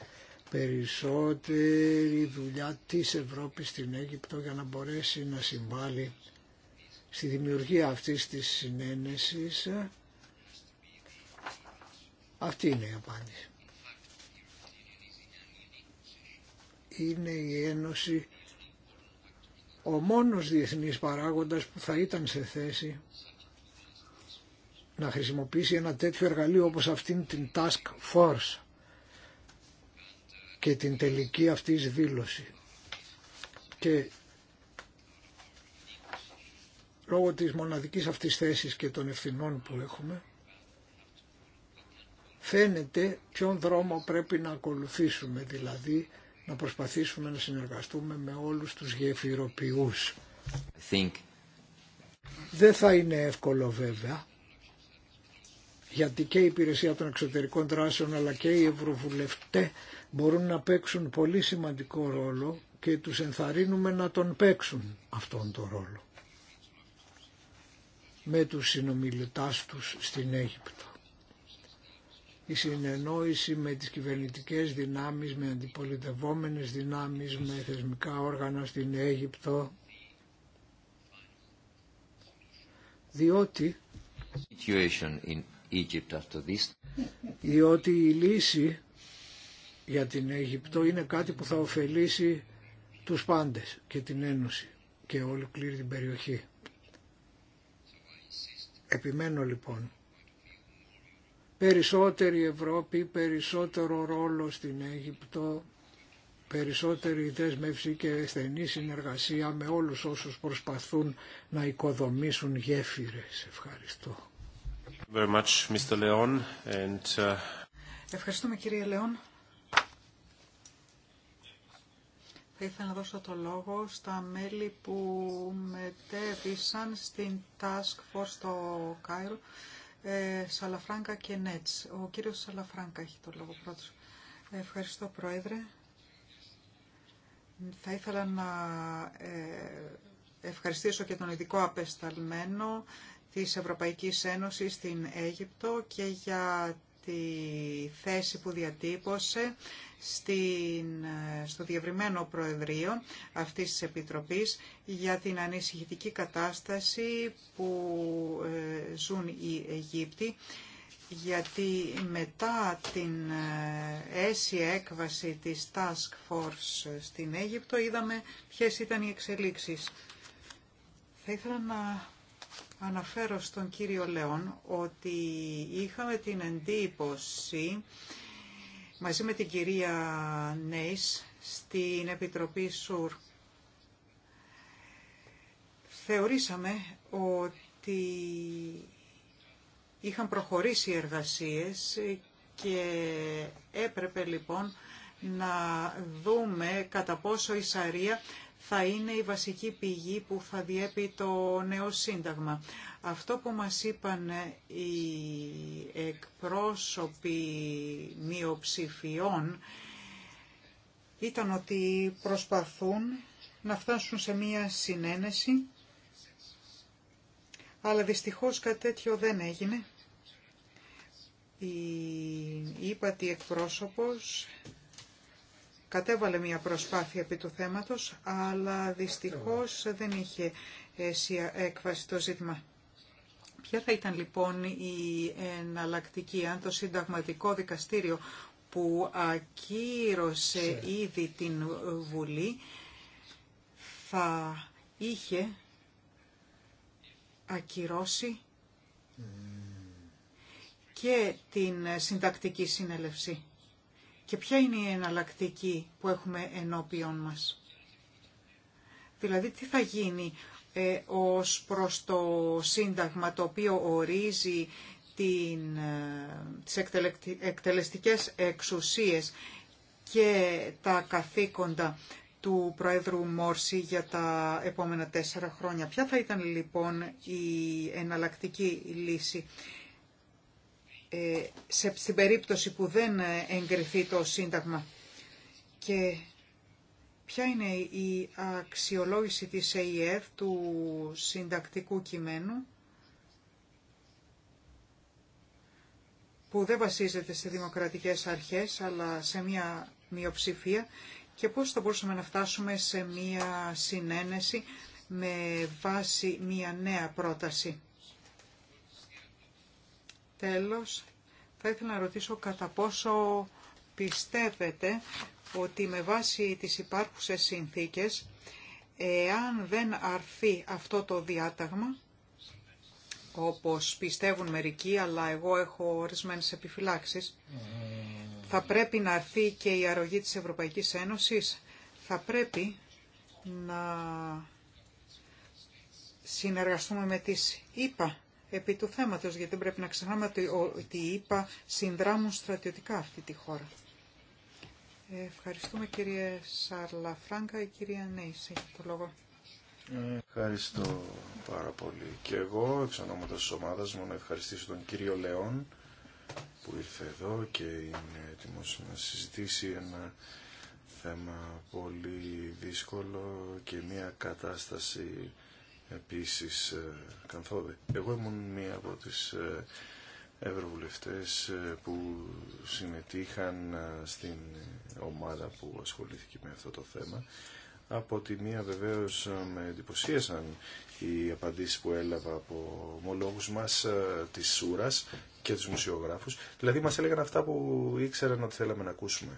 περισσότερη δουλειά της Ευρώπης στην Αίγυπτο για να μπορέσει να συμβάλλει στη δημιουργία αυτής της συνένεσης. Αυτή είναι η απάντηση. Είναι η Ένωση ο μόνος διεθνής παράγοντας που θα ήταν σε θέση να χρησιμοποιήσει ένα τέτοιο εργαλείο όπως αυτήν την Task Force και την τελική αυτής δήλωση. Και λόγω της μοναδικής αυτής θέσης και των ευθυνών που έχουμε, φαίνεται ποιον δρόμο πρέπει να ακολουθήσουμε, δηλαδή να προσπαθήσουμε να συνεργαστούμε με όλους τους γεφυροποιούς. Think. Δεν θα είναι εύκολο βέβαια, γιατί και η Υπηρεσία των Εξωτερικών Δράσεων αλλά και οι Ευρωβουλευτέ μπορούν να παίξουν πολύ σημαντικό ρόλο και τους ενθαρρύνουμε να τον παίξουν αυτόν τον ρόλο με τους συνομιλητάς τους στην Αίγυπτο. Η συνεννόηση με τις κυβερνητικές δυνάμεις, με αντιπολιτευόμενες δυνάμεις, με θεσμικά όργανα στην Αίγυπτο, διότι, διότι η λύση για την Αίγυπτο είναι κάτι που θα ωφελήσει τους πάντες και την Ένωση και ολοκλήρη την περιοχή. Επιμένω λοιπόν. Περισσότερη Ευρώπη, περισσότερο ρόλο στην Αίγυπτο, περισσότερη δέσμευση και στενή συνεργασία με όλους όσους προσπαθούν να οικοδομήσουν γέφυρες. Ευχαριστώ. Uh, Ευχαριστούμε κύριε Λεόν. Θα ήθελα να δώσω το λόγο στα μέλη που μετέβησαν στην Task Force στο Κάιρο, ε, Σαλαφράγκα και Νέτς. Ο κύριος Σαλαφράγκα έχει το λόγο πρώτος. Ευχαριστώ Πρόεδρε. Θα ήθελα να ε, ευχαριστήσω και τον ειδικό απεσταλμένο της Ευρωπαϊκής Ένωσης στην Αίγυπτο και για τη θέση που διατύπωσε στην, στο διευρυμένο Προεδρείο αυτής της Επιτροπής για την ανησυχητική κατάσταση που ε, ζουν οι Αιγύπτιοι γιατί μετά την ε, αίσια έκβαση της Task Force στην Αίγυπτο είδαμε ποιες ήταν οι εξελίξεις. Θα ήθελα να αναφέρω στον κύριο Λεόν ότι είχαμε την εντύπωση μαζί με την κυρία Νέης στην Επιτροπή ΣΟΥΡ. Θεωρήσαμε ότι είχαν προχωρήσει οι εργασίες και έπρεπε λοιπόν να δούμε κατά πόσο η Σαρία θα είναι η βασική πηγή που θα διέπει το νέο σύνταγμα. Αυτό που μας είπαν οι εκπρόσωποι μειοψηφιών ήταν ότι προσπαθούν να φτάσουν σε μία συνένεση, αλλά δυστυχώς κάτι τέτοιο δεν έγινε. Η ύπατη εκπρόσωπος κατέβαλε μια προσπάθεια επί του θέματος, αλλά δυστυχώς δεν είχε έκβαση το ζήτημα. Ποια θα ήταν λοιπόν η εναλλακτική αν το συνταγματικό δικαστήριο που ακύρωσε ήδη την Βουλή θα είχε ακυρώσει και την συντακτική συνέλευση και ποια είναι η εναλλακτική που έχουμε ενώπιον μας. Δηλαδή τι θα γίνει ε, ως προς το σύνταγμα το οποίο ορίζει την, ε, τις εκτελεστικές εξουσίες και τα καθήκοντα του Πρόεδρου Μόρση για τα επόμενα τέσσερα χρόνια. Ποια θα ήταν λοιπόν η εναλλακτική λύση ε, σε, στην περίπτωση που δεν ε, εγκριθεί το Σύνταγμα. Και ποια είναι η αξιολόγηση της ΕΙΕΔ του συντακτικού κειμένου που δεν βασίζεται σε δημοκρατικές αρχές αλλά σε μια μειοψηφία και πώς θα μπορούσαμε να φτάσουμε σε μια συνένεση με βάση μια νέα πρόταση. Τέλος, θα ήθελα να ρωτήσω κατά πόσο πιστεύετε ότι με βάση τις υπάρχουσες συνθήκες, εάν δεν αρθεί αυτό το διάταγμα, όπως πιστεύουν μερικοί, αλλά εγώ έχω ορισμένες επιφυλάξεις, θα πρέπει να αρθεί και η αρρωγή της Ευρωπαϊκής Ένωσης. Θα πρέπει να συνεργαστούμε με τις ΗΠΑ επί του θέματος, γιατί δεν πρέπει να ξεχνάμε ότι οι είπα συνδράμουν στρατιωτικά αυτή τη χώρα. Ε, ευχαριστούμε κύριε Σάρλα Φράγκα. Η κυρία Νέης το λόγο. Ευχαριστώ πάρα πολύ. Και εγώ, εξ ονόματος της ομάδας μου, να ευχαριστήσω τον κύριο Λεόν που ήρθε εδώ και είναι έτοιμος να συζητήσει ένα θέμα πολύ δύσκολο και μια κατάσταση επίσης ε, Κανθόδη. Εγώ ήμουν μία από τις ε, ευρωβουλευτές ε, που συμμετείχαν στην ομάδα που ασχολήθηκε με αυτό το θέμα. Από τη μία βεβαίως με εντυπωσίασαν οι απαντήσεις που έλαβα από ομολόγους μας της Σούρας και τους μουσιογράφους. Δηλαδή μας έλεγαν αυτά που ήξεραν ότι θέλαμε να ακούσουμε.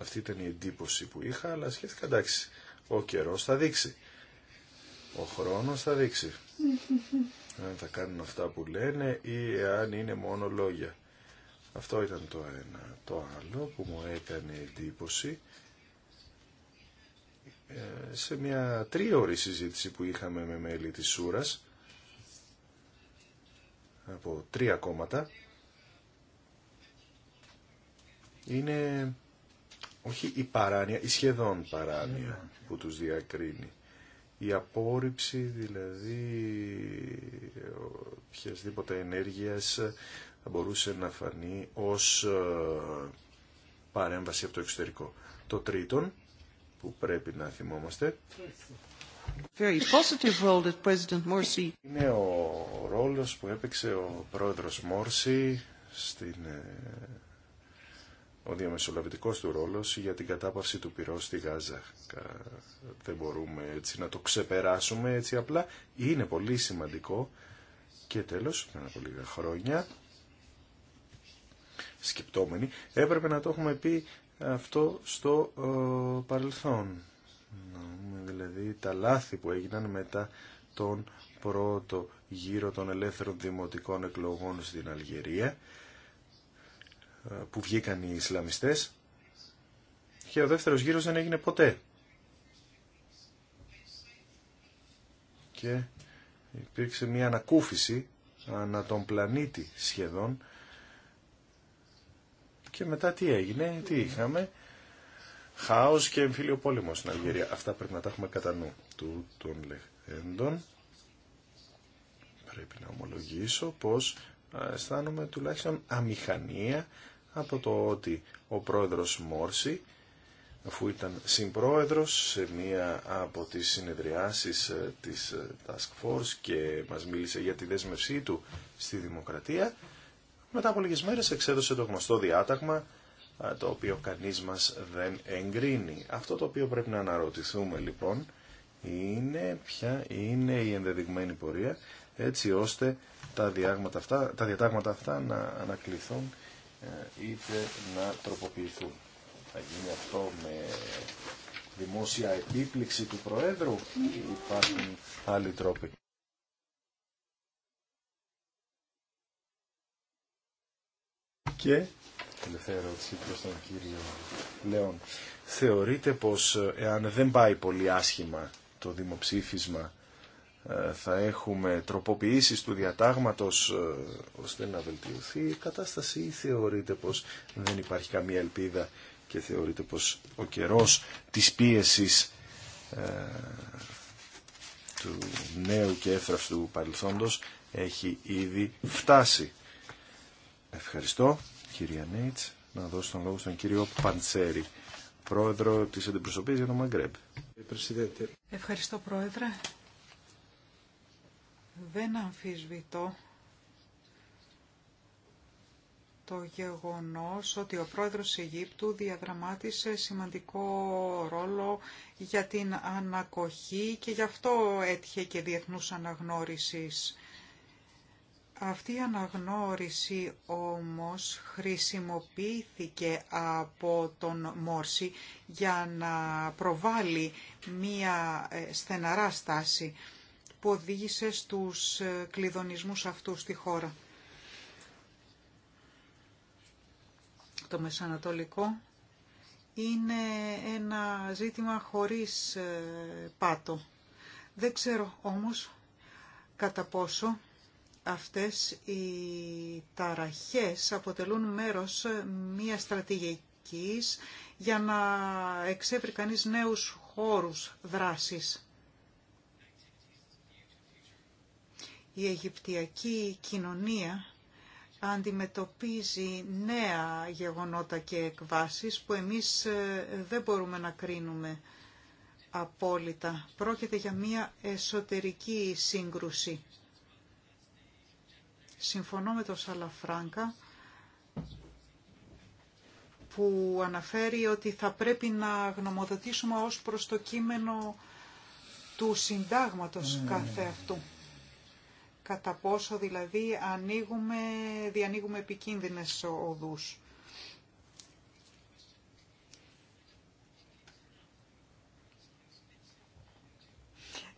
Αυτή ήταν η εντύπωση που είχα, αλλά σκέφτηκα εντάξει, ο καιρός θα δείξει. Ο χρόνος θα δείξει. αν θα κάνουν αυτά που λένε ή αν είναι μόνο λόγια. Αυτό ήταν το ένα. Το άλλο που μου έκανε εντύπωση ε, σε μια τρίωρη συζήτηση που είχαμε με μέλη της Σούρας από τρία κόμματα είναι όχι η παράνοια, η σχεδόν παράνοια ναι. που τους διακρίνει η απόρριψη δηλαδή οποιασδήποτε ενέργειας θα μπορούσε να φανεί ως ε, παρέμβαση από το εξωτερικό. Το τρίτον που πρέπει να θυμόμαστε positive role είναι ο ρόλος που έπαιξε ο πρόεδρος Μόρση στην ε, ο διαμεσολαβητικός του ρόλος για την κατάπαυση του πυρός στη Γάζα. Δεν μπορούμε έτσι να το ξεπεράσουμε έτσι απλά. Είναι πολύ σημαντικό και τέλος, πριν από λίγα χρόνια, σκεπτόμενοι, έπρεπε να το έχουμε πει αυτό στο ε, παρελθόν. Δηλαδή τα λάθη που έγιναν μετά τον πρώτο γύρο των ελεύθερων δημοτικών εκλογών στην Αλγερία που βγήκαν οι Ισλαμιστές και ο δεύτερος γύρος δεν έγινε ποτέ. Και υπήρξε μια ανακούφιση ανά τον πλανήτη σχεδόν και μετά τι έγινε, τι είχαμε χάος και εμφύλιο πόλεμο στην Αλγερία. Αυτά πρέπει να τα έχουμε κατά νου του των λεχθέντων. Πρέπει να ομολογήσω πως αισθάνομαι τουλάχιστον αμηχανία από το ότι ο πρόεδρος Μόρση, αφού ήταν συμπρόεδρος σε μία από τις συνεδριάσεις ε, της ε, Task Force και μας μίλησε για τη δέσμευσή του στη δημοκρατία, μετά από λίγες μέρες εξέδωσε το γνωστό διάταγμα, ε, το οποίο κανείς μας δεν εγκρίνει. Αυτό το οποίο πρέπει να αναρωτηθούμε λοιπόν είναι ποια είναι η ενδεδειγμένη πορεία έτσι ώστε τα, αυτά, τα διατάγματα αυτά να ανακληθούν ε, είτε να τροποποιηθούν. Θα γίνει αυτό με δημόσια επίπληξη του Προέδρου ή υπάρχουν άλλοι τρόποι. Και τελευταία ερώτηση προς τον κύριο Λέων. Θεωρείτε πως ε, εάν δεν πάει πολύ άσχημα το δημοψήφισμα ε, θα έχουμε τροποποιήσεις του διατάγματος ε, ώστε να βελτιωθεί η κατάσταση ή θεωρείτε πως δεν υπάρχει καμία ελπίδα και θεωρείτε πως ο καιρός της πίεσης ε, του νέου και έφραυστου παρελθόντος έχει ήδη φτάσει. Ευχαριστώ κυρία Νέιτς. Να δώσω τον λόγο στον κύριο Παντσέρη, πρόεδρο της Αντιπροσωπής για το Μαγκρέμπ. Ευχαριστώ πρόεδρε. Δεν αμφισβητώ το γεγονός ότι ο πρόεδρος Αιγύπτου διαδραμάτισε σημαντικό ρόλο για την ανακοχή και γι' αυτό έτυχε και διεθνούς αναγνώρισης. Αυτή η αναγνώριση όμως χρησιμοποιήθηκε από τον Μόρση για να προβάλλει μία ε, στεναρά στάση που οδήγησε στους ε, κλειδονισμούς αυτού στη χώρα. Το Μεσανατολικό είναι ένα ζήτημα χωρίς ε, πάτο. Δεν ξέρω όμως κατά πόσο αυτές οι ταραχές αποτελούν μέρος ε, μια στρατηγικής για να εξέβρει κανείς νέους χώρους δράσης. η Αιγυπτιακή κοινωνία αντιμετωπίζει νέα γεγονότα και εκβάσεις που εμείς ε, δεν μπορούμε να κρίνουμε απόλυτα. Πρόκειται για μία εσωτερική σύγκρουση. Συμφωνώ με τον Σαλαφράγκα που αναφέρει ότι θα πρέπει να γνωμοδοτήσουμε ως προς το κείμενο του συντάγματος ναι. κάθε αυτού κατά πόσο δηλαδή ανοίγουμε, διανοίγουμε επικίνδυνες οδούς.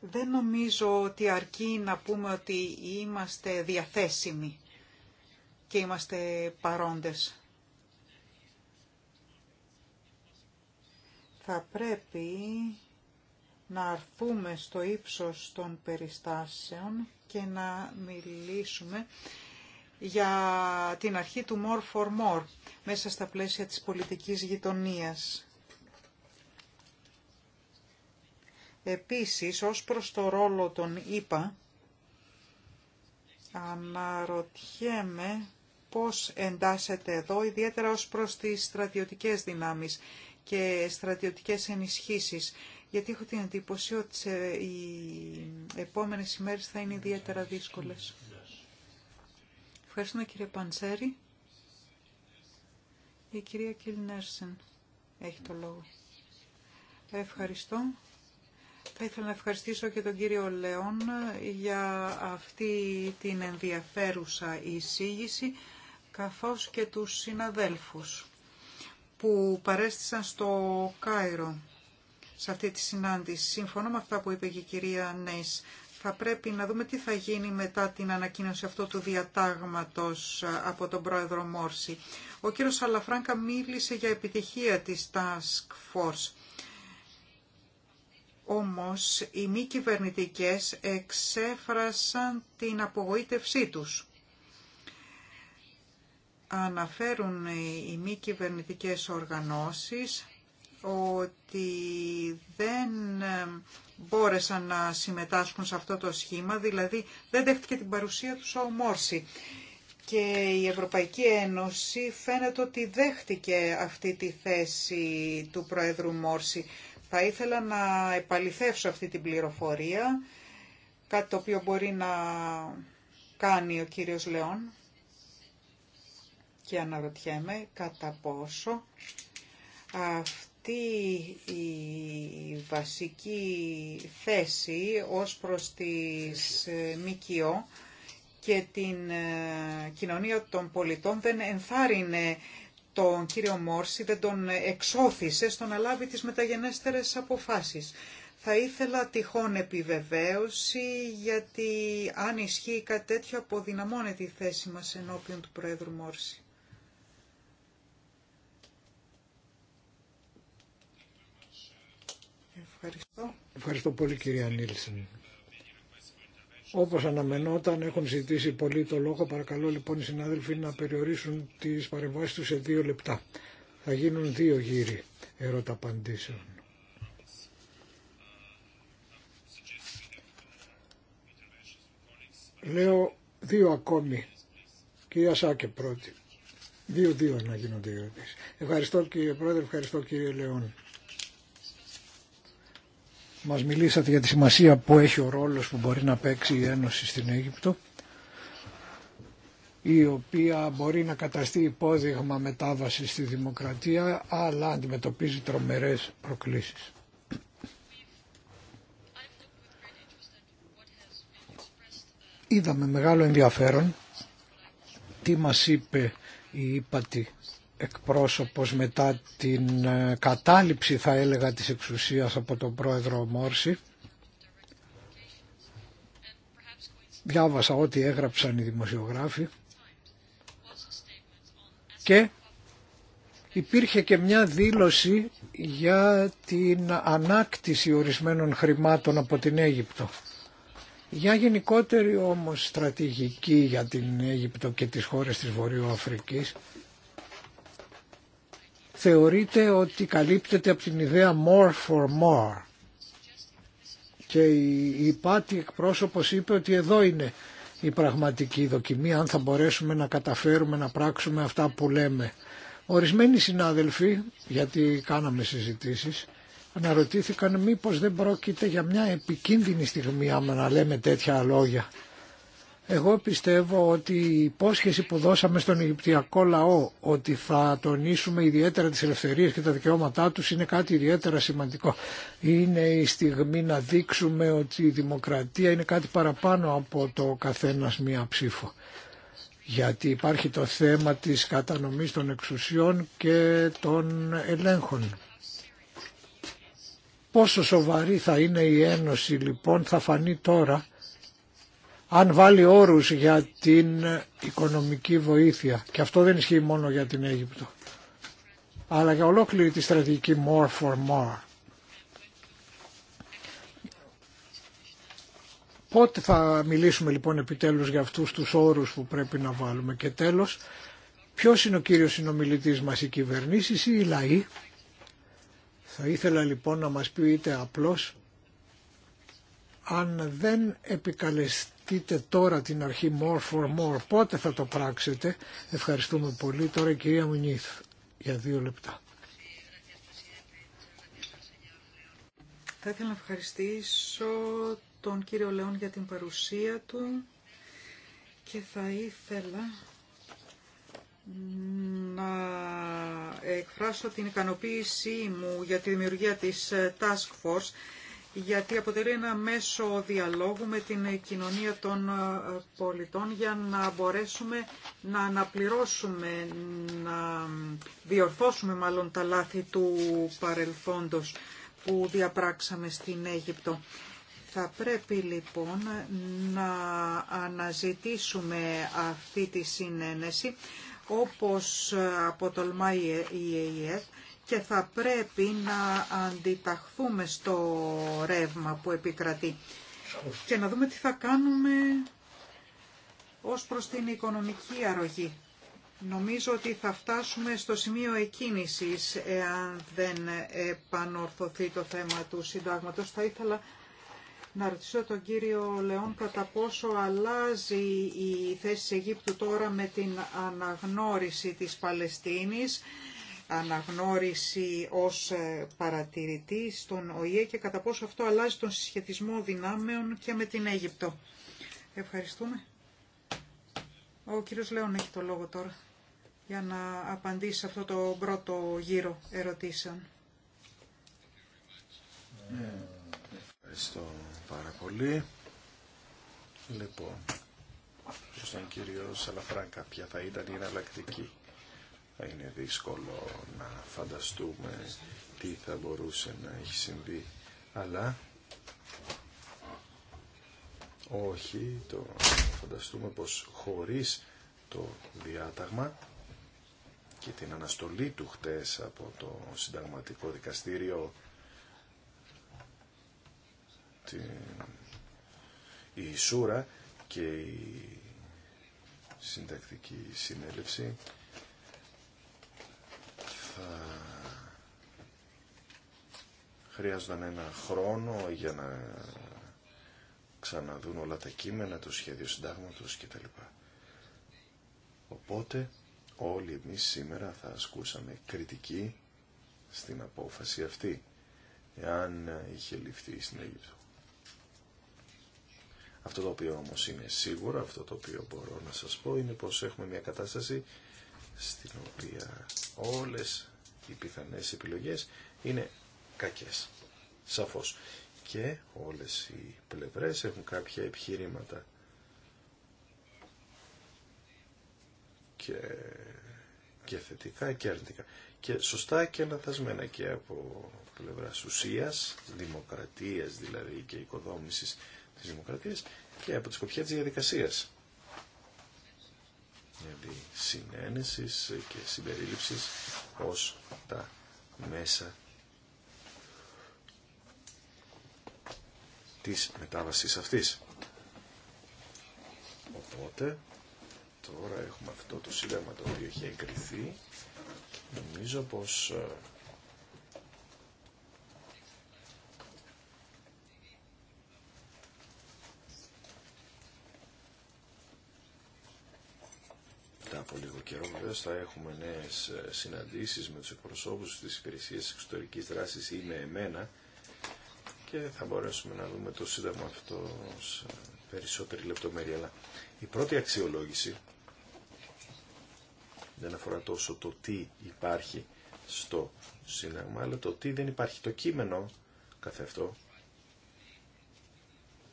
Δεν νομίζω ότι αρκεί να πούμε ότι είμαστε διαθέσιμοι και είμαστε παρόντες. Θα πρέπει να αρθούμε στο ύψος των περιστάσεων και να μιλήσουμε για την αρχή του more for more μέσα στα πλαίσια της πολιτικής γειτονίας. Επίσης, ως προς το ρόλο των ΙΠΑ, αναρωτιέμαι πώς εντάσσεται εδώ, ιδιαίτερα ως προς τις στρατιωτικές δυνάμεις και στρατιωτικές ενισχύσεις γιατί έχω την εντύπωση ότι οι επόμενες ημέρες θα είναι ιδιαίτερα δύσκολες. Ευχαριστούμε κύριε Παντσέρη. Η κυρία Κιλνέρσεν έχει το λόγο. Ευχαριστώ. Θα ήθελα να ευχαριστήσω και τον κύριο Λεόν για αυτή την ενδιαφέρουσα εισήγηση, καθώς και τους συναδέλφους που παρέστησαν στο Κάιρο σε αυτή τη συνάντηση. Σύμφωνα με αυτά που είπε και η κυρία Νέης. Θα πρέπει να δούμε τι θα γίνει μετά την ανακοίνωση αυτού του διατάγματος ε, από τον πρόεδρο Μόρση. Ο κύριος Αλαφράνκα μίλησε για επιτυχία της Task Force. Όμως οι μη κυβερνητικέ εξέφρασαν την απογοήτευσή τους. Αναφέρουν οι μη κυβερνητικέ οργανώσεις ότι δεν ε, μπόρεσαν να συμμετάσχουν σε αυτό το σχήμα, δηλαδή δεν δέχτηκε την παρουσία του ο Μόρση. Και η Ευρωπαϊκή Ένωση φαίνεται ότι δέχτηκε αυτή τη θέση του Προέδρου Μόρση. Θα ήθελα να επαληθεύσω αυτή την πληροφορία, κάτι το οποίο μπορεί να κάνει ο κύριος Λεόν και αναρωτιέμαι κατά πόσο αυτή τι η βασική θέση ως προς τις ε, ΜΚΟ και την ε, κοινωνία των πολιτών δεν ενθάρρυνε τον κύριο Μόρση, δεν τον εξώθησε στο να λάβει τις μεταγενέστερες αποφάσεις. Θα ήθελα τυχόν επιβεβαίωση, γιατί αν ισχύει κάτι τέτοιο αποδυναμώνεται η θέση μας ενώπιον του Πρόεδρου Μόρση. Ευχαριστώ. Ευχαριστώ πολύ κυρία Νίλσεν. Όπως αναμενόταν έχουν ζητήσει πολύ το λόγο. Παρακαλώ λοιπόν οι συνάδελφοι να περιορίσουν τις παρεμβάσεις τους σε δύο λεπτά. Θα γίνουν δύο γύροι ερώτα απαντήσεων. Λέω δύο ακόμη. Κυρία Σάκε πρώτη. Δύο-δύο να γίνονται οι ερωτήσεις. Ευχαριστώ κύριε Πρόεδρε, ευχαριστώ κύριε Λεόν. Μας μιλήσατε για τη σημασία που έχει ο ρόλος που μπορεί να παίξει η Ένωση στην Αίγυπτο η οποία μπορεί να καταστεί υπόδειγμα μετάβασης στη δημοκρατία αλλά αντιμετωπίζει τρομερές προκλήσεις. Είδαμε μεγάλο ενδιαφέρον τι μας είπε η ύπατη εκπρόσωπος μετά την ε, κατάληψη θα έλεγα της εξουσίας από τον πρόεδρο Μόρση. Διάβασα ό,τι έγραψαν οι δημοσιογράφοι και υπήρχε και μια δήλωση για την ανάκτηση ορισμένων χρημάτων από την Αίγυπτο. Για γενικότερη όμως στρατηγική για την Αίγυπτο και τις χώρες της Βορείου Αφρικής θεωρείται ότι καλύπτεται από την ιδέα more for more. Και η Πάτη εκπρόσωπος είπε ότι εδώ είναι η πραγματική δοκιμή, αν θα μπορέσουμε να καταφέρουμε να πράξουμε αυτά που λέμε. Ορισμένοι συνάδελφοι, γιατί κάναμε συζητήσεις, αναρωτήθηκαν μήπως δεν πρόκειται για μια επικίνδυνη στιγμή άμα να λέμε τέτοια λόγια εγώ πιστεύω ότι η υπόσχεση που δώσαμε στον Αιγυπτιακό λαό ότι θα τονίσουμε ιδιαίτερα τις ελευθερίες και τα δικαιώματά τους είναι κάτι ιδιαίτερα σημαντικό. Είναι η στιγμή να δείξουμε ότι η δημοκρατία είναι κάτι παραπάνω από το καθένας μία ψήφο. Γιατί υπάρχει το θέμα της κατανομής των εξουσιών και των ελέγχων. Πόσο σοβαρή θα είναι η Ένωση λοιπόν θα φανεί τώρα αν βάλει όρους για την οικονομική βοήθεια. Και αυτό δεν ισχύει μόνο για την Αίγυπτο, αλλά για ολόκληρη τη στρατηγική more for more. Πότε θα μιλήσουμε λοιπόν επιτέλους για αυτούς τους όρους που πρέπει να βάλουμε. Και τέλος, ποιος είναι ο κύριος συνομιλητής μας, οι κυβερνήσεις ή οι λαοί. Θα ήθελα λοιπόν να μας πείτε απλώς αν δεν επικαλεστείτε τώρα την αρχή more for more, πότε θα το πράξετε. Ευχαριστούμε πολύ. Τώρα η κυρία Μουνίθ για δύο λεπτά. Θα ήθελα να ευχαριστήσω τον κύριο Λεόν για την παρουσία του και θα ήθελα να εκφράσω την ικανοποίησή μου για τη δημιουργία της Task Force γιατί αποτελεί ένα μέσο διαλόγου με την κοινωνία των ε, πολιτών για να μπορέσουμε να αναπληρώσουμε, να διορθώσουμε μάλλον τα λάθη του παρελθόντος που διαπράξαμε στην Αίγυπτο. Θα πρέπει λοιπόν να αναζητήσουμε αυτή τη συνένεση όπως αποτολμάει η ΑΕΕ και θα πρέπει να αντιταχθούμε στο ρεύμα που επικρατεί και να δούμε τι θα κάνουμε ως προς την οικονομική αρρωγή. Νομίζω ότι θα φτάσουμε στο σημείο εκκίνησης εάν δεν επανορθωθεί το θέμα του συντάγματος. Θα ήθελα να ρωτήσω τον κύριο Λεόν κατά πόσο αλλάζει η θέση της Αιγύπτου τώρα με την αναγνώριση της Παλαιστίνης αναγνώριση ως ε, παρατηρητή στον ΟΗΕ και κατά πόσο αυτό αλλάζει τον συσχετισμό δυνάμεων και με την Αίγυπτο. Ευχαριστούμε. Ο κύριος Λέων έχει το λόγο τώρα για να απαντήσει σε αυτό το πρώτο γύρο ερωτήσεων. Ευχαριστώ πάρα πολύ. Λοιπόν, στον κύριο Σαλαφράν κάποια θα ήταν η εναλλακτική θα είναι δύσκολο να φανταστούμε τι θα μπορούσε να έχει συμβεί. Αλλά όχι, το φανταστούμε πως χωρίς το διάταγμα και την αναστολή του χτες από το συνταγματικό δικαστήριο την, η Ισούρα και η συντακτική συνέλευση θα χρειάζονταν ένα χρόνο για να ξαναδούν όλα τα κείμενα, το σχέδιο συντάγματος κτλ. Οπότε όλοι εμείς σήμερα θα ασκούσαμε κριτική στην απόφαση αυτή, εάν είχε ληφθεί στην Αίγυπτο. Αυτό το οποίο όμως είναι σίγουρο, αυτό το οποίο μπορώ να σας πω, είναι πως έχουμε μια κατάσταση στην οποία όλες οι πιθανές επιλογές είναι κακές. Σαφώς. Και όλες οι πλευρές έχουν κάποια επιχειρήματα. Και, και θετικά και αρνητικά. Και σωστά και λαθασμένα και από πλευράς ουσίας, δημοκρατίας δηλαδή και οικοδόμησης της δημοκρατίας και από τις σκοπιά της διαδικασίας δηλαδή συνένεσης και συμπερίληψης ως τα μέσα της μετάβασης αυτής. Οπότε, τώρα έχουμε αυτό το σύνταγμα το οποίο έχει εγκριθεί. Νομίζω πως ε, από λίγο καιρό. Βεβαίως θα έχουμε νέες ε, συναντήσεις με τους εκπροσώπους της υπηρεσίας εξωτερικής δράσης ή με εμένα και θα μπορέσουμε να δούμε το σύνταγμα αυτό σε περισσότερη λεπτομέρεια. Αλλά η πρώτη αξιολόγηση δεν αφορά τόσο το τι υπάρχει στο σύνταγμα, αλλά το τι δεν υπάρχει. Το κείμενο καθε αυτό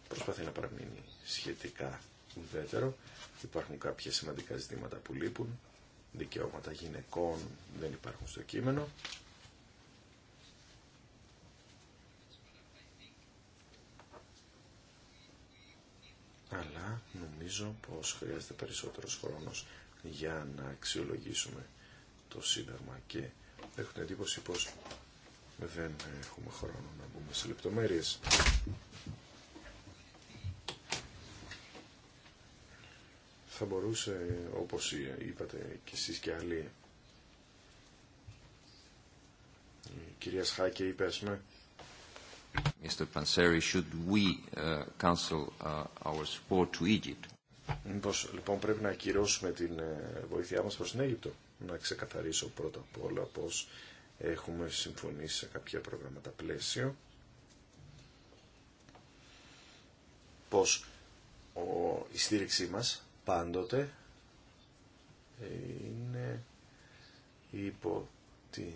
προσπαθεί να παραμείνει σχετικά ουδέτερο Υπάρχουν κάποια σημαντικά ζητήματα που λείπουν. Δικαιώματα γυναικών δεν υπάρχουν στο κείμενο. Αλλά νομίζω πως χρειάζεται περισσότερος χρόνος για να αξιολογήσουμε το Σύνταγμα και έχουν εντύπωση πως δεν έχουμε χρόνο να μπούμε σε λεπτομέρειες. θα μπορούσε, όπως είπατε και εσείς και άλλοι, η κυρία Σχάκη είπε, Mr. Panseri, should we uh, cancel uh, our support to Egypt? Μήπως λοιπόν πρέπει να ακυρώσουμε την ε, βοήθειά μας προς την Αίγυπτο. Να ξεκαθαρίσω πρώτα απ' όλα πως έχουμε συμφωνήσει σε κάποια προγράμματα πλαίσιο. Πως ο, η στήριξή μας πάντοτε ε, είναι υπό την,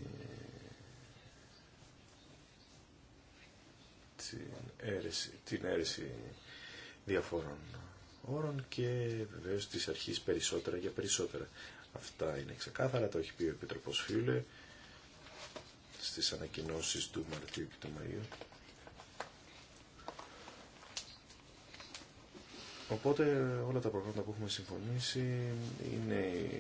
την, αίρεση, την διαφόρων όρων και βεβαίω τη αρχή περισσότερα για περισσότερα. Αυτά είναι ξεκάθαρα, το έχει πει ο Επιτροπός Φίλε στις ανακοινώσεις του Μαρτίου και του Μαΐου Οπότε όλα τα προγράμματα που έχουμε συμφωνήσει είναι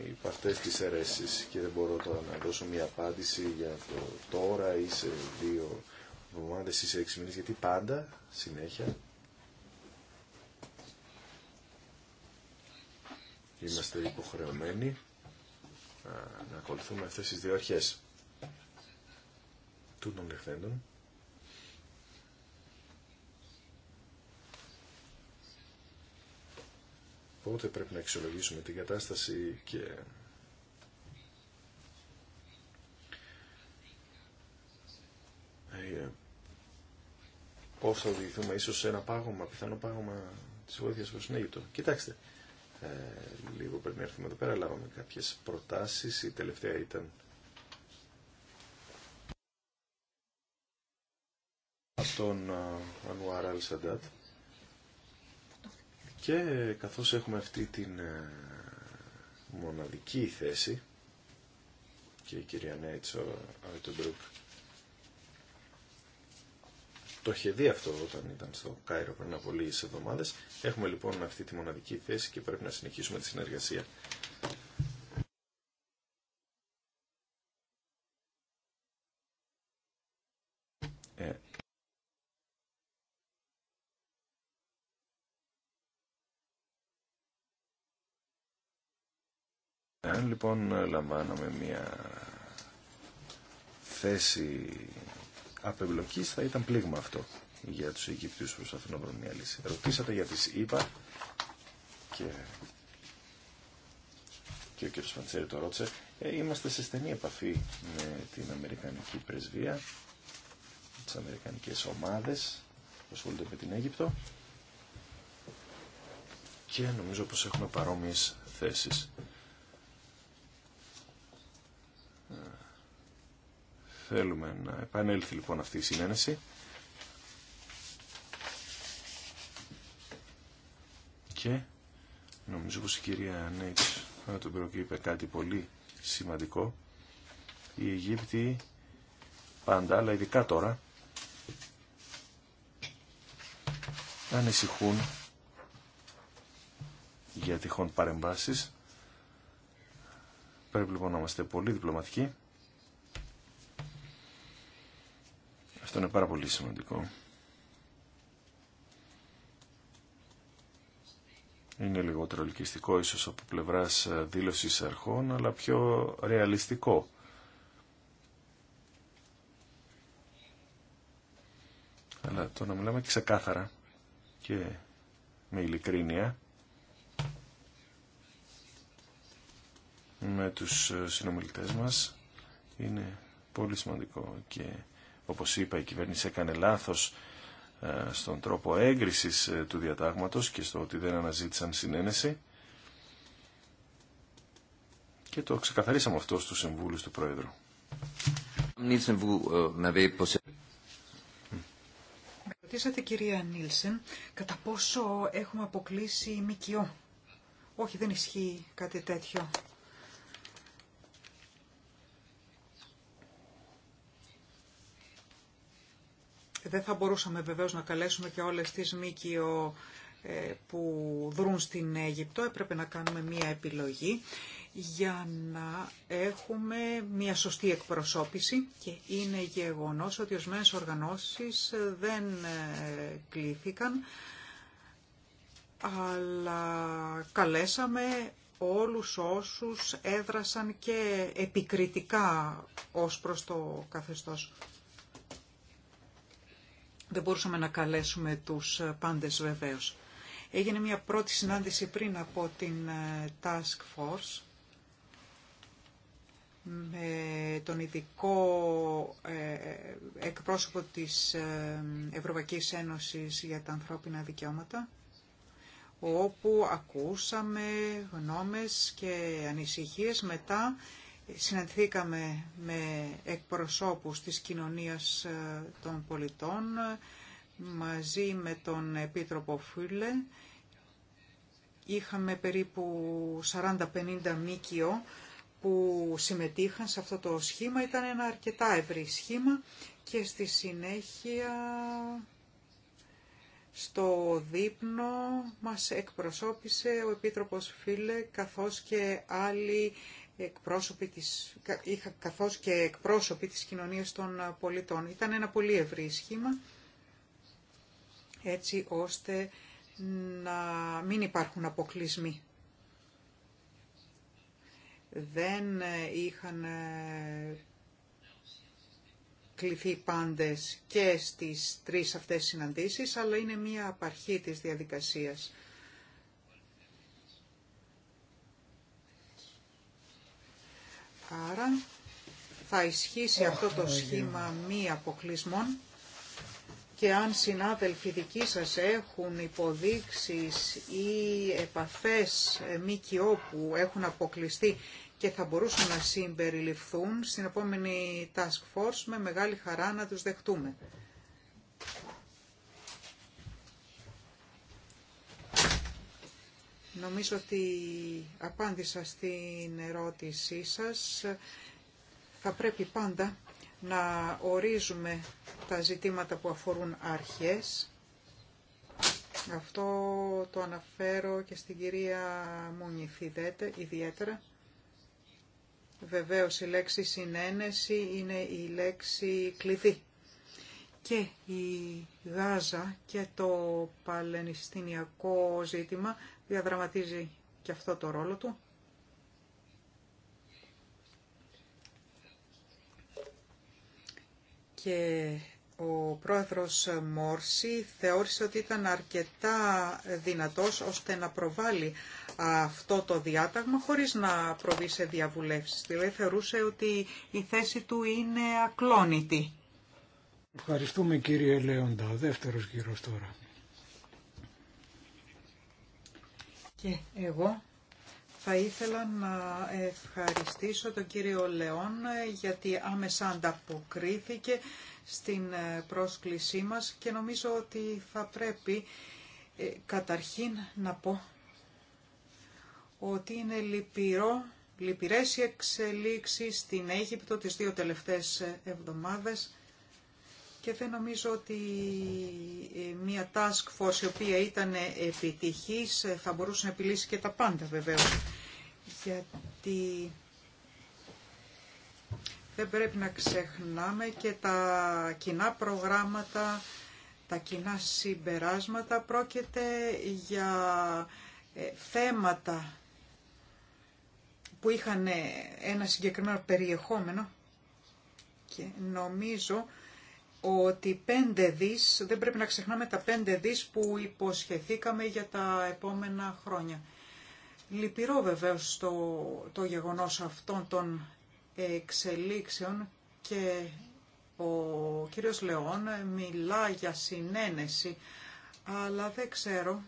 οι παρτές της αιρέσεις και δεν μπορώ τώρα να δώσω μια απάντηση για το τώρα ή σε δύο εβδομάδες ή σε έξι μήνες γιατί πάντα, συνέχεια, είμαστε υποχρεωμένοι να ακολουθούμε αυτές τις δύο αρχές τούτων λεχθέντων. Οπότε πρέπει να αξιολογήσουμε την κατάσταση και ε, πώς θα οδηγηθούμε ίσως σε ένα πάγωμα, πιθανό πάγωμα της βοήθειας προς την Αίγυπτο. Κοιτάξτε, ε, λίγο πριν έρθουμε εδώ πέρα, λάβαμε κάποιες προτάσεις, η τελευταία ήταν από τον ε, Αλσαντάτ. Και καθώς έχουμε αυτή την ε, μοναδική θέση και η κυρία Νέιτσο Αουτεμπρούκ το είχε δει αυτό όταν ήταν στο Κάιρο πριν από λίγες εβδομάδες. Έχουμε λοιπόν αυτή τη μοναδική θέση και πρέπει να συνεχίσουμε τη συνεργασία λοιπόν ε, λαμβάνομαι μια θέση απεμπλοκή θα ήταν πλήγμα αυτό για τους Αιγυπτίους που προσπαθούν να βρουν μια λύση. Ρωτήσατε για τις ΕΙΠΑ και, και ο κ. Φαντσέρη το ρώτησε. Ε, είμαστε σε στενή επαφή με την Αμερικανική Πρεσβεία, τις Αμερικανικές ομάδες που ασχολούνται με την Αίγυπτο και νομίζω πως έχουμε παρόμοιες θέσεις Θέλουμε να επανέλθει λοιπόν αυτή η συνένεση. Και νομίζω πως η κυρία Νέιτς τον είπε κάτι πολύ σημαντικό. Οι Αιγύπτιοι πάντα, αλλά ειδικά τώρα, ανησυχούν για τυχόν παρεμβάσεις. Πρέπει λοιπόν να είμαστε πολύ διπλωματικοί Αυτό είναι πάρα πολύ σημαντικό. Είναι λιγότερο ελκυστικό ίσως από πλευράς ε, δήλωσης αρχών, αλλά πιο ρεαλιστικό. Αλλά το να μιλάμε ξεκάθαρα και με ειλικρίνεια με τους ε, συνομιλητές μας είναι πολύ σημαντικό και όπως είπα η κυβέρνηση έκανε λάθος ε, στον τρόπο έγκρισης ε, του διατάγματος και στο ότι δεν αναζήτησαν συνένεση και το ξεκαθαρίσαμε αυτό στους συμβούλους του Πρόεδρου. Ε, ρωτήσατε κυρία Νίλσεν κατά πόσο έχουμε αποκλείσει ΜΚΟ. Όχι δεν ισχύει κάτι τέτοιο. Δεν θα μπορούσαμε βεβαίως να καλέσουμε και όλες τις ΜΚΟ ε, που δρούν στην Αίγυπτο. Έπρεπε να κάνουμε μία επιλογή για να έχουμε μία σωστή εκπροσώπηση και είναι γεγονός ότι ορισμένες οργανώσεις δεν ε, κλήθηκαν αλλά καλέσαμε όλους όσους έδρασαν και επικριτικά ως προς το καθεστώς. Δεν μπορούσαμε να καλέσουμε τους ε, πάντες βεβαίως. Έγινε μια πρώτη συνάντηση πριν από την ε, Task Force με τον ειδικό ε, εκπρόσωπο της Ευρωπαϊκής Ένωσης για τα ανθρώπινα δικαιώματα όπου ακούσαμε γνώμες και ανησυχίες μετά συναντηθήκαμε με εκπροσώπους της κοινωνίας ε, των πολιτών μαζί με τον Επίτροπο Φούλε. Είχαμε περίπου 40-50 μήκυο που συμμετείχαν σε αυτό το σχήμα. Ήταν ένα αρκετά ευρύ σχήμα και στη συνέχεια στο δείπνο μας εκπροσώπησε ο Επίτροπος Φίλε καθώς και άλλοι εκπρόσωποι της, είχα καθώς και εκπρόσωποι της κοινωνίας των ε, πολιτών. Ήταν ένα πολύ ευρύ σχήμα, έτσι ώστε να μην υπάρχουν αποκλεισμοί. Δεν ε, είχαν ε, κληθεί πάντες και στις τρεις αυτές συναντήσεις, αλλά είναι μία απαρχή της διαδικασίας. Άρα θα ισχύσει αυτό το σχήμα μη αποκλεισμών και αν συνάδελφοι δικοί σας έχουν υποδείξεις ή επαφές ΜΚΟ που έχουν αποκλειστεί και θα μπορούσαν να συμπεριληφθούν στην επόμενη Task Force, με μεγάλη χαρά να τους δεχτούμε. Νομίζω ότι απάντησα στην ερώτησή σας. Θα πρέπει πάντα να ορίζουμε τα ζητήματα που αφορούν αρχές. Αυτό το αναφέρω και στην κυρία η ιδιαίτερα. Βεβαίως η λέξη συνένεση είναι η λέξη κλειδί. Και η Γάζα και το παλαινιστινιακό ζήτημα διαδραματίζει και αυτό το ρόλο του. Και ο πρόεδρος Μόρση θεώρησε ότι ήταν αρκετά δυνατός ώστε να προβάλλει αυτό το διάταγμα χωρίς να προβεί σε διαβουλεύσεις. Δηλαδή θεωρούσε ότι η θέση του είναι ακλόνητη. Ευχαριστούμε κύριε Λέοντα. Δεύτερος γύρος τώρα. Και εγώ θα ήθελα να ευχαριστήσω τον κύριο Λεόν γιατί άμεσα ανταποκρίθηκε στην ε, πρόσκλησή μας και νομίζω ότι θα πρέπει ε, καταρχήν να πω ότι είναι λυπηρό, λυπηρές οι εξελίξεις στην Αίγυπτο τις δύο τελευταίες ε, εβδομάδες και δεν νομίζω ότι ε, μια task force η οποία ήταν επιτυχής ε, θα μπορούσε να επιλύσει και τα πάντα βεβαίως. Γιατί δεν πρέπει να ξεχνάμε και τα κοινά προγράμματα, τα κοινά συμπεράσματα πρόκειται για ε, θέματα που είχαν ένα συγκεκριμένο περιεχόμενο και νομίζω ότι 5 δις, δεν πρέπει να ξεχνάμε τα πέντε δις που υποσχεθήκαμε για τα επόμενα χρόνια. Λυπηρό βεβαίως το, το γεγονός αυτών των εξελίξεων και ο κύριος Λεόν μιλά για συνένεση, αλλά δεν ξέρω,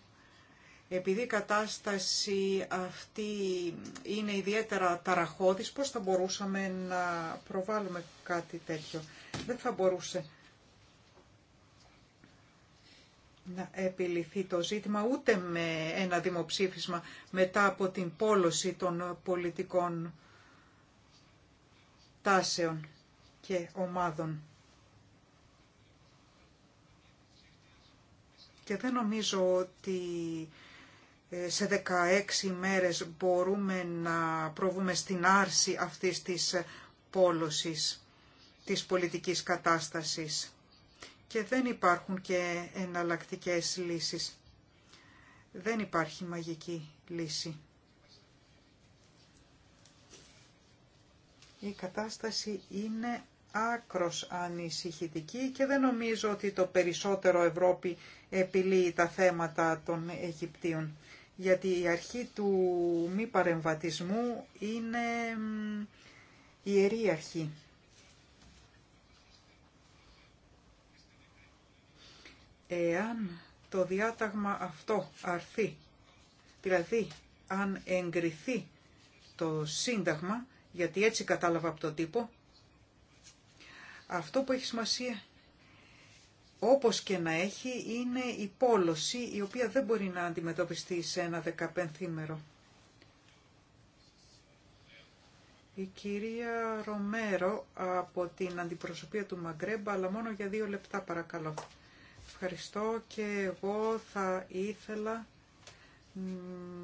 επειδή η κατάσταση αυτή είναι ιδιαίτερα ταραχώδης, πώς θα μπορούσαμε να προβάλλουμε κάτι τέτοιο. Δεν θα μπορούσε να επιληθεί το ζήτημα ούτε με ένα δημοψήφισμα μετά από την πόλωση των πολιτικών τάσεων και ομάδων. Και δεν νομίζω ότι ε, σε 16 μέρες μπορούμε να προβούμε στην άρση αυτής της πόλωσης της πολιτικής κατάστασης και δεν υπάρχουν και εναλλακτικές λύσεις. Δεν υπάρχει μαγική λύση. Η κατάσταση είναι άκρος ανησυχητική και δεν νομίζω ότι το περισσότερο Ευρώπη επιλύει τα θέματα των Αιγυπτίων. Γιατί η αρχή του μη παρεμβατισμού είναι ιερή αρχή. Εάν το διάταγμα αυτό αρθεί, δηλαδή αν εγκριθεί το σύνταγμα, γιατί έτσι κατάλαβα από το τύπο, αυτό που έχει σημασία όπως και να έχει είναι η πόλωση η οποία δεν μπορεί να αντιμετωπιστεί σε ένα δεκαπενθήμερο. Η κυρία Ρομέρο από την αντιπροσωπεία του Μαγκρέμπα, αλλά μόνο για δύο λεπτά παρακαλώ ευχαριστώ και εγώ θα ήθελα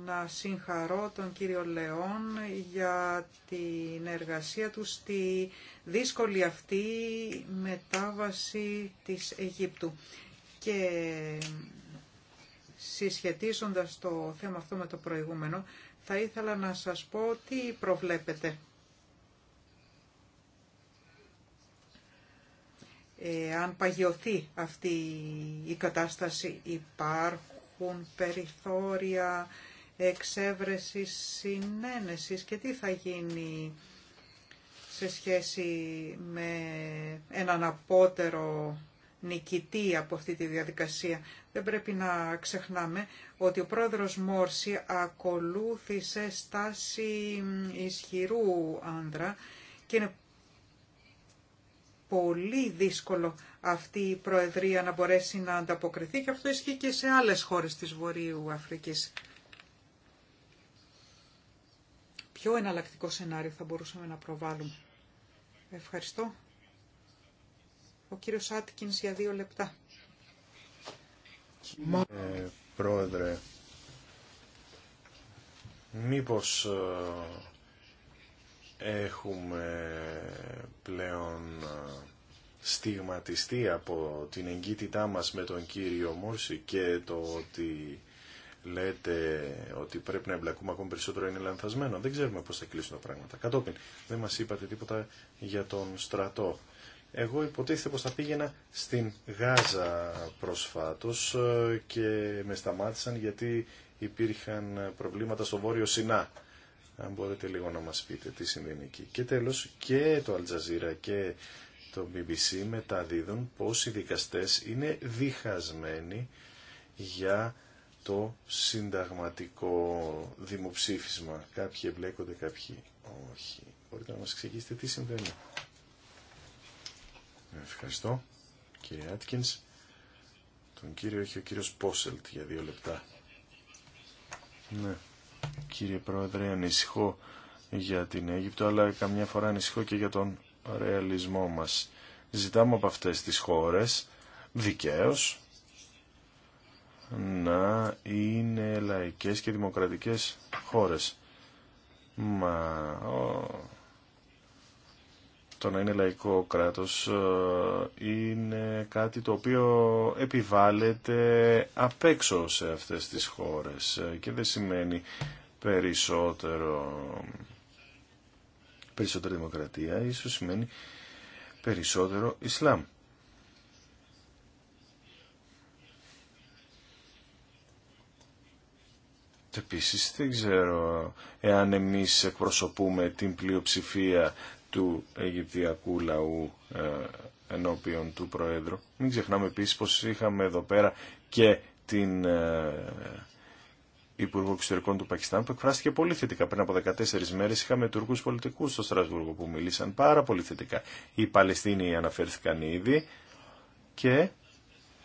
να συγχαρώ τον κύριο Λεόν για την εργασία του στη δύσκολη αυτή μετάβαση της Αιγύπτου. Και συσχετίζοντας το θέμα αυτό με το προηγούμενο, θα ήθελα να σας πω τι προβλέπετε αν παγιωθεί αυτή η κατάσταση υπάρχουν περιθώρια εξέβρεσης συνένεσης και τι θα γίνει σε σχέση με έναν απότερο νικητή από αυτή τη διαδικασία. Δεν πρέπει να ξεχνάμε ότι ο πρόεδρος Μόρση ακολούθησε στάση ισχυρού άνδρα και είναι πολύ δύσκολο αυτή η Προεδρία να μπορέσει να ανταποκριθεί και αυτό ισχύει και σε άλλες χώρες της Βορείου Αφρικής. Ποιο εναλλακτικό σενάριο θα μπορούσαμε να προβάλλουμε. Ευχαριστώ. Ο κύριος Άτκινς για δύο λεπτά. Ε, πρόεδρε, μήπως ε, έχουμε πλέον ε, στιγματιστεί από την εγκύτητά μας με τον κύριο Μόρση και το ότι λέτε ότι πρέπει να εμπλακούμε ακόμη περισσότερο είναι λανθασμένο. Δεν ξέρουμε πώς θα κλείσουν τα πράγματα. Κατόπιν δεν μας είπατε τίποτα για τον στρατό. Εγώ υποτίθεται πως θα πήγαινα στην Γάζα προσφάτως ε, και με σταμάτησαν γιατί υπήρχαν προβλήματα στο Βόρειο Σινά. Αν μπορείτε λίγο να μας πείτε τι συμβαίνει εκεί. Και τέλος και το Αλτζαζίρα και το BBC μεταδίδουν πως οι δικαστές είναι διχασμένοι για το συνταγματικό δημοψήφισμα. Κάποιοι εμπλέκονται, κάποιοι όχι. Μπορείτε να μας εξηγήσετε τι συμβαίνει. Ευχαριστώ, κύριε Άτκινς. Τον κύριο έχει ο κύριος Πόσελτ για δύο λεπτά. Ναι κύριε Πρόεδρε, ανησυχώ για την Αίγυπτο, αλλά καμιά φορά ανησυχώ και για τον ρεαλισμό μας. Ζητάμε από αυτές τις χώρες, δικαίως, να είναι λαϊκές και δημοκρατικές χώρες. Μα το να είναι λαϊκό κράτος ε, είναι κάτι το οποίο επιβάλλεται απ' έξω σε αυτές τις χώρες ε, και δεν σημαίνει περισσότερο περισσότερη δημοκρατία, ίσως σημαίνει περισσότερο Ισλάμ. Επίση δεν ξέρω εάν εμείς εκπροσωπούμε την πλειοψηφία του Αιγυπτιακού λαού ε, ενώπιον του Προέδρου. Μην ξεχνάμε επίσης πως είχαμε εδώ πέρα και την ε, Υπουργό Εξωτερικών του Πακιστάν που εκφράστηκε πολύ θετικά. Πριν από 14 μέρες είχαμε Τουρκούς πολιτικούς στο Στρασβούργο που μίλησαν πάρα πολύ θετικά. Οι Παλαιστίνοι αναφέρθηκαν ήδη και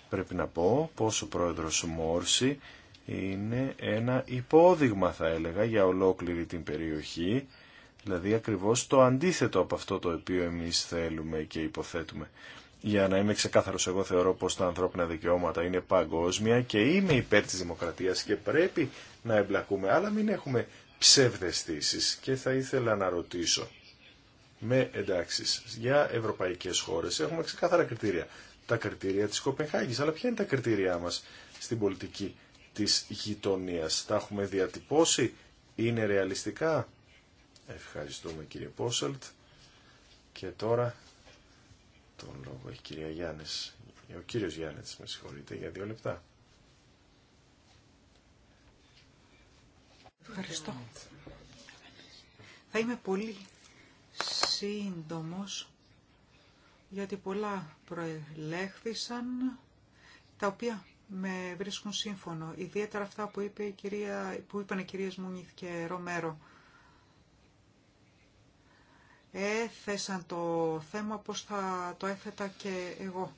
πρέπει να πω πως ο πρόεδρος Μόρση είναι ένα υπόδειγμα θα έλεγα για ολόκληρη την περιοχή Δηλαδή ακριβώς το αντίθετο από αυτό το οποίο εμείς θέλουμε και υποθέτουμε. Για να είμαι ξεκάθαρος, εγώ θεωρώ πως τα ανθρώπινα δικαιώματα είναι παγκόσμια και είμαι υπέρ της δημοκρατίας και πρέπει να εμπλακούμε, αλλά μην έχουμε ψευδεστήσεις. Και θα ήθελα να ρωτήσω, με εντάξεις, για ευρωπαϊκές χώρες έχουμε ξεκάθαρα κριτήρια. Τα κριτήρια της Κοπενχάγης, αλλά ποια είναι τα κριτήριά μας στην πολιτική της γειτονίας. Τα έχουμε διατυπώσει, είναι ρεαλιστικά Ευχαριστούμε κύριε Πόσελτ. Και τώρα τον λόγο έχει κυρία Ο κύριος Γιάννης με συγχωρείτε για δύο λεπτά. Ευχαριστώ. Θα είμαι πολύ σύντομος γιατί πολλά προελέχθησαν τα οποία με βρίσκουν σύμφωνο. Ιδιαίτερα αυτά που, είπε κυρία, που είπαν οι κυρίες Μουνίθ και Ρομέρο έθεσαν το θέμα πώς θα το έθετα και εγώ.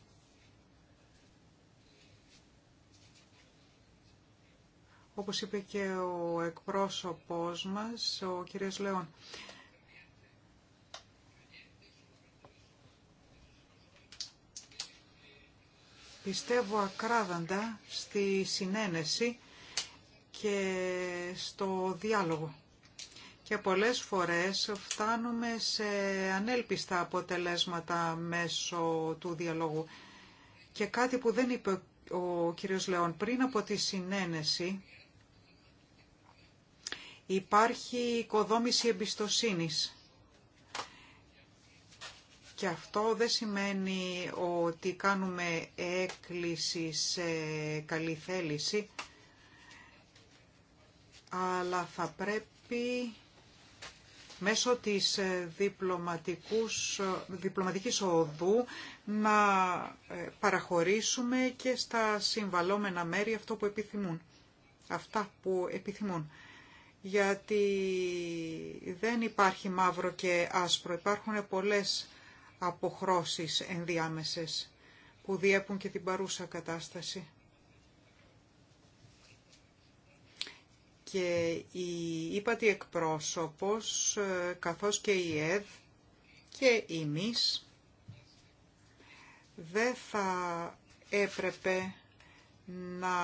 Όπως είπε και ο εκπρόσωπός μας, ο κύριος Λεόν. Πιστεύω ακράδαντα στη συνένεση και στο διάλογο και πολλές φορές φτάνουμε σε ανέλπιστα αποτελέσματα μέσω του διαλόγου. Και κάτι που δεν είπε ο κύριος Λεόν πριν από τη συνένεση, υπάρχει οικοδόμηση εμπιστοσύνης. Και αυτό δεν σημαίνει ότι κάνουμε έκκληση σε καλή θέληση, αλλά θα πρέπει μέσω της ε, διπλωματικούς, ε, διπλωματικής οδού να ε, παραχωρήσουμε και στα συμβαλόμενα μέρη αυτό που επιθυμούν. Αυτά που επιθυμούν. Γιατί δεν υπάρχει μαύρο και άσπρο. Υπάρχουν πολλές αποχρώσεις ενδιάμεσες που διέπουν και την παρούσα κατάσταση. και η ύπατη εκπρόσωπος ε, καθώς και η ΕΔ και εμείς δεν θα έπρεπε να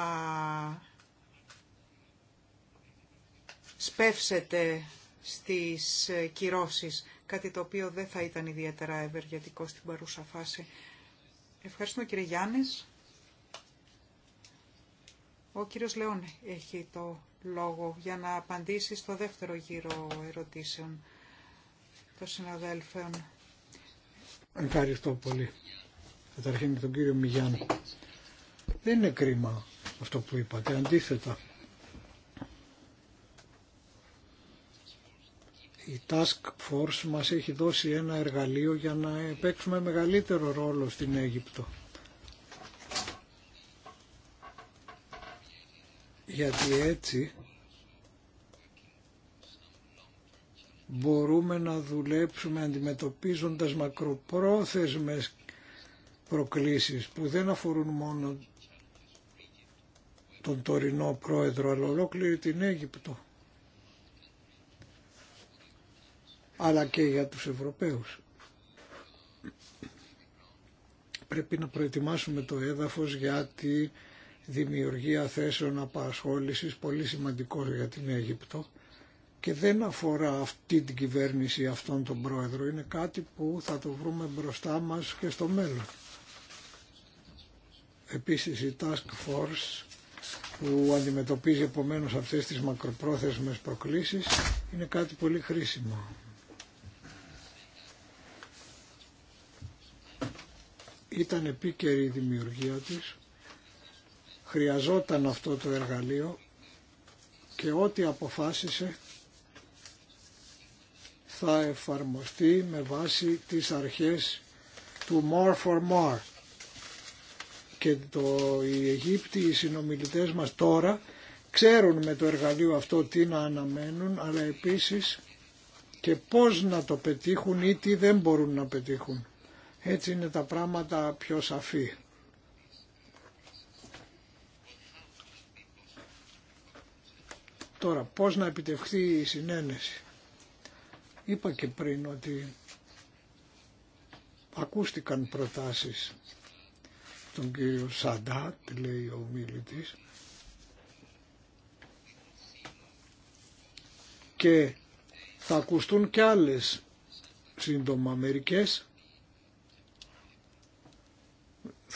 σπεύσετε στις κυρώσεις, κάτι το οποίο δεν θα ήταν ιδιαίτερα ευεργετικό στην παρούσα φάση. Ευχαριστούμε κύριε Γιάννης. Ο κύριος Λεόν έχει το λόγο για να απαντήσει στο δεύτερο γύρο ερωτήσεων των συναδέλφων. Ευχαριστώ πολύ. Καταρχήν τον κύριο Μιγιάννη. Δεν είναι κρίμα αυτό που είπατε, αντίθετα. η Task Force μας έχει δώσει ένα εργαλείο για να παίξουμε μεγαλύτερο ρόλο στην Αίγυπτο. γιατί έτσι μπορούμε να δουλέψουμε αντιμετωπίζοντας μακροπρόθεσμες προκλήσεις που δεν αφορούν μόνο τον τωρινό πρόεδρο αλλά ολόκληρη την Αίγυπτο αλλά και για τους Ευρωπαίους. Πρέπει να προετοιμάσουμε το έδαφος γιατί δημιουργία θέσεων απασχόλησης πολύ σημαντικό για την Αίγυπτο και δεν αφορά αυτή την κυβέρνηση αυτόν τον πρόεδρο. Είναι κάτι που θα το βρούμε μπροστά μας και στο μέλλον. Επίσης η Task Force που αντιμετωπίζει επομένως αυτές τις μακροπρόθεσμες προκλήσεις είναι κάτι πολύ χρήσιμο. Ήταν επίκαιρη η δημιουργία της χρειαζόταν αυτό το εργαλείο και ό,τι αποφάσισε θα εφαρμοστεί με βάση τις αρχές του more for more. Και το, οι Αιγύπτιοι οι συνομιλητές μας τώρα ξέρουν με το εργαλείο αυτό τι να αναμένουν, αλλά επίσης και πώς να το πετύχουν ή τι δεν μπορούν να πετύχουν. Έτσι είναι τα πράγματα πιο σαφή. Τώρα, πώς να επιτευχθεί η συνένεση. Είπα και πριν ότι ακούστηκαν προτάσεις τον κύριο τη λέει ο και θα ακουστούν και άλλες σύντομα μερικές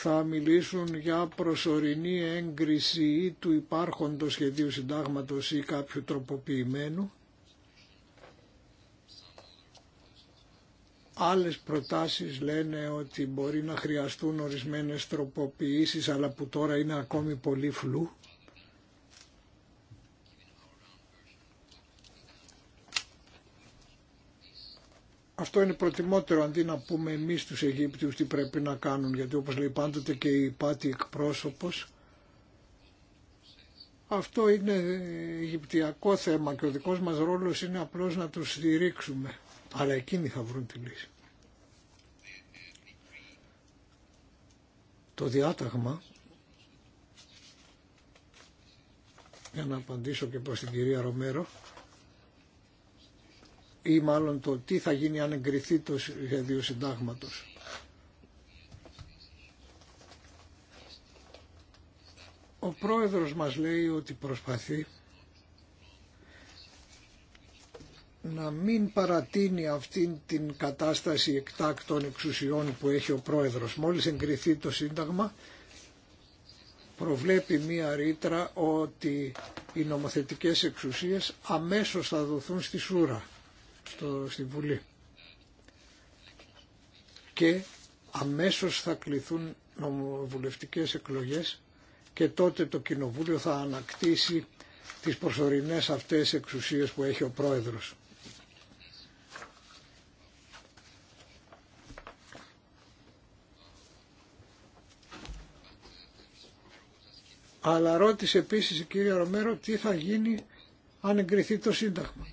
θα μιλήσουν για προσωρινή έγκριση ή του υπάρχοντος σχεδίου συντάγματος ή κάποιου τροποποιημένου. Άλλες προτάσεις λένε ότι μπορεί να χρειαστούν ορισμένες τροποποιήσεις αλλά που τώρα είναι ακόμη πολύ φλού. Αυτό είναι προτιμότερο αντί να πούμε εμείς τους Αιγύπτιους τι πρέπει να κάνουν γιατί όπως λέει πάντοτε και η πάτη εκπρόσωπος αυτό είναι αιγυπτιακό θέμα και ο δικός μας ρόλος είναι απλώς να τους στηρίξουμε. Αλλά εκείνοι θα βρουν τη λύση. Το διάταγμα, για να απαντήσω και προς την κυρία Ρομέρο, ή μάλλον το τι θα γίνει αν εγκριθεί το σχέδιο συντάγματος. Ο πρόεδρος μας λέει ότι προσπαθεί να μην παρατείνει αυτήν την κατάσταση εκτάκτων εξουσιών που έχει ο πρόεδρος. Μόλις εγκριθεί το Σύνταγμα προβλέπει μία ρήτρα ότι οι νομοθετικές εξουσίες αμέσως θα δοθούν στη Σούρα στο, στη Βουλή. Και αμέσως θα κληθούν νομοβουλευτικές εκλογές και τότε το Κοινοβούλιο θα ανακτήσει τις προσωρινές αυτές εξουσίες που έχει ο Πρόεδρος. Αλλά ρώτησε επίσης η κυρία Ρομέρο τι θα γίνει αν εγκριθεί το Σύνταγμα.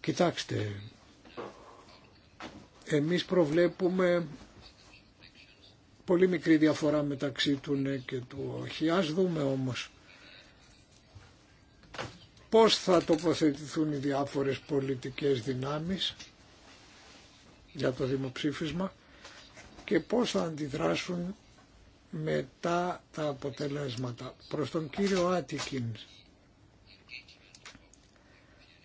Κοιτάξτε, εμείς προβλέπουμε πολύ μικρή διαφορά μεταξύ του ναι και του όχι. Ας δούμε όμως πώς θα τοποθετηθούν οι διάφορες πολιτικές δυνάμεις για το δημοψήφισμα και πώς θα αντιδράσουν μετά τα αποτελέσματα. Προς τον κύριο Άτικιν,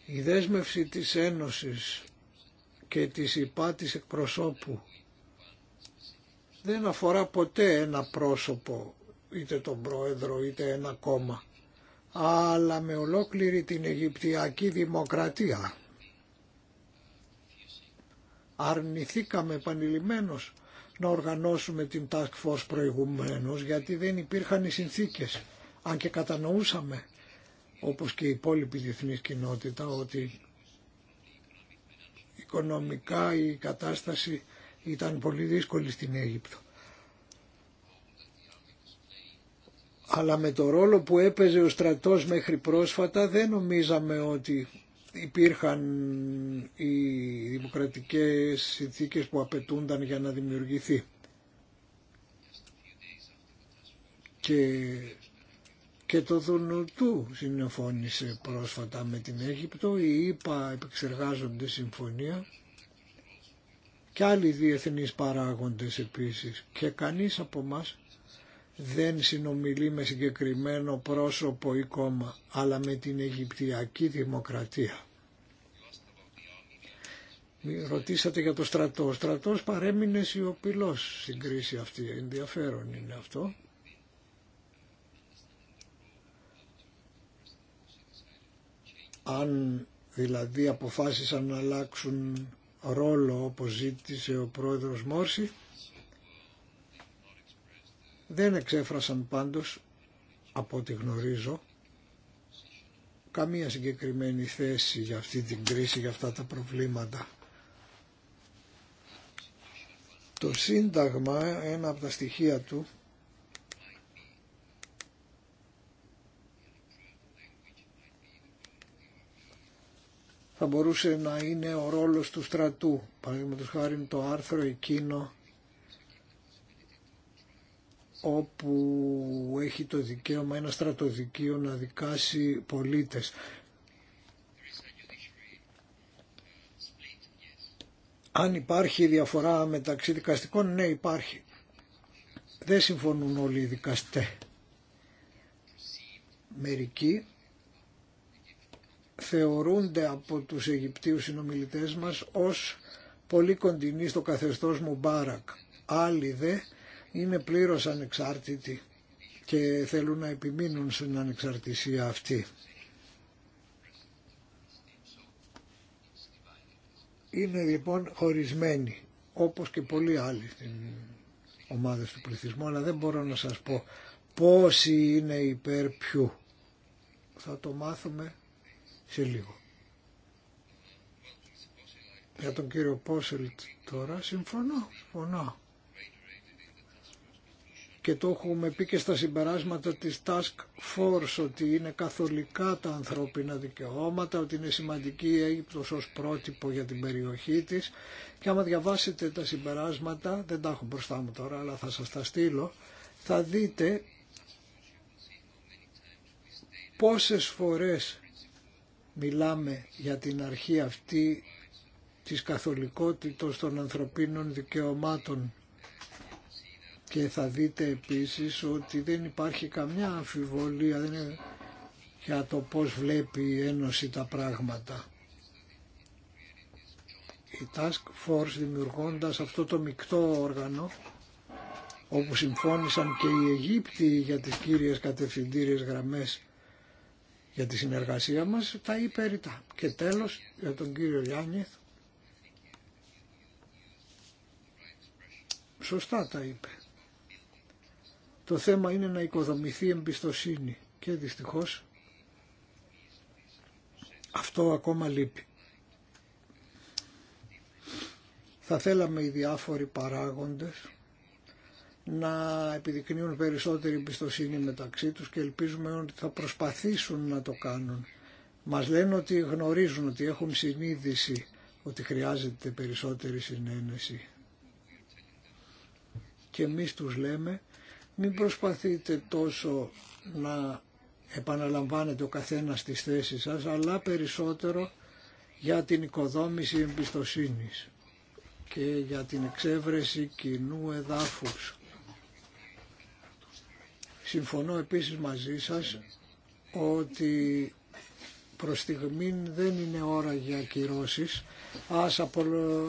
η δέσμευση της Ένωσης και της υπάτης εκπροσώπου δεν αφορά ποτέ ένα πρόσωπο, είτε τον πρόεδρο είτε ένα κόμμα, αλλά με ολόκληρη την Αιγυπτιακή Δημοκρατία. Αρνηθήκαμε επανειλημμένως να οργανώσουμε την Task Force προηγουμένως γιατί δεν υπήρχαν οι συνθήκες. Αν και κατανοούσαμε, όπως και η υπόλοιπη διεθνή κοινότητα, ότι οικονομικά η κατάσταση ήταν πολύ δύσκολη στην Αίγυπτο. Αλλά με το ρόλο που έπαιζε ο στρατός μέχρι πρόσφατα δεν νομίζαμε ότι υπήρχαν οι δημοκρατικές συνθήκες που απαιτούνταν για να δημιουργηθεί. Και, και το Δουνουτού συνεφώνησε πρόσφατα με την Αίγυπτο, η ΙΠΑ επεξεργάζονται συμφωνία και άλλοι διεθνείς παράγοντες επίσης και κανείς από μας δεν συνομιλεί με συγκεκριμένο πρόσωπο ή κόμμα, αλλά με την Αιγυπτιακή Δημοκρατία. Ρωτήσατε για το στρατό. Ο στρατός παρέμεινε σιωπηλός στην κρίση αυτή. Ενδιαφέρον είναι αυτό. Αν δηλαδή αποφάσισαν να αλλάξουν ρόλο όπως ζήτησε ο πρόεδρος Μόρση, δεν εξέφρασαν πάντως, από ό,τι γνωρίζω, καμία συγκεκριμένη θέση για αυτή την κρίση, για αυτά τα προβλήματα. Το Σύνταγμα, ένα από τα στοιχεία του, θα μπορούσε να είναι ο ρόλος του στρατού. Παραδείγματος χάρη το άρθρο εκείνο όπου έχει το δικαίωμα ένα στρατοδικείο να δικάσει πολίτες. Αν υπάρχει διαφορά μεταξύ δικαστικών, ναι υπάρχει. Δεν συμφωνούν όλοι οι δικαστές. Μερικοί θεωρούνται από τους Αιγυπτίους συνομιλητές μας ως πολύ κοντινοί στο καθεστώς Μουμπάρακ. Άλλοι δε είναι πλήρως ανεξάρτητοι και θέλουν να επιμείνουν στην ανεξαρτησία αυτή. Είναι λοιπόν χωρισμένοι, όπως και πολλοί άλλοι στην ομάδα του πληθυσμού, αλλά δεν μπορώ να σας πω πόσοι είναι υπέρ ποιου. Θα το μάθουμε σε λίγο. Για τον κύριο Πόσελτ τώρα συμφωνώ, συμφωνώ και το έχουμε πει και στα συμπεράσματα της Task Force ότι είναι καθολικά τα ανθρώπινα δικαιώματα, ότι είναι σημαντική η Αίγυπτος ως πρότυπο για την περιοχή της και άμα διαβάσετε τα συμπεράσματα, δεν τα έχω μπροστά μου τώρα αλλά θα σας τα στείλω, θα δείτε πόσες φορές μιλάμε για την αρχή αυτή της καθολικότητας των ανθρωπίνων δικαιωμάτων και θα δείτε επίσης ότι δεν υπάρχει καμιά αμφιβολία δεν για το πώς βλέπει η Ένωση τα πράγματα. Η Task Force δημιουργώντας αυτό το μεικτό όργανο όπου συμφώνησαν και οι Αιγύπτιοι για τις κύριες κατευθυντήριες γραμμές για τη συνεργασία μας, τα είπε ρητά. Και τέλος, για τον κύριο Γιάννη σωστά τα είπε. Το θέμα είναι να οικοδομηθεί εμπιστοσύνη και δυστυχώς αυτό ακόμα λείπει. Θα θέλαμε οι διάφοροι παράγοντες να επιδεικνύουν περισσότερη εμπιστοσύνη μεταξύ τους και ελπίζουμε ότι θα προσπαθήσουν να το κάνουν. Μας λένε ότι γνωρίζουν, ότι έχουν συνείδηση ότι χρειάζεται περισσότερη συνένεση. Και εμείς τους λέμε μην προσπαθείτε τόσο να επαναλαμβάνετε ο καθένα τις θέσεις σας, αλλά περισσότερο για την οικοδόμηση εμπιστοσύνη και για την εξέβρεση κοινού εδάφους. Συμφωνώ επίσης μαζί σας ότι προς στιγμή δεν είναι ώρα για ακυρώσεις. Ας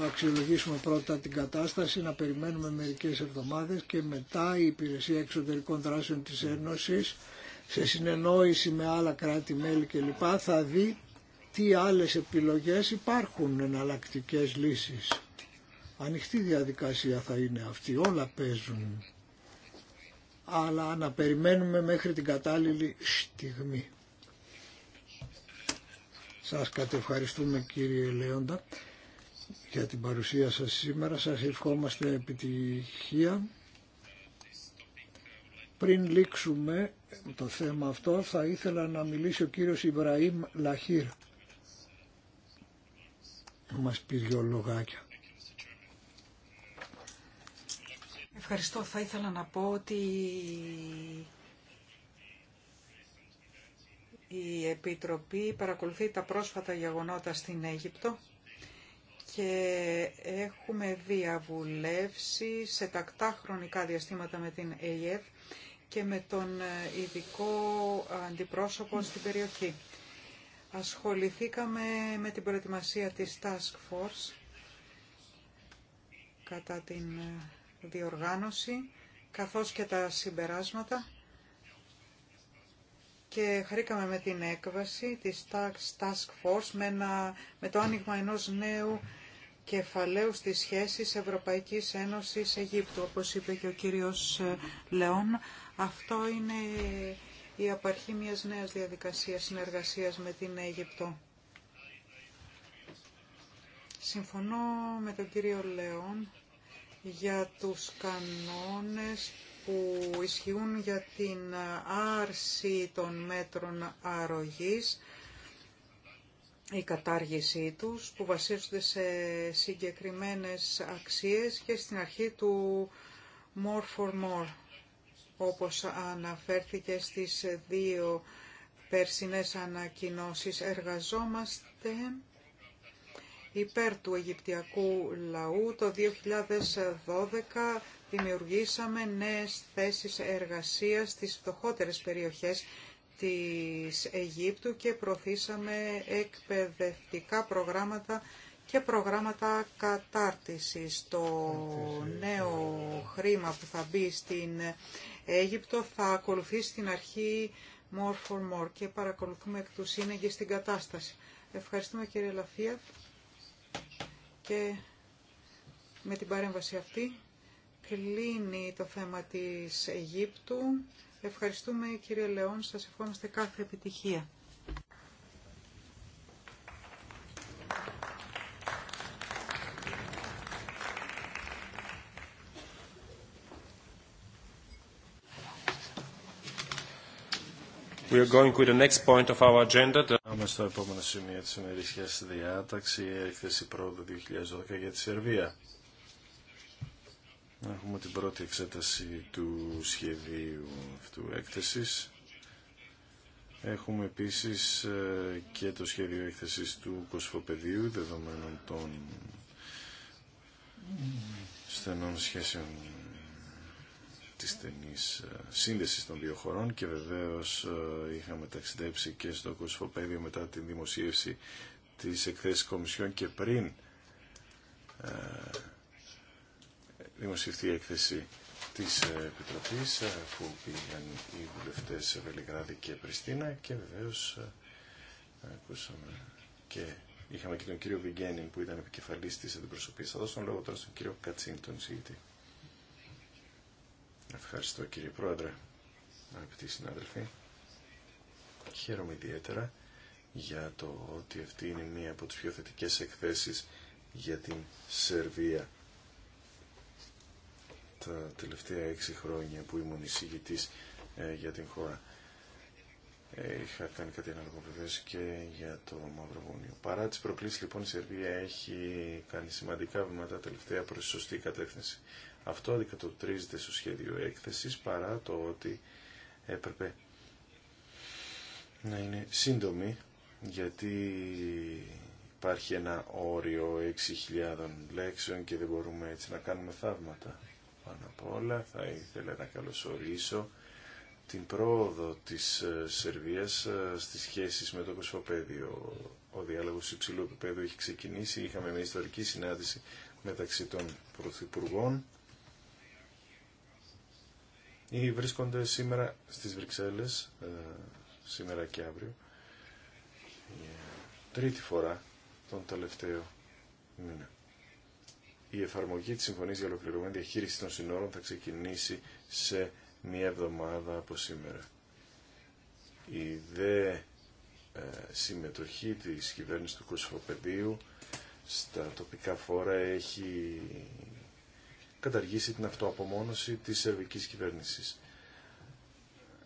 αξιολογήσουμε πρώτα την κατάσταση, να περιμένουμε μερικές εβδομάδες και μετά η Υπηρεσία Εξωτερικών Δράσεων της Ένωσης σε συνεννόηση με άλλα κράτη-μέλη κλπ. θα δει τι άλλες επιλογές υπάρχουν εναλλακτικέ λύσεις. Ανοιχτή διαδικασία θα είναι αυτή, όλα παίζουν. Αλλά να περιμένουμε μέχρι την κατάλληλη στιγμή. Σας κατευχαριστούμε κύριε Λέοντα για την παρουσία σας σήμερα. Σας ευχόμαστε επιτυχία. Πριν λήξουμε το θέμα αυτό θα ήθελα να μιλήσει ο κύριος Ιβραήμ Λαχύρ. Μας πει δυο λογάκια. Ευχαριστώ. Θα ήθελα να πω ότι η Επιτροπή παρακολουθεί τα πρόσφατα γεγονότα στην Αίγυπτο και έχουμε διαβουλεύσει σε τακτά χρονικά διαστήματα με την ΕΙΕΔ και με τον ειδικό αντιπρόσωπο στην περιοχή. Ασχοληθήκαμε με την προετοιμασία της Task Force κατά την διοργάνωση καθώς και τα συμπεράσματα και χαρήκαμε με την έκβαση της Task Force με, το άνοιγμα ενός νέου κεφαλαίου στις σχέσεις Ευρωπαϊκής Ένωσης Αιγύπτου. Όπως είπε και ο κύριος ε, Λεόν, αυτό είναι η απαρχή μιας νέας διαδικασίας συνεργασίας με την Αιγυπτό. Συμφωνώ με τον κύριο Λεόν για τους κανόνες που ισχύουν για την άρση των μέτρων αρρωγής, η κατάργησή τους, που βασίζονται σε συγκεκριμένες αξίες και στην αρχή του more for more, όπως αναφέρθηκε στις δύο περσινές ανακοινώσεις. Εργαζόμαστε υπέρ του Αιγυπτιακού λαού το 2012 δημιουργήσαμε νέες θέσεις εργασίας στις φτωχότερες περιοχές της Αιγύπτου και προωθήσαμε εκπαιδευτικά προγράμματα και προγράμματα κατάρτισης. Το νέο χρήμα που θα μπει στην Αίγυπτο θα ακολουθήσει στην αρχή More for More και παρακολουθούμε εκ του σύνεγγυ στην κατάσταση. Ευχαριστούμε κύριε Λαφία και με την παρέμβαση αυτή κλείνει το θέμα της Αιγύπτου. Ευχαριστούμε κύριε Λεόν, σας ευχόμαστε κάθε επιτυχία. We are going with the next point of our agenda. Πάμε στο επόμενο σημείο της ημερησία διάταξη, έκθεση πρόοδου 2012 για τη Σερβία έχουμε την πρώτη εξέταση του σχεδίου αυτού έκθεσης. Έχουμε επίσης ε, και το σχέδιο έκθεσης του κοσφοπεδίου δεδομένων των στενών σχέσεων της στενής ε, σύνδεσης των δύο χωρών και βεβαίως ε, είχαμε ταξιδέψει και στο κοσφοπέδιο μετά την δημοσίευση της εκθέσης Κομισιόν και πριν δημοσιευτεί η έκθεση της ε, Επιτροπής αφού ε, πήγαν οι βουλευτές Βελιγράδη και Πριστίνα και βεβαίως ε, ακούσαμε και είχαμε και τον κύριο Βιγγένιν που ήταν επικεφαλής της αντιπροσωπής. Θα δώσω τον λόγο τώρα στον κύριο Κατσίν, τον εισηγητή. Ευχαριστώ κύριε Πρόεδρε, αγαπητοί συνάδελφοι. Χαίρομαι ιδιαίτερα για το ότι αυτή είναι μία από τις πιο θετικές εκθέσεις για την Σερβία τα τελευταία έξι χρόνια που ήμουν εισηγητής ε, για την χώρα. Ε, είχα κάνει κάτι ανάλογο και για το Μαυροβούνιο. Παρά τι προκλήσει, λοιπόν, η Σερβία έχει κάνει σημαντικά βήματα τελευταία προ σωστή κατεύθυνση. Αυτό αντικατοπτρίζεται στο σχέδιο έκθεση παρά το ότι έπρεπε να είναι σύντομη γιατί υπάρχει ένα όριο 6.000 λέξεων και δεν μπορούμε έτσι να κάνουμε θαύματα. Πάνω απ' όλα θα ήθελα να καλωσορίσω την πρόοδο της ε, Σερβίας ε, στις σχέσεις με το Κοσμοπέδιο. Ο διάλογος υψηλού επίπεδου έχει ξεκινήσει. Είχαμε μια ιστορική συνάντηση μεταξύ των Πρωθυπουργών. Ή βρίσκονται σήμερα στις Βρυξέλλες, ε, σήμερα και αύριο, τρίτη φορά τον τελευταίο μήνα η εφαρμογή της Συμφωνίας για Ολοκληρωμένη Διαχείριση των Συνόρων θα ξεκινήσει σε μία εβδομάδα από σήμερα. Η δε ε, συμμετοχή της κυβέρνησης του Κωσφοπεδίου στα τοπικά φόρα έχει καταργήσει την αυτοαπομόνωση της σερβικής κυβέρνησης.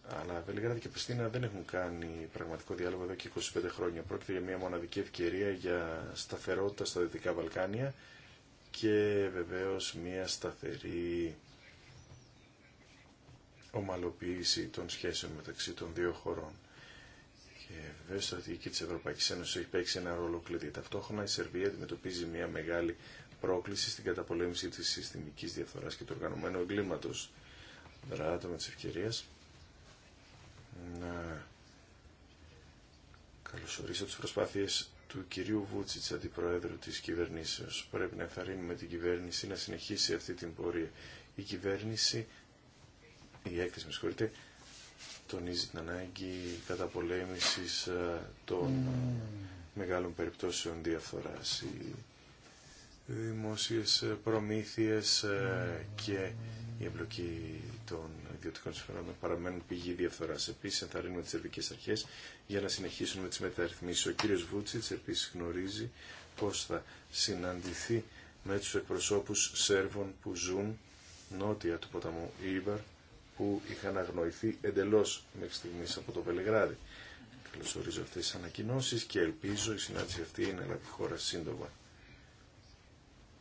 Αλλά Βελιγράδη και Πριστίνα δεν έχουν κάνει πραγματικό διάλογο εδώ και 25 χρόνια. Πρόκειται για μια μοναδική ευκαιρία για σταθερότητα στα Δυτικά Βαλκάνια και βεβαίως μια σταθερή ομαλοποίηση των σχέσεων μεταξύ των δύο χωρών. Και βεβαίω η στρατηγική τη Ευρωπαϊκή Ένωση έχει παίξει ένα ρόλο κλειδί. Ταυτόχρονα η Σερβία αντιμετωπίζει μια μεγάλη πρόκληση στην καταπολέμηση τη συστημική διαφθορά και του οργανωμένου εγκλήματο. Δράτω με τη ευκαιρία να καλωσορίσω τι προσπάθειε του κυρίου Βούτσιτς, αντιπροέδρου της κυβερνήσεως. Πρέπει να εθαρρύνουμε την κυβέρνηση να συνεχίσει αυτή την πορεία. Η κυβέρνηση, η έκθεση με συγχωρείτε, τονίζει την ανάγκη καταπολέμησης ε, των mm. μεγάλων περιπτώσεων διαφθοράς. Οι δημόσιες προμήθειες ε, mm. και η εμπλοκή των ιδιωτικών συμφερόντων παραμένουν πηγή διαφθορά. Επίση, ενθαρρύνουμε τι ελληνικέ αρχέ για να συνεχίσουν με τι μεταρρυθμίσει. Ο κύριο Βούτσιτ επίση γνωρίζει πώ θα συναντηθεί με του εκπροσώπου Σέρβων που ζουν νότια του ποταμού Ήμπαρ που είχαν αγνοηθεί εντελώ μέχρι στιγμή από το Βελιγράδι. Καλωσορίζω αυτέ τι ανακοινώσει και ελπίζω η συνάντηση αυτή να λάβει χώρα σύντομα.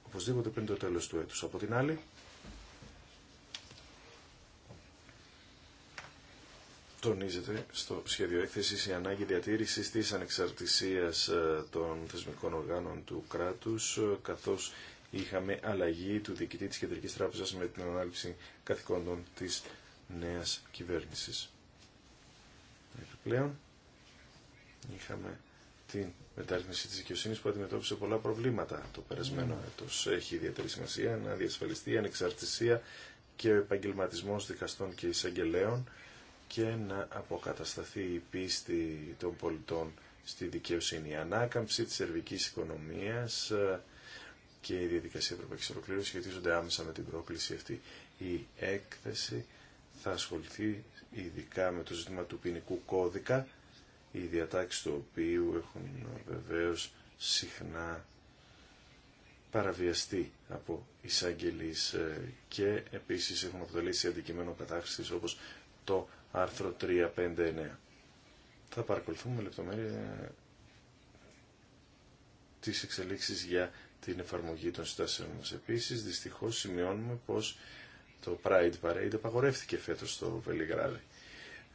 Οπωσδήποτε πριν το τέλο του έτου. Από την άλλη, τονίζεται στο σχέδιο έκθεση η ανάγκη διατήρησης της ανεξαρτησίας ε, των θεσμικών οργάνων του κράτους, ε, καθώς είχαμε αλλαγή του διοικητή της Κεντρικής Τράπεζας με την ανάληψη καθηκόντων της νέας κυβέρνησης. Επιπλέον, είχαμε την μεταρρύθμιση της δικαιοσύνης που αντιμετώπισε πολλά προβλήματα το περασμένο έτος. Έχει ιδιαίτερη σημασία να διασφαλιστεί η ανεξαρτησία και ο επαγγελματισμός δικαστών και εισαγγελέων και να αποκατασταθεί η πίστη των πολιτών στη δικαιοσύνη. Η ανάκαμψη της ερβικής οικονομίας ε, και η διαδικασία ευρωπαϊκής ολοκλήρωσης σχετίζονται άμεσα με την πρόκληση αυτή. Η έκθεση θα ασχοληθεί ειδικά με το ζήτημα του ποινικού κώδικα, οι διατάξει του οποίου έχουν βεβαίως συχνά παραβιαστεί από εισαγγελείς ε, και επίσης έχουν αποτελέσει αντικείμενο κατάχρησης όπως το άρθρο 359. Θα παρακολουθούμε λεπτομέρεια τις εξελίξεις για την εφαρμογή των συστάσεων μας. Επίσης, δυστυχώς σημειώνουμε πως το Pride Parade απαγορεύτηκε φέτος στο Βελιγράδι.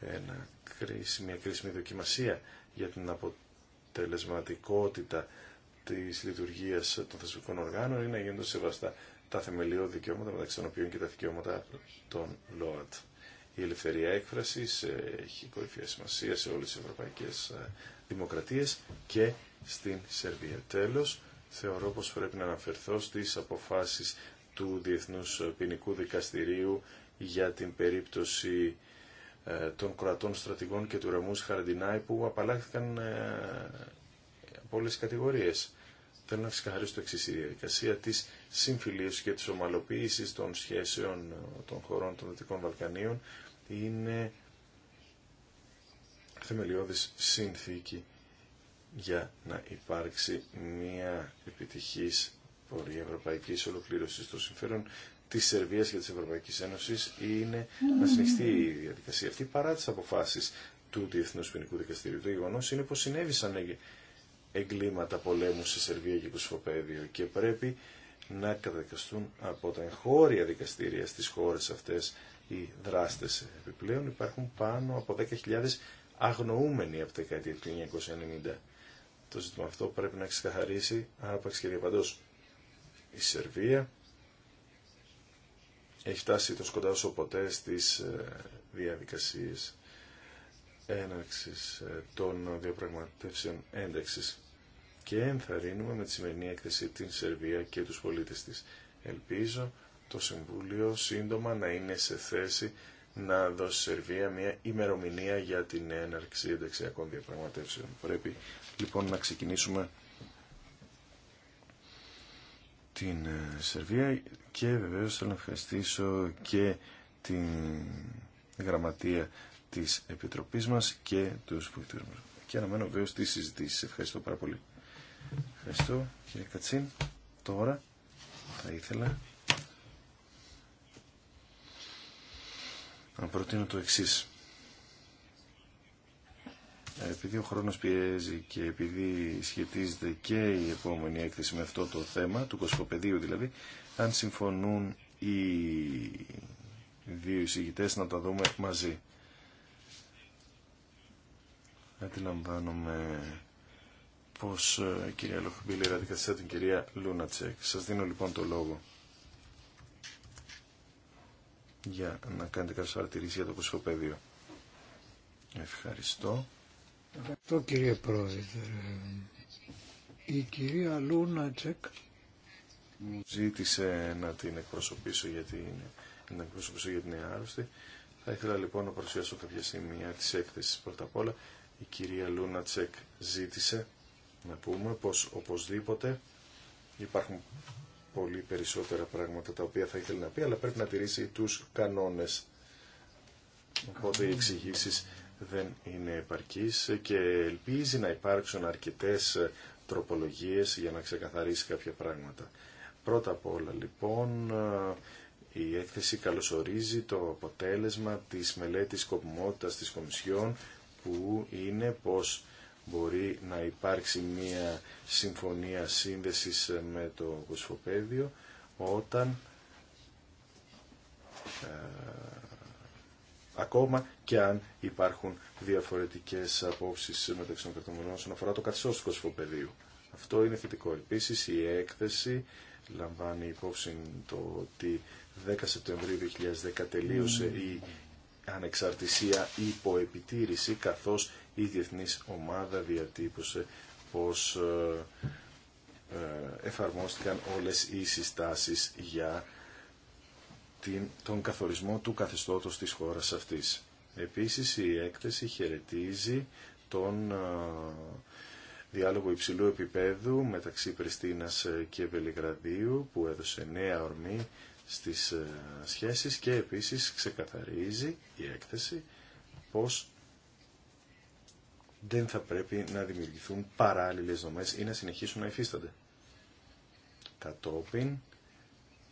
Ένα κρίσιμη, μια κρίσιμη δοκιμασία για την αποτελεσματικότητα της λειτουργίας των θεσμικών οργάνων είναι να γίνονται σεβαστά τα θεμελιώδη δικαιώματα μεταξύ των οποίων και τα δικαιώματα των ΛΟΑΤ. Η ελευθερία έκφρασης ε, έχει κορυφαία σημασία σε όλες τις ευρωπαϊκές ε, δημοκρατίες και στην Σερβία. Τέλος, θεωρώ πως πρέπει να αναφερθώ στις αποφάσεις του Διεθνούς Ποινικού Δικαστηρίου για την περίπτωση ε, των κρατών στρατηγών και του Ραμούς Χαραντινάη που απαλλάχθηκαν από όλες τις κατηγορίες. Θέλω να ξεκαθαρίσω το εξή. Η διαδικασία τη συμφιλίωση και τη ομαλοποίηση των σχέσεων των χωρών των Δυτικών Βαλκανίων είναι θεμελιώδης συνθήκη για να υπάρξει μια επιτυχής πορεία ευρωπαϊκής ολοκλήρωσης των συμφέρων της Σερβίας και της Ευρωπαϊκής Ένωσης είναι να συνεχιστεί η διαδικασία αυτή παρά τις αποφάσεις του Διεθνού Ποινικού Δικαστηρίου. Το γεγονό είναι πως συνέβησαν εγκλήματα πολέμου στη Σερβία και Κουσφοπέδιο και πρέπει να καταδικαστούν από τα εγχώρια δικαστήρια στις χώρες αυτές οι δράστες. Επιπλέον υπάρχουν πάνω από 10.000 αγνοούμενοι από τα δεκαετία του 1990. Το ζήτημα αυτό πρέπει να ξεκαθαρίσει άπαξ και Η Σερβία έχει φτάσει το σκοντά όσο ποτέ στις ε, διαδικασίες έναρξης ε, των διαπραγματεύσεων ένταξη και ενθαρρύνουμε με τη σημερινή έκθεση την Σερβία και τους πολίτες της. Ελπίζω το Συμβούλιο σύντομα να είναι σε θέση να δώσει Σερβία μια ημερομηνία για την έναρξη ενταξιακών διαπραγματεύσεων. Πρέπει λοιπόν να ξεκινήσουμε την ε, Σερβία και βεβαίως θέλω να ευχαριστήσω και την γραμματεία της Επιτροπής μας και τους βοηθούς μας. Και αναμένω βεβαίως τις συζητήσεις. Ευχαριστώ πάρα πολύ. Ευχαριστώ κύριε Κατσίν. Τώρα θα ήθελα να προτείνω το εξή. Επειδή ο χρόνος πιέζει και επειδή σχετίζεται και η επόμενη έκθεση με αυτό το θέμα, του κοσμοπεδίου δηλαδή, αν συμφωνούν οι δύο εισηγητές να τα δούμε μαζί. Αντιλαμβάνομαι πως ε, κυρία Λοχμπίλη αντικαθιστά την κυρία Λούνατσεκ. Σας δίνω λοιπόν το λόγο για να κάνετε κάποιες παρατηρήσεις για το κοσμοπέδιο. Ευχαριστώ. Ευχαριστώ κύριε Πρόεδρε. Η κυρία Λούνα Τσεκ μου ζήτησε να την εκπροσωπήσω γιατί να εκπροσωπήσω γιατί είναι άρρωστη. Θα ήθελα λοιπόν να παρουσιάσω κάποια σημεία της έκθεσης πρώτα απ' όλα. Η κυρία Λούνα Τσεκ ζήτησε να πούμε πως οπωσδήποτε υπάρχουν πολύ περισσότερα πράγματα τα οποία θα ήθελε να πει, αλλά πρέπει να τηρήσει τους κανόνες. Οπότε οι εξηγήσει δεν είναι επαρκείς και ελπίζει να υπάρξουν αρκετές τροπολογίες για να ξεκαθαρίσει κάποια πράγματα. Πρώτα απ' όλα λοιπόν η έκθεση καλωσορίζει το αποτέλεσμα της μελέτης σκοπιμότητας της Κομισιόν που είναι πως μπορεί να υπάρξει μία συμφωνία σύνδεσης με το κοσμοπέδιο όταν ε, ακόμα και αν υπάρχουν διαφορετικές απόψεις μεταξύ των κρατομονών όσον αφορά το καθεστώς του κοσφοπεδίου. Αυτό είναι θετικό. Επίσης η έκθεση λαμβάνει υπόψη το ότι 10 Σεπτεμβρίου 2010 τελείωσε mm. η ανεξαρτησία υποεπιτήρηση καθώς η Διεθνής Ομάδα διατύπωσε πως ε, ε, εφαρμόστηκαν όλες οι συστάσεις για τον καθορισμό του καθεστώτος της χώρας αυτής. Επίσης η έκθεση χαιρετίζει τον ε, διάλογο υψηλού επίπεδου μεταξύ Πριστίνας και Βελιγραδίου που έδωσε νέα ορμή στις σχέσεις και επίσης ξεκαθαρίζει η έκθεση πως δεν θα πρέπει να δημιουργηθούν παράλληλες δομές ή να συνεχίσουν να εφίσετε. Κατόπιν.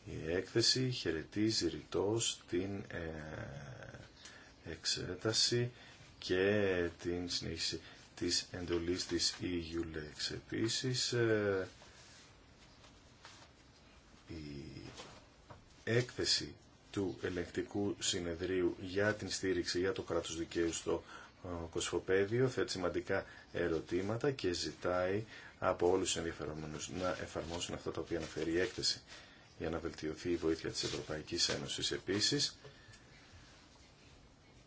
η έκθεση χαιρετίζει ρητός την ε, εξέταση και την συνέχιση της εντολής της EULEX. Επίσης, ε, η έκθεση του ελεκτικού συνεδρίου για την στήριξη για το κράτος δικαίου στο Κοσφοπέδιο, θέτει σημαντικά ερωτήματα και ζητάει από όλους τους ενδιαφερόμενους να εφαρμόσουν αυτά τα οποία αναφέρει η έκθεση για να βελτιωθεί η βοήθεια της Ευρωπαϊκής Ένωσης. Επίσης,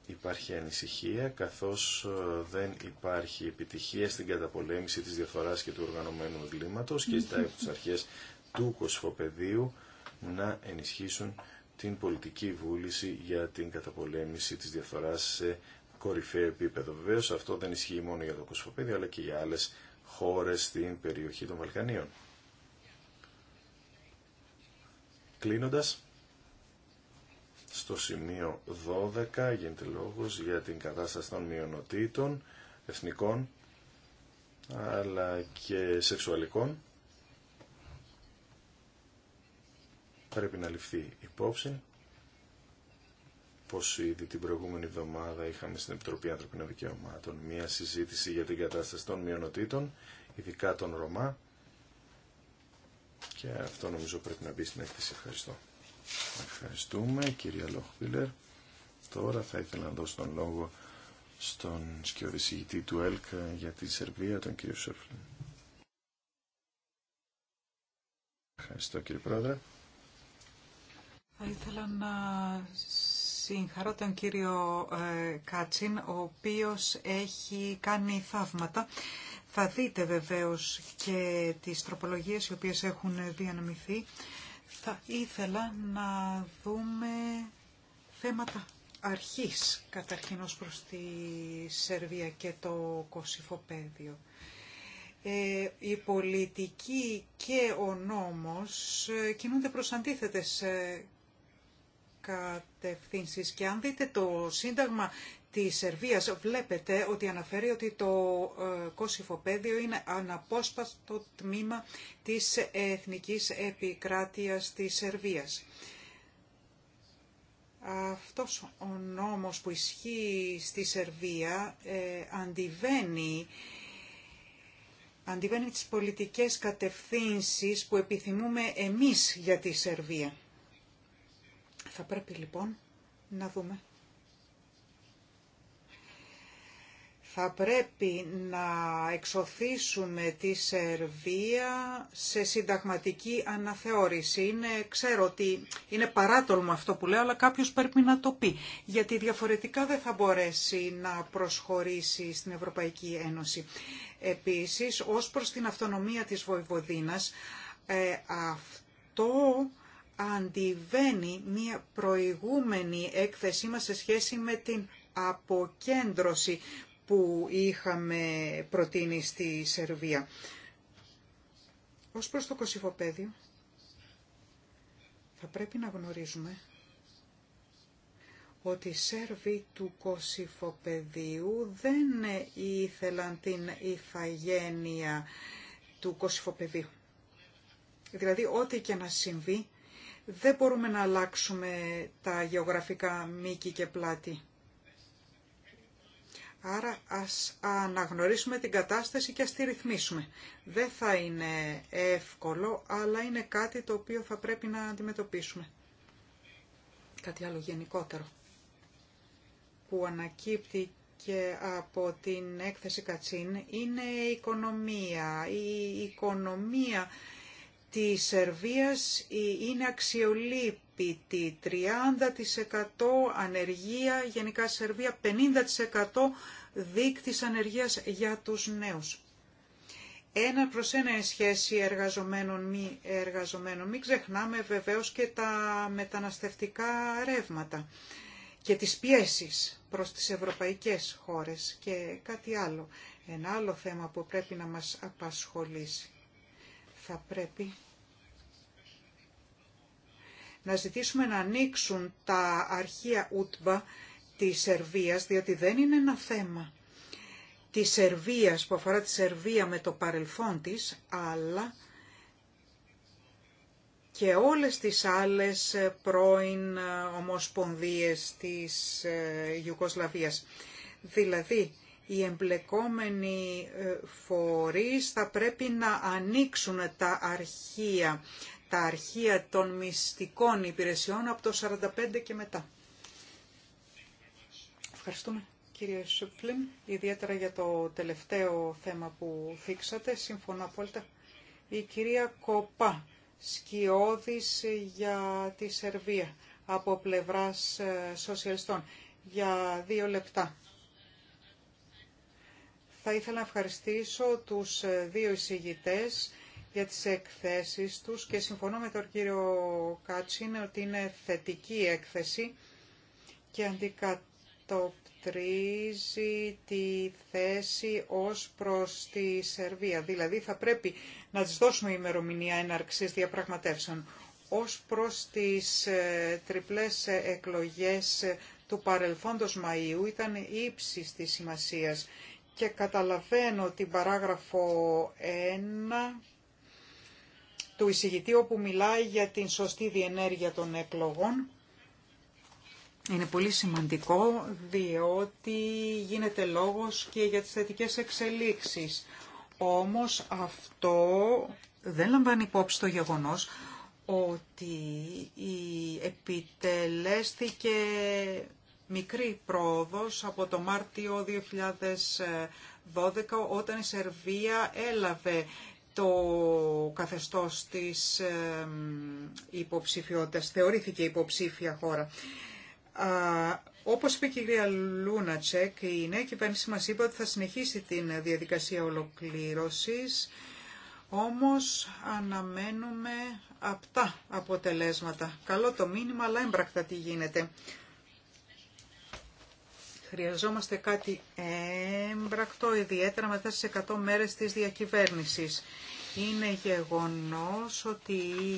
υπάρχει ανησυχία καθώς ε, δεν υπάρχει επιτυχία στην καταπολέμηση της διαφοράς και του οργανωμένου εγκλήματος και ζητάει από τις αρχές του Κοσφοπεδίου να ενισχύσουν την πολιτική βούληση για την καταπολέμηση της διαφοράς σε κορυφαίο επίπεδο. βεβαίω. αυτό δεν ισχύει μόνο για το Κοσμοπέδιο αλλά και για άλλε χώρες στην περιοχή των Βαλκανίων. Κλείνοντα στο σημείο 12 γίνεται λόγο για την κατάσταση των μειονοτήτων, εθνικών, αλλά και σεξουαλικών. Πρέπει να ληφθεί υπόψη όπως ήδη την προηγούμενη εβδομάδα είχαμε στην Επιτροπή Ανθρωπινών Δικαιωμάτων μία συζήτηση για την κατάσταση των μειονοτήτων, ειδικά των Ρωμά. Και αυτό νομίζω πρέπει να μπει στην έκθεση. Ευχαριστώ. Ευχαριστούμε κυρία Λόχπιλερ. Τώρα θα ήθελα να δώσω τον λόγο στον σκιοδησηγητή του ΕΛΚ για τη Σερβία, τον κύριο Σέρφλιν. Ευχαριστώ κύριε Πρόεδρε. Θα ήθελα να συγχαρώ τον κύριο ε, Κάτσιν, ο οποίος έχει κάνει θαύματα. Θα δείτε βεβαίως και τις τροπολογίες οι οποίες έχουν διανομηθεί. Θα ήθελα να δούμε θέματα αρχής καταρχήν ως προς τη Σερβία και το Κωσυφοπέδιο. Ε, η πολιτική και ο νόμος ε, κινούνται προς αντίθετες κατευθύνσεις. Και αν δείτε το Σύνταγμα της Σερβίας βλέπετε ότι αναφέρει ότι το ε, Πέδιο είναι αναπόσπαστο τμήμα της Εθνικής Επικράτειας της Σερβίας. Αυτός ο νόμος που ισχύει στη Σερβία ε, αντιβαίνει αντιβαίνει τις πολιτικές κατευθύνσεις που επιθυμούμε εμείς για τη Σερβία. Θα πρέπει λοιπόν να δούμε. Θα πρέπει να εξωθήσουμε τη Σερβία σε συνταγματική αναθεώρηση. Είναι, ξέρω ότι είναι παράτολμο αυτό που λέω, αλλά κάποιος πρέπει να το πει. Γιατί διαφορετικά δεν θα μπορέσει να προσχωρήσει στην Ευρωπαϊκή Ένωση. Επίσης, ως προς την αυτονομία της Βοηβοδίνας, ε, αυτό αντιβαίνει μία προηγούμενη έκθεσή μας σε σχέση με την αποκέντρωση που είχαμε προτείνει στη Σερβία. Ως προς το κοσυφοπέδιο, θα πρέπει να γνωρίζουμε ότι οι Σέρβοι του Κωσυφοπεδίου δεν ήθελαν την ηθαγένεια του Κωσυφοπεδίου. Δηλαδή, ό,τι και να συμβεί, δεν μπορούμε να αλλάξουμε τα γεωγραφικά μήκη και πλάτη. Άρα ας αναγνωρίσουμε την κατάσταση και ας τη ρυθμίσουμε. Δεν θα είναι εύκολο, αλλά είναι κάτι το οποίο θα πρέπει να αντιμετωπίσουμε. Κάτι άλλο γενικότερο που ανακύπτει και από την έκθεση Κατσίν είναι η οικονομία. Η οικονομία Τη Σερβία είναι αξιολύπητη. 30% ανεργία, γενικά Σερβία 50% δείκτης ανεργίας για τους νέους. Ένα προς ένα σχέση εργαζομένων μη εργαζομένων. Μην ξεχνάμε βεβαίως και τα μεταναστευτικά ρεύματα και τις πιέσεις προς τις ευρωπαϊκές χώρες και κάτι άλλο. Ένα άλλο θέμα που πρέπει να μας απασχολήσει θα πρέπει να ζητήσουμε να ανοίξουν τα αρχεία ούτμπα της Σερβίας, διότι δεν είναι ένα θέμα της Σερβίας που αφορά τη Σερβία με το παρελθόν της, αλλά και όλες τις άλλες πρώην ομοσπονδίες της ε, Ιουγκοσλαβίας. Δηλαδή, οι εμπλεκόμενοι ε, φορείς θα πρέπει να ανοίξουν τα αρχεία, τα αρχεία των μυστικών υπηρεσιών από το 45 και μετά. Ευχαριστούμε κύριε Σούπλιν, ιδιαίτερα για το τελευταίο θέμα που θίξατε, σύμφωνα απόλυτα. Η κυρία Κοπά, σκιώδης για τη Σερβία από πλευράς ε, σοσιαλιστών, για δύο λεπτά. Θα ήθελα να ευχαριστήσω τους ε, δύο εισηγητές για τις εκθέσεις τους και συμφωνώ με τον κύριο Κάτσιν ότι είναι θετική έκθεση και αντικατοπτρίζει τη θέση ως προς τη Σερβία. Δηλαδή θα πρέπει να της δώσουμε ημερομηνία έναρξης διαπραγματεύσεων ως προς τις ε, τριπλές ε, εκλογές του παρελθόντος Μαΐου ήταν ύψης της σημασίας και καταλαβαίνω την παράγραφο 1 του εισηγητή όπου μιλάει για την σωστή διενέργεια των εκλογών. Είναι πολύ σημαντικό διότι γίνεται λόγος και για τις θετικές εξελίξεις. Όμως αυτό δεν λαμβάνει υπόψη το γεγονός ότι η επιτελέστηκε μικρή πρόοδος από το Μάρτιο 2012 όταν η Σερβία έλαβε το καθεστώς της υποψηφιότητας, θεωρήθηκε υποψήφια χώρα. Όπως είπε η κυρία Λούνατσεκ, η νέα κυβέρνηση μας είπε ότι θα συνεχίσει την διαδικασία ολοκλήρωσης, όμως αναμένουμε απτά αποτελέσματα. Καλό το μήνυμα, αλλά έμπρακτα τι γίνεται. Χρειαζόμαστε κάτι έμπρακτο, ιδιαίτερα μετά στις 100 μέρες της διακυβέρνησης. Είναι γεγονός ότι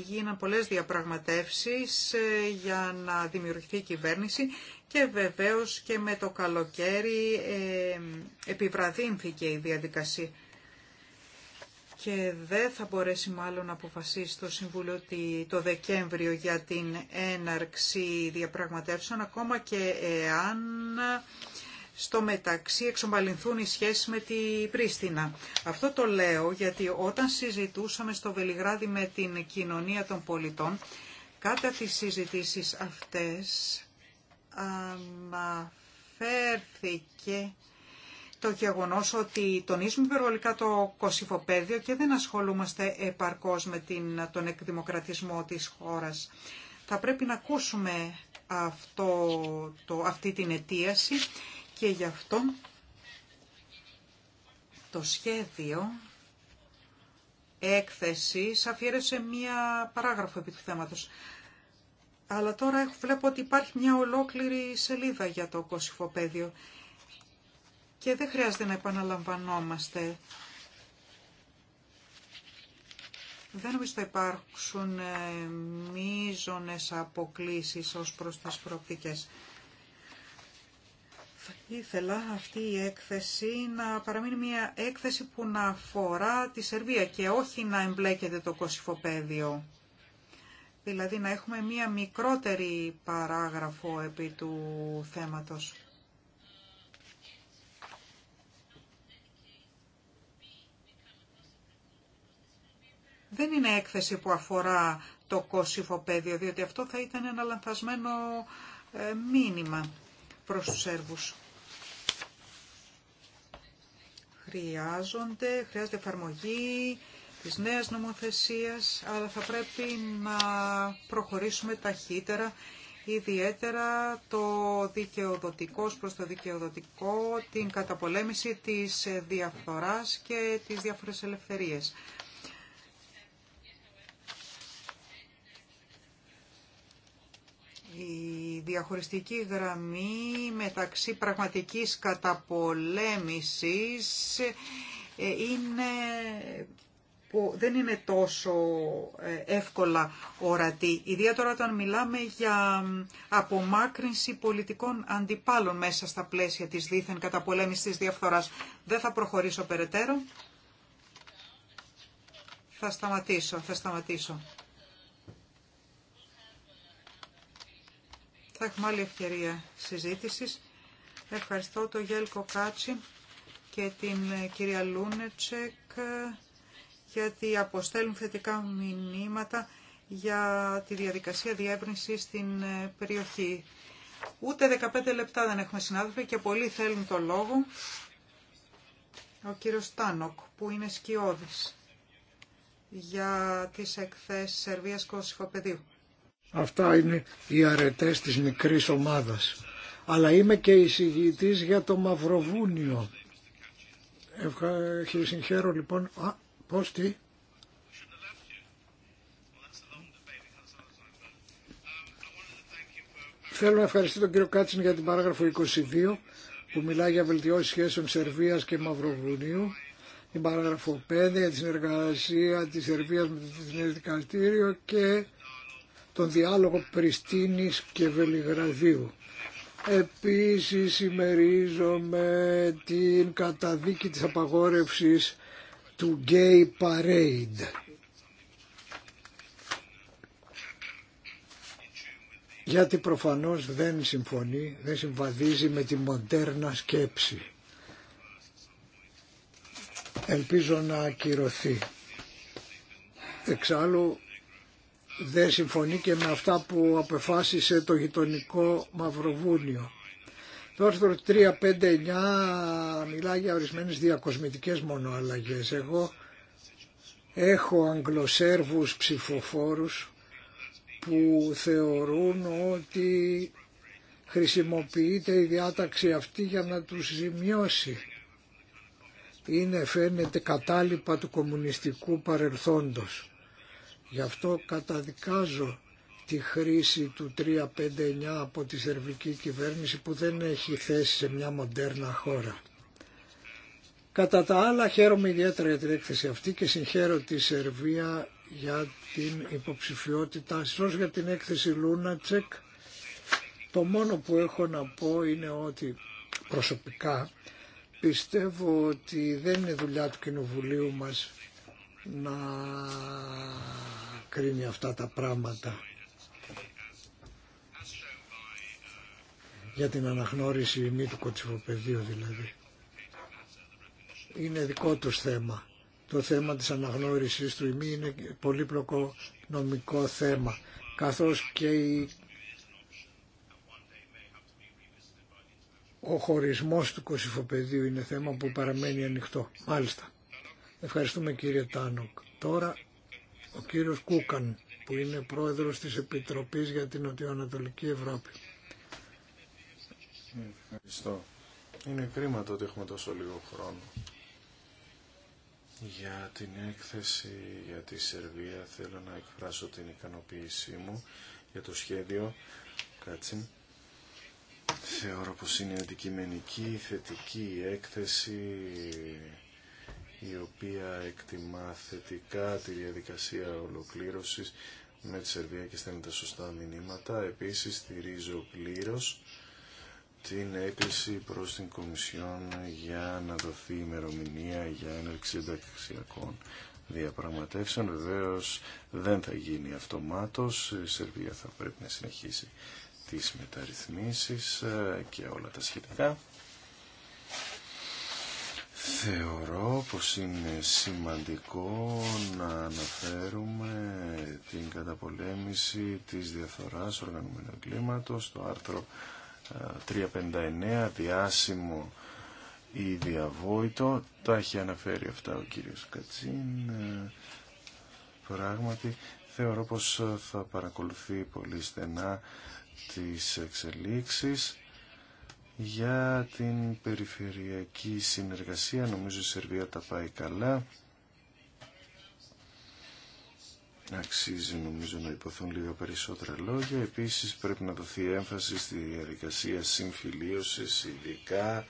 γίναν πολλές διαπραγματεύσεις ε, για να δημιουργηθεί η κυβέρνηση και βεβαίως και με το καλοκαίρι ε, επιβραδύνθηκε η διαδικασία και δεν θα μπορέσει μάλλον να αποφασίσει το Συμβούλιο ότι το Δεκέμβριο για την έναρξη διαπραγματεύσεων ακόμα και εάν στο μεταξύ εξομαλυνθούν οι σχέσεις με την Πρίστινα. Αυτό το λέω γιατί όταν συζητούσαμε στο Βελιγράδι με την κοινωνία των πολιτών, κατά τις συζητήσεις αυτές αναφέρθηκε το γεγονό ότι τονίζουμε υπερβολικά το κοσυφοπαίδιο και δεν ασχολούμαστε επαρκώς με την, τον εκδημοκρατισμό της χώρας. Θα πρέπει να ακούσουμε αυτό, το, αυτή την αιτίαση και γι' αυτό το σχέδιο έκθεσης αφιέρωσε μία έκθεση Αλλά τώρα βλέπω ότι υπάρχει μια ολόκληρη σελίδα για το κοσυφοπαίδιο και δεν χρειάζεται να επαναλαμβανόμαστε. Δεν νομίζω θα υπάρξουν ε, μείζονες αποκλήσεις ως προς τις προοπτικές. Θα ήθελα αυτή η έκθεση να παραμείνει μια έκθεση που να αφορά τη Σερβία και όχι να εμπλέκεται το κοσυφοπέδιο. Δηλαδή να έχουμε μια μικρότερη παράγραφο επί του θέματος. δεν είναι έκθεση που αφορά το κοσυφοπέδιο, διότι αυτό θα ήταν ένα λανθασμένο ε, μήνυμα προς τους Σέρβους. Χρειάζονται, χρειάζεται εφαρμογή της νέας νομοθεσίας, αλλά θα πρέπει να προχωρήσουμε ταχύτερα, ιδιαίτερα το δικαιοδοτικό προς το δικαιοδοτικό, την καταπολέμηση της διαφθοράς και τις διάφορες ελευθερίες. η διαχωριστική γραμμή μεταξύ πραγματικής καταπολέμησης ε, είναι, δεν είναι τόσο ε, εύκολα ορατή, ιδιαίτερα όταν μιλάμε για απομάκρυνση πολιτικών αντιπάλων μέσα στα πλαίσια της δίθεν καταπολέμησης της διαφθοράς. Δεν θα προχωρήσω περαιτέρω. Θα σταματήσω, θα σταματήσω. Θα έχουμε άλλη ευκαιρία συζήτησης. Ευχαριστώ το Γέλκο Κάτσι και την ε, κυρία Λούνετσεκ ε, γιατί αποστέλουν θετικά μηνύματα για τη διαδικασία διεύρυνση στην ε, περιοχή. Ούτε 15 λεπτά δεν έχουμε συνάδελφοι και πολλοί θέλουν το λόγο. Ο κύριος Τάνοκ που είναι σκιώδης για τις εκθέσεις Σερβίας Κωσυφοπεδίου. Αυτά είναι οι αρετές της μικρής ομάδας. Αλλά είμαι και εισηγητής για το Μαυροβούνιο. Ευχα... Συγχαίρω λοιπόν... Α, πώς τι... Θέλω να ευχαριστήσω τον κύριο Κάτσιν για την παράγραφο 22 που μιλάει για βελτιώσει σχέσεων Σερβίας και Μαυροβουνίου. Την παράγραφο 5 για τη συνεργασία της Σερβίας με το Διεθνές Δικαστήριο και τον διάλογο Πριστίνης και Βελιγραδίου. Επίσης ημερίζομαι την καταδίκη της απαγόρευσης του Gay Parade. Γιατί προφανώς δεν συμφωνεί, δεν συμβαδίζει με τη μοντέρνα σκέψη. Ελπίζω να ακυρωθεί. Εξάλλου δεν συμφωνεί και με αυτά που απεφάσισε το γειτονικό Μαυροβούνιο. Το άρθρο 359 μιλά για ορισμένες διακοσμητικές μονοαλλαγές. Εγώ έχω αγγλοσέρβους ψηφοφόρους που θεωρούν ότι χρησιμοποιείται η διάταξη αυτή για να τους ζημιώσει. Είναι φαίνεται κατάλοιπα του κομμουνιστικού παρελθόντος. Γι' αυτό καταδικάζω τη χρήση του 359 από τη σερβική κυβέρνηση που δεν έχει θέση σε μια μοντέρνα χώρα. Κατά τα άλλα χαίρομαι ιδιαίτερα για την έκθεση αυτή και συγχαίρω τη Σερβία για την υποψηφιότητά σας για την έκθεση Λούνατσεκ. Το μόνο που έχω να πω είναι ότι προσωπικά πιστεύω ότι δεν είναι δουλειά του Κοινοβουλίου μας να κρίνει αυτά τα πράγματα για την αναγνώριση μη του κοτσιφοπεδίου δηλαδή. Είναι δικό τους θέμα. Το θέμα της αναγνώρισης του ημί είναι πολύπλοκο νομικό θέμα, καθώς και ο χωρισμός του κοσυφοπεδίου είναι θέμα που παραμένει ανοιχτό. Μάλιστα. Ευχαριστούμε κύριε Τάνοκ. Τώρα ο κύριος Κούκαν που είναι πρόεδρος της Επιτροπής για την Νοτιοανατολική Ευρώπη. Ευχαριστώ. Είναι κρίμα το ότι έχουμε τόσο λίγο χρόνο. Για την έκθεση για τη Σερβία θέλω να εκφράσω την ικανοποίησή μου για το σχέδιο Κάτσιν. Θεωρώ πως είναι αντικειμενική, θετική έκθεση η οποία εκτιμά θετικά τη διαδικασία ολοκλήρωσης με τη Σερβία και στέλνει τα σωστά μηνύματα. Επίσης στηρίζω πλήρως την έκκληση προς την Κομισιόν για να δοθεί ημερομηνία για έναρξη ενταξιακών διαπραγματεύσεων. Βεβαίω δεν θα γίνει αυτομάτως. Η Σερβία θα πρέπει να συνεχίσει τις μεταρρυθμίσεις ε, και όλα τα σχετικά. Θεωρώ πως είναι σημαντικό να αναφέρουμε την καταπολέμηση της διαφθοράς οργανωμένου κλίματος, στο άρθρο 359, ε, διάσημο ή διαβόητο. Τα έχει αναφέρει αυτά ο κύριος Κατσίν. Ε, πράγματι, θεωρώ πως θα παρακολουθεί πολύ στενά τις εξελίξεις για την περιφερειακή συνεργασία, νομίζω η Σερβία τα πάει καλά. Αξίζει νομίζω να υποθούν λίγο περισσότερα λόγια. Επίσης πρέπει να δοθεί έμφαση στη διαδικασία συμφιλίωσης, ειδικά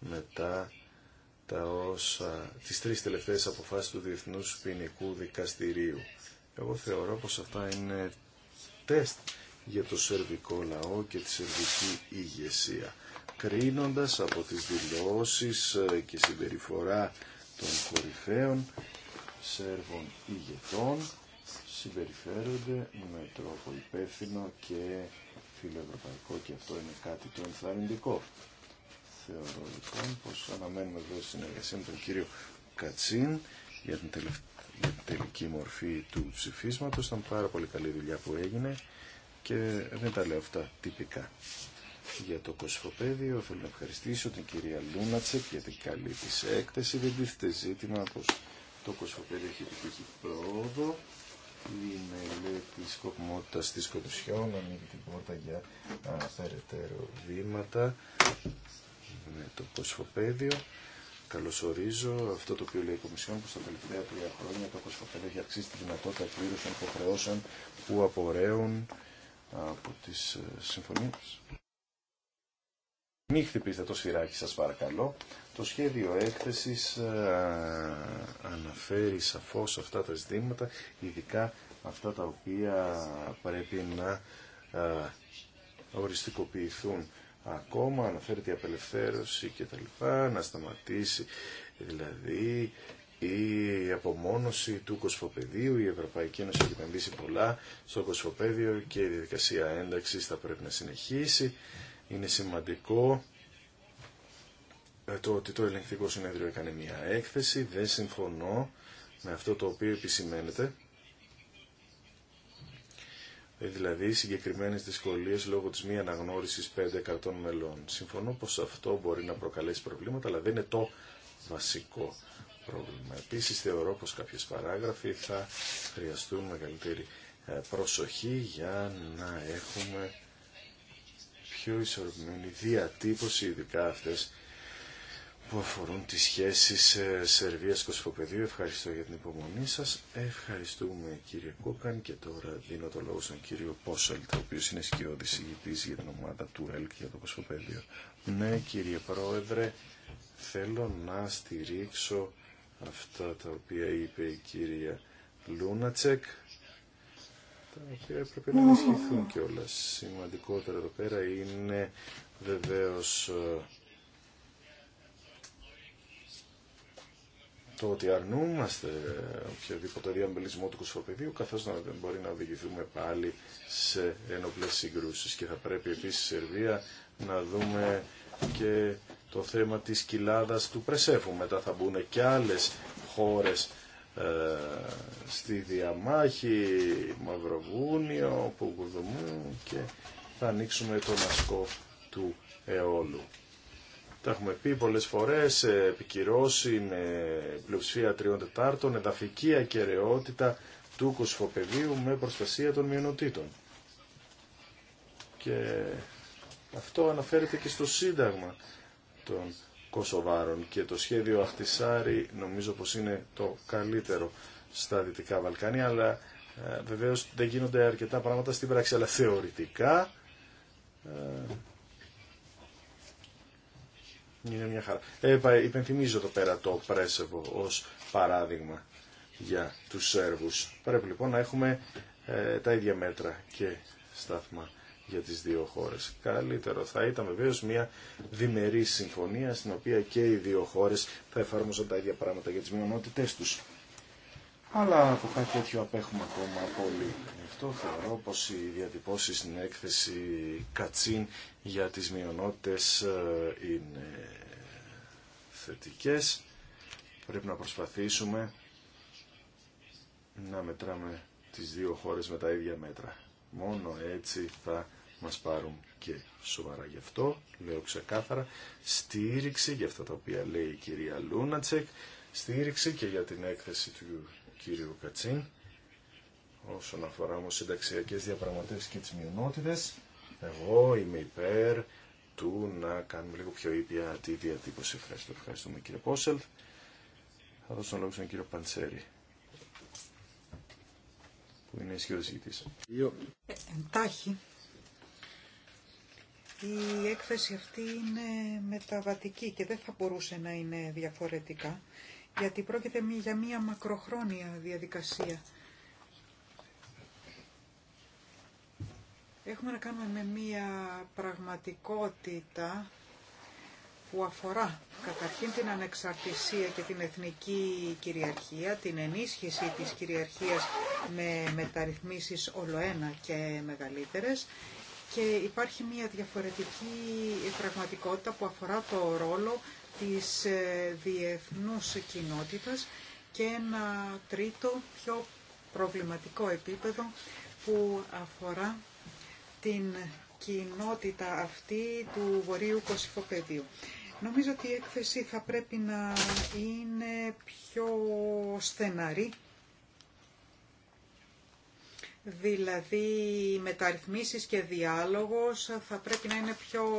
μετά τα όσα, τις τρεις τελευταίες αποφάσεις του Διεθνούς Ποινικού Δικαστηρίου. Εγώ θεωρώ πως αυτά είναι τεστ για το σερβικό λαό και τη σερβική ηγεσία κρίνοντας από τις δηλώσεις ε, και συμπεριφορά των κορυφαίων Σέρβων ηγετών συμπεριφέρονται με τρόπο υπεύθυνο και φιλοευρωπαϊκό και αυτό είναι κάτι το ενθαρρυντικό. Θεωρώ λοιπόν πως αναμένουμε εδώ συνεργασία με τον κύριο Κατσίν για την, τελική μορφή του ψηφίσματος. Ήταν πάρα πολύ καλή δουλειά που έγινε και δεν τα λέω αυτά τυπικά για το κοσφοπέδιο. Θέλω να ευχαριστήσω την κυρία Λούνατσεκ για την καλή τη έκθεση. Δεν τίθεται ζήτημα πω το κοσφοπέδιο έχει επιτύχει πρόοδο. Η μελέτη σκοπιμότητα τη Κοντουσιών ανοίγει την πόρτα για περαιτέρω βήματα με το κοσφοπέδιο. Καλωσορίζω αυτό το οποίο λέει η Κομισιόν, που στα τελευταία τρία χρόνια το Κοσμοπέδιο έχει αυξήσει τη δυνατότητα εκπλήρωση των υποχρεώσεων που απορρέουν από τις ε, συμφωνίες. Μην χτυπήσετε το σφυράκι σας παρακαλώ. Το σχέδιο έκθεσης ε, αναφέρει σαφώς αυτά τα ζητήματα, ειδικά αυτά τα οποία πρέπει να ε, οριστικοποιηθούν ακόμα, αναφέρεται η απελευθέρωση και τα λοιπά, να σταματήσει δηλαδή η απομόνωση του κοσφοπεδίου, η Ευρωπαϊκή Ένωση έχει επενδύσει πολλά στο κοσφοπέδιο και η διαδικασία ένταξης θα πρέπει να συνεχίσει. Είναι σημαντικό ε, το ότι το ελεγκτικό συνέδριο έκανε μια έκθεση. Δεν συμφωνώ με αυτό το οποίο επισημαίνεται. Ε, δηλαδή συγκεκριμένε δυσκολίε λόγω της μη αναγνώρισης 5% μελών. Συμφωνώ πως αυτό μπορεί να προκαλέσει προβλήματα, αλλά δεν είναι το βασικό πρόβλημα. Επίσης θεωρώ πω κάποιες παράγραφοι θα χρειαστούν μεγαλύτερη ε, προσοχή για να έχουμε πιο ισορροπημένη διατύπωση, ειδικά αυτές που αφορούν τις σχέσεις ε, Σερβίας-Κοσφοπεδίου. Ευχαριστώ για την υπομονή σας. Ευχαριστούμε κύριε Κόκαν και τώρα δίνω το λόγο στον κύριο Πόσελ ο οποίο είναι σκιώδης ηγητής για την ομάδα του ΕΛΚ για το Κοσφοπεδίο. Ναι κύριε Πρόεδρε, θέλω να στηρίξω αυτά τα οποία είπε η κυρία Λούνατσεκ πρέπει να ενισχυθούν και όλα. Σημαντικότερα εδώ πέρα είναι βεβαίως ε, το ότι αρνούμαστε οποιαδήποτε διαμπελισμό του κοσμοπεδίου, καθώς να δεν μπορεί να οδηγηθούμε πάλι σε ενοπλές συγκρούσεις. Και θα πρέπει επίσης η Σερβία να δούμε και το θέμα της κοιλάδας του Πρεσέφου. Μετά θα μπουν και άλλες χώρες ε, στη Διαμάχη, Μαυροβούνιο, Πουγκουδουμού και θα ανοίξουμε τον ασκό του αιώλου. Τα έχουμε πει πολλές φορές, επικυρώσει με πλειοψηφία τριών τετάρτων, εδαφική ακεραιότητα του κοσφοπεδίου με προστασία των μειονοτήτων. Και αυτό αναφέρεται και στο Σύνταγμα των Κωσοβάρων και το σχέδιο Αχτισάρη νομίζω πως είναι το καλύτερο στα Δυτικά Βαλκάνια αλλά ε, βεβαίως δεν γίνονται αρκετά πράγματα στην πράξη αλλά θεωρητικά ε, είναι μια χαρά. Ε, υπενθυμίζω το πέρα το Πρέσεβο ως παράδειγμα για τους Σέρβους. Πρέπει λοιπόν να έχουμε ε, τα ίδια μέτρα και στάθμα για τις δύο χώρες. Καλύτερο θα ήταν βεβαίως μια διμερή συμφωνία στην οποία και οι δύο χώρες θα εφάρμοζαν τα ίδια πράγματα για τις μειονότητες τους. Αλλά από κάτι τέτοιο απέχουμε ακόμα πολύ. Γι' αυτό θεωρώ πως οι διατυπώσεις στην έκθεση Κατσίν για τις μειονότητες ε, είναι θετικές. Πρέπει να προσπαθήσουμε να μετράμε τις δύο χώρες με τα ίδια μέτρα. Μόνο έτσι θα μας πάρουν και σοβαρά γι' αυτό, λέω ξεκάθαρα, στήριξη για αυτά τα οποία λέει η κυρία Λούνατσεκ, στήριξη και για την έκθεση του κύριου Κατσίν, όσον αφορά όμως συνταξιακές διαπραγματεύσεις και τις μειονότητες, εγώ είμαι υπέρ του να κάνουμε λίγο πιο ήπια τη διατύπωση. Ευχαριστώ, ευχαριστούμε κύριε Πόσελτ. Θα δώσω λόγο στον κύριο Παντσέρη που είναι ισχυρός ζητή. Ε, εντάχει, η έκθεση αυτή είναι μεταβατική και δεν θα μπορούσε να είναι διαφορετικά, γιατί πρόκειται για μία μακροχρόνια διαδικασία. Έχουμε να κάνουμε με μία πραγματικότητα που αφορά καταρχήν την ανεξαρτησία και την εθνική κυριαρχία, την ενίσχυση της κυριαρχίας με μεταρρυθμίσεις ολοένα και μεγαλύτερες και υπάρχει μια διαφορετική πραγματικότητα που αφορά το ρόλο της ε, διεθνούς κοινότητας και ένα τρίτο πιο προβληματικό επίπεδο που αφορά την κοινότητα αυτή του Βορείου Κωσυφοπεδίου. Νομίζω ότι η έκθεση θα πρέπει να είναι πιο στεναρή δηλαδή μεταρρυθμίσεις και διάλογος θα πρέπει να είναι πιο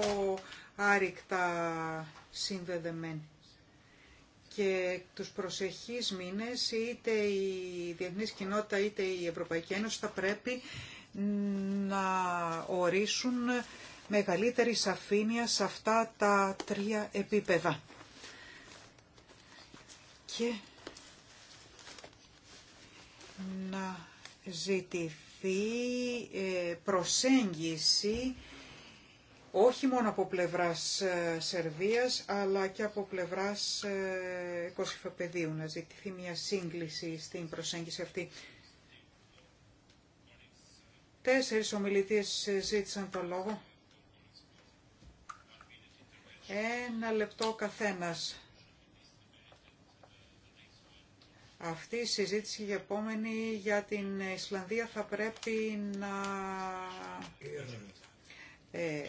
άρρηκτα συνδεδεμένοι. Και τους προσεχείς μήνες είτε η διεθνής κοινότητα είτε η Ευρωπαϊκή Ένωση θα πρέπει να ορίσουν μεγαλύτερη σαφήνεια σε αυτά τα τρία επίπεδα. Και ζητηθεί ε, προσέγγιση όχι μόνο από πλευράς ε, Σερβίας, αλλά και από πλευράς ε, Κωσυφοπεδίου, να ζητηθεί μια σύγκληση στην προσέγγιση αυτή. Τέσσερις ομιλητές ζήτησαν το λόγο. Ένα λεπτό καθένας. Αυτή η συζήτηση για επόμενη για την Ισλανδία θα πρέπει να ε,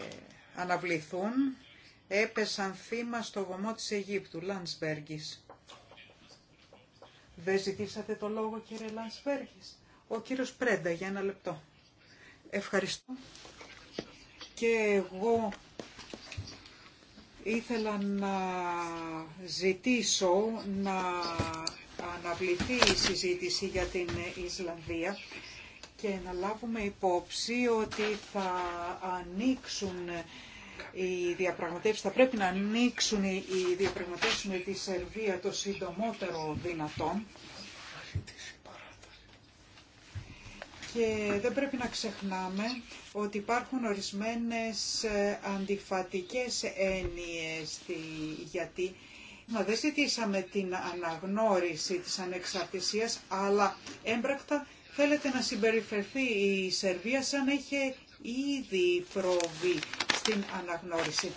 αναβληθούν. Έπεσαν θύμα στο βωμό της Αιγύπτου, Λανσβέργης. Δεν ζητήσατε το λόγο κύριε Λανσβέργης. Ο κύριος Πρέντα για ένα λεπτό. Ευχαριστώ. Και εγώ ήθελα να ζητήσω να θα αναβληθεί η συζήτηση για την Ισλανδία και να λάβουμε υπόψη ότι θα ανοίξουν οι διαπραγματεύσεις, θα πρέπει να ανοίξουν οι διαπραγματεύσεις με τη Σερβία το συντομότερο δυνατόν. Και δεν πρέπει να ξεχνάμε ότι υπάρχουν ορισμένες αντιφατικές έννοιες γιατί να δεν ζητήσαμε την αναγνώριση της ανεξαρτησίας, αλλά έμπρακτα θέλετε να συμπεριφερθεί η Σερβία σαν είχε ήδη προβεί στην αναγνώριση.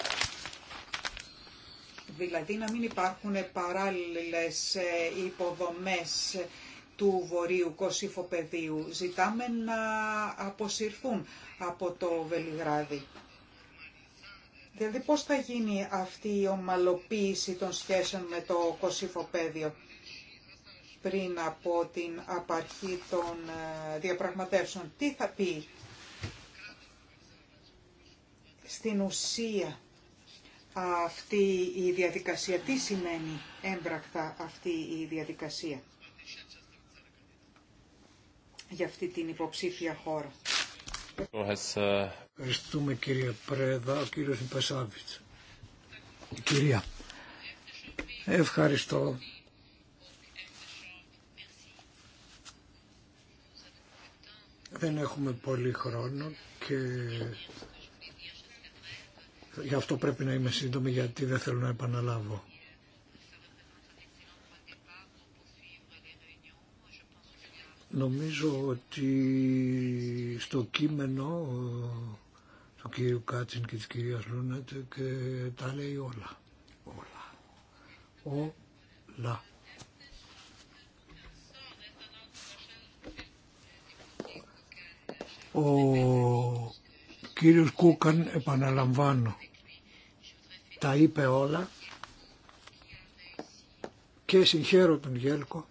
Δηλαδή να μην υπάρχουν παράλληλες ε, υποδομές του Βορείου Κωσυφοπεδίου. Ζητάμε να αποσυρθούν από το Βελιγράδι. Δηλαδή πώς θα γίνει αυτή η ομαλοποίηση των σχέσεων με το κοσυφοπέδιο πριν από την απαρχή των ε, διαπραγματεύσεων. Τι θα πει στην ουσία αυτή η διαδικασία, τι σημαίνει έμπρακτα αυτή η διαδικασία για αυτή την υποψήφια χώρα. Uh, Ευχαριστούμε κύριε Πρέδα, ο κύριος Κυρία, ευχαριστώ. Δεν έχουμε πολύ χρόνο και γι' αυτό πρέπει να είμαι σύντομη γιατί δεν θέλω να επαναλάβω. Νομίζω ότι στο κείμενο ε, του κύριου Κάτσιν και της κυρίας Λούνετ ε, και τα λέει όλα. Όλα. Όλα. Ο κύριος Κούκαν, επαναλαμβάνω, τα είπε όλα και συγχαίρω τον Γέλκο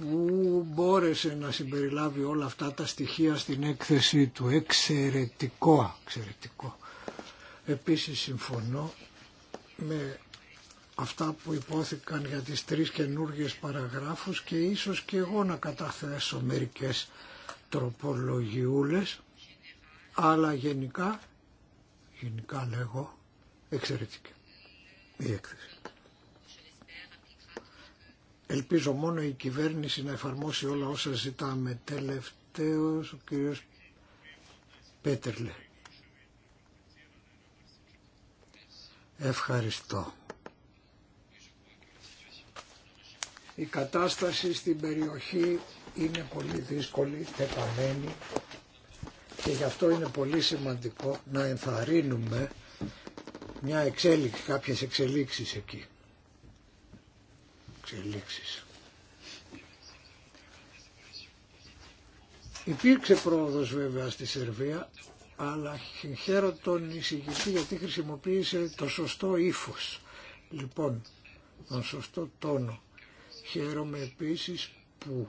που μπόρεσε να συμπεριλάβει όλα αυτά τα στοιχεία στην έκθεση του εξαιρετικό, εξαιρετικό. Επίσης συμφωνώ με αυτά που υπόθηκαν για τις τρεις καινούργιες παραγράφους και ίσως και εγώ να καταθέσω μερικές τροπολογιούλες αλλά γενικά, γενικά λέγω, εξαιρετική η έκθεση. Ελπίζω μόνο η κυβέρνηση να εφαρμόσει όλα όσα ζητάμε. Τελευταίος ο κύριος Πέτερλε. Ευχαριστώ. Η κατάσταση στην περιοχή είναι πολύ δύσκολη, τεταμένη και γι' αυτό είναι πολύ σημαντικό να ενθαρρύνουμε μια εξέλιξη, κάποιες εξελίξεις εκεί εξελίξεις. Υπήρξε πρόοδος βέβαια στη Σερβία, αλλά χαίρο τον εισηγητή γιατί χρησιμοποίησε το σωστό ύφος. Λοιπόν, τον σωστό τόνο. Χαίρομαι επίσης που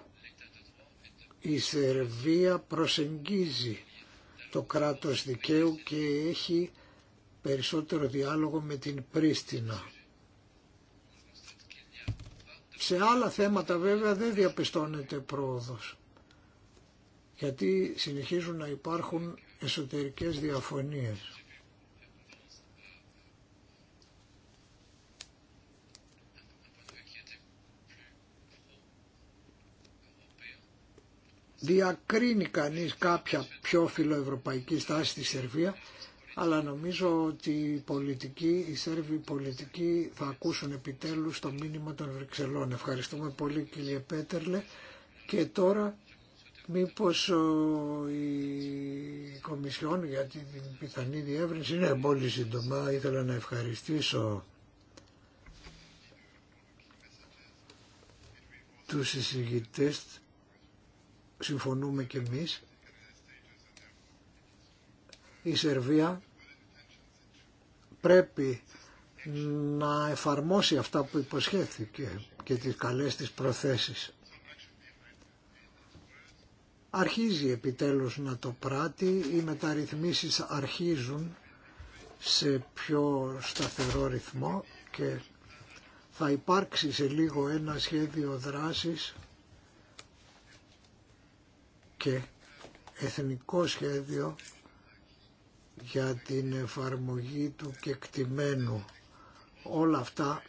η Σερβία προσεγγίζει το κράτος δικαίου και έχει περισσότερο διάλογο με την Πρίστινα. Σε άλλα θέματα βέβαια δεν διαπιστώνεται πρόοδος γιατί συνεχίζουν να υπάρχουν εσωτερικές διαφωνίες. Διακρίνει κανείς κάποια πιο φιλοευρωπαϊκή στάση στη Σερβία αλλά νομίζω ότι οι πολιτικοί, οι Σέρβοι πολιτικοί θα ακούσουν επιτέλους το μήνυμα των Βρυξελών. Ευχαριστούμε πολύ κύριε Πέτερλε και τώρα μήπως η Κομισιόν για την πιθανή διεύρυνση, Είναι πολύ σύντομα ήθελα να ευχαριστήσω τους συζητητές συμφωνούμε και εμείς η Σερβία πρέπει να εφαρμόσει αυτά που υποσχέθηκε και τις καλές της προθέσεις. Αρχίζει επιτέλους να το πράττει, οι μεταρρυθμίσεις αρχίζουν σε πιο σταθερό ρυθμό και θα υπάρξει σε λίγο ένα σχέδιο δράσης και εθνικό σχέδιο για την εφαρμογή του κεκτημένου. Όλα αυτά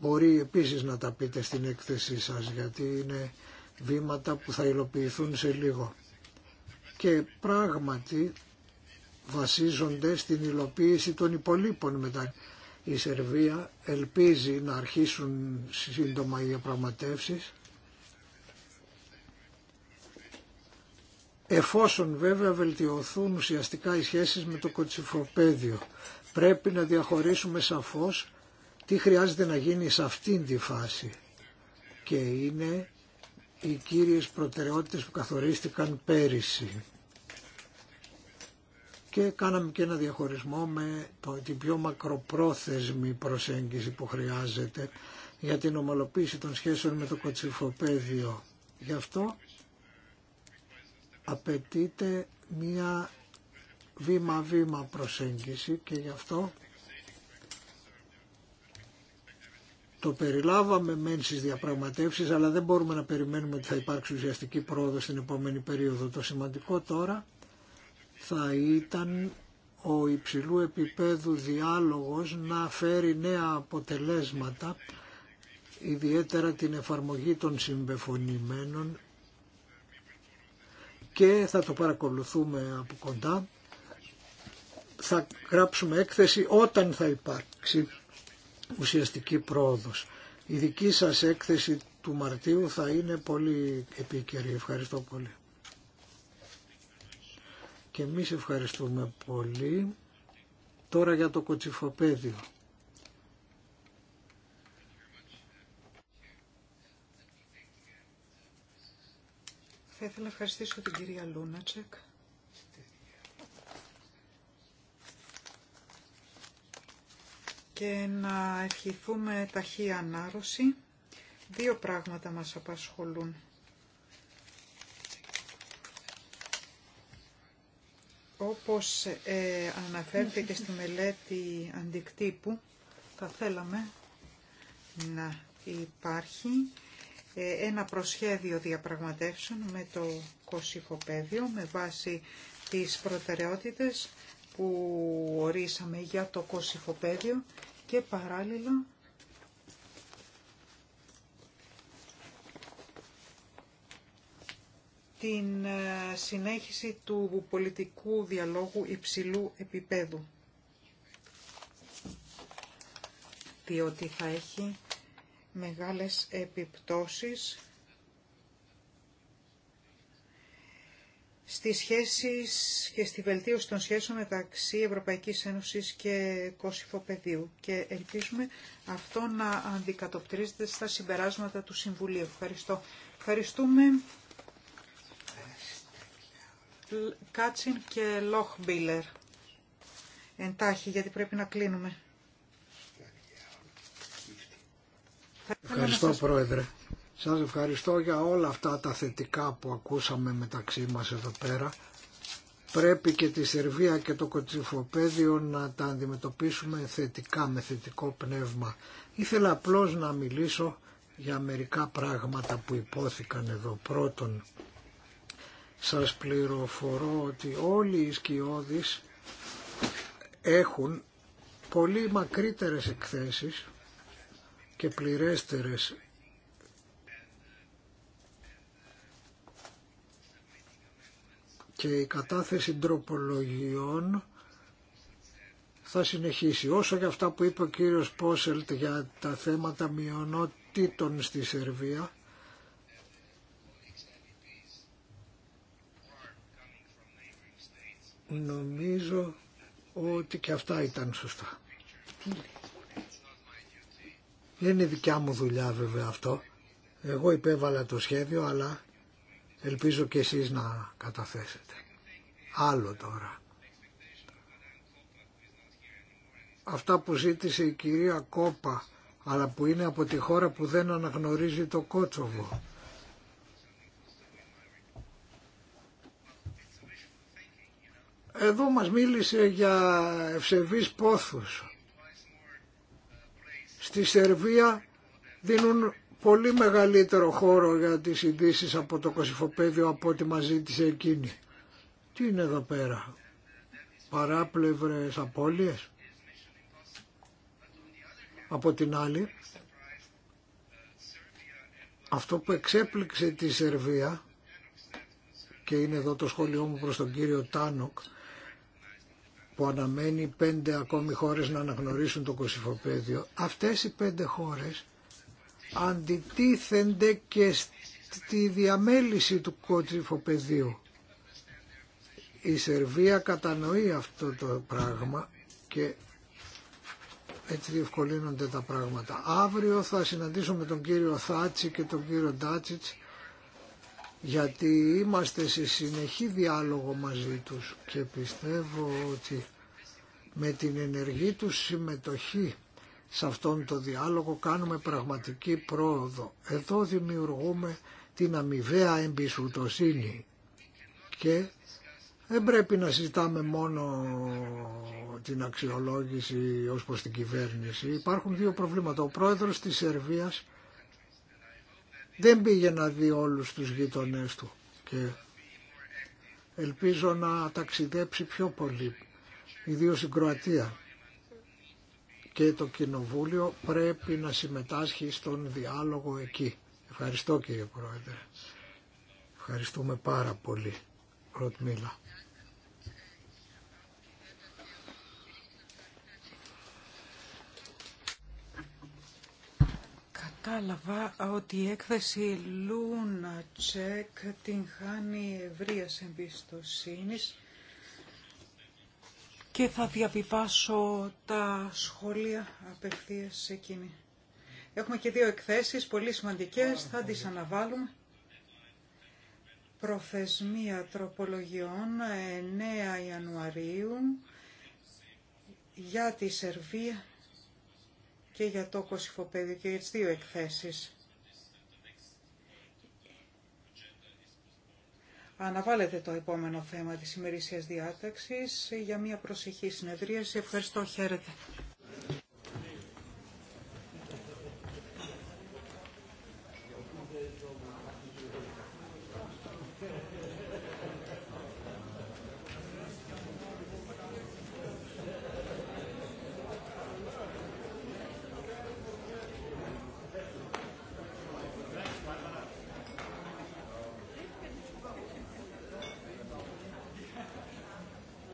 μπορεί επίσης να τα πείτε στην έκθεσή σας γιατί είναι βήματα που θα υλοποιηθούν σε λίγο. Και πράγματι βασίζονται στην υλοποίηση των υπολείπων μετά. Η Σερβία ελπίζει να αρχίσουν σύντομα οι διαπραγματεύσεις εφόσον βέβαια βελτιωθούν ουσιαστικά οι σχέσεις με το κοτσιφροπέδιο. Πρέπει να διαχωρίσουμε σαφώς τι χρειάζεται να γίνει σε αυτήν τη φάση. Και είναι οι κύριες προτεραιότητες που καθορίστηκαν πέρυσι. Και κάναμε και ένα διαχωρισμό με το, την πιο μακροπρόθεσμη προσέγγιση που χρειάζεται για την ομαλοποίηση των σχέσεων με το κοτσιφοπέδιο. Γι' αυτό Απαιτείται μία βήμα-βήμα προσέγγιση και γι' αυτό το περιλάβαμε μεν στις διαπραγματεύσεις αλλά δεν μπορούμε να περιμένουμε ότι θα υπάρξει ουσιαστική πρόοδο στην επόμενη περίοδο. Το σημαντικό τώρα θα ήταν ο υψηλού επίπεδου διάλογος να φέρει νέα αποτελέσματα ιδιαίτερα την εφαρμογή των συμπεφωνημένων και θα το παρακολουθούμε από κοντά. Θα γράψουμε έκθεση όταν θα υπάρξει ουσιαστική πρόοδος. Η δική σας έκθεση του Μαρτίου θα είναι πολύ επίκαιρη. Ευχαριστώ πολύ. Και εμείς ευχαριστούμε πολύ. Τώρα για το κοτσιφοπέδιο. Θα ήθελα να ευχαριστήσω την κυρία Λούνατσεκ. Και να ευχηθούμε ταχύ ανάρρωση. Δύο πράγματα μας απασχολούν. Όπως ε, αναφέρθηκε στη μελέτη αντικτύπου, θα θέλαμε να υπάρχει ένα προσχέδιο διαπραγματεύσεων με το Κωσυφοπέδιο με βάση τις προτεραιότητες που ορίσαμε για το Κωσυφοπέδιο και παράλληλα την ε, συνέχιση του πολιτικού διαλόγου υψηλού επίπεδου διότι θα έχει μεγάλες επιπτώσεις στις σχέσεις και στη βελτίωση των σχέσεων μεταξύ Ευρωπαϊκής Ένωσης και Κωσυφοπεδίου και ελπίζουμε αυτό να αντικατοπτρίζεται στα συμπεράσματα του Συμβουλίου. Ευχαριστώ. Ευχαριστούμε Κάτσιν και Λόχμπίλερ. Εντάχει γιατί πρέπει να κλείνουμε. Ευχαριστώ Πρόεδρε. Σας ευχαριστώ για όλα αυτά τα θετικά που ακούσαμε μεταξύ μας εδώ πέρα. Πρέπει και τη Σερβία και το Κοτσιφοπέδιο να τα αντιμετωπίσουμε θετικά, με θετικό πνεύμα. Ήθελα απλώς να μιλήσω για μερικά πράγματα που υπόθηκαν εδώ. Πρώτον, σας πληροφορώ ότι όλοι οι σκιώδεις έχουν πολύ μακρύτερες εκθέσεις και πληρέστερες και η κατάθεση τροπολογιών θα συνεχίσει. Όσο για αυτά που είπε ο κύριος Πόσελτ για τα θέματα μειονότητων στη Σερβία, νομίζω ότι και αυτά ήταν σωστά. Δεν είναι δικιά μου δουλειά βέβαια αυτό. Εγώ υπέβαλα το σχέδιο αλλά ελπίζω και εσείς να καταθέσετε. Άλλο τώρα. Αυτά που ζήτησε η κυρία Κόπα αλλά που είναι από τη χώρα που δεν αναγνωρίζει το Κότσοβο. Εδώ μας μίλησε για ευσεβείς πόθους. Στη Σερβία δίνουν πολύ μεγαλύτερο χώρο για τις ειδήσει από το Κωσυφοπέδιο από ό,τι μαζί ζήτησε εκείνη. Τι είναι εδώ πέρα, παράπλευρες απώλειες. Από την άλλη, αυτό που εξέπληξε τη Σερβία και είναι εδώ το σχόλιο μου προς τον κύριο Τάνοκ που αναμένει πέντε ακόμη χώρες να αναγνωρίσουν το κοσυφοπαίδιο. Αυτές οι πέντε χώρες αντιτίθενται και στη διαμέληση του κοσυφοπαιδίου. Η Σερβία κατανοεί αυτό το πράγμα και έτσι διευκολύνονται τα πράγματα. Αύριο θα συναντήσω τον κύριο Θάτσι και τον κύριο Ντάτσιτς γιατί είμαστε σε συνεχή διάλογο μαζί τους και πιστεύω ότι με την ενεργή τους συμμετοχή σε αυτόν τον διάλογο κάνουμε πραγματική πρόοδο. Εδώ δημιουργούμε την αμοιβαία εμπισουτοσύνη και δεν πρέπει να συζητάμε μόνο την αξιολόγηση ως προς την κυβέρνηση. Υπάρχουν δύο προβλήματα. Ο πρόεδρος της Σερβίας δεν πήγε να δει όλους τους γείτονές του και ελπίζω να ταξιδέψει πιο πολύ, ιδίως στην Κροατία. Και το Κοινοβούλιο πρέπει να συμμετάσχει στον διάλογο εκεί. Ευχαριστώ κύριε Πρόεδρε. Ευχαριστούμε πάρα πολύ. κατάλαβα ότι η έκθεση Λούνα Τσεκ την χάνει ευρεία εμπιστοσύνη και θα διαβιβάσω τα σχόλια απευθείας σε εκείνη. Έχουμε και δύο εκθέσεις πολύ σημαντικές, θα τις αναβάλουμε. Προθεσμία τροπολογιών 9 Ιανουαρίου για τη Σερβία και για το Κωσυφοπέδιο και για τις δύο εκθέσεις. Αναβάλλεται το επόμενο θέμα της ημερήσιας διάταξης για μια προσεχή συνεδρίαση. Ευχαριστώ. Χαίρετε.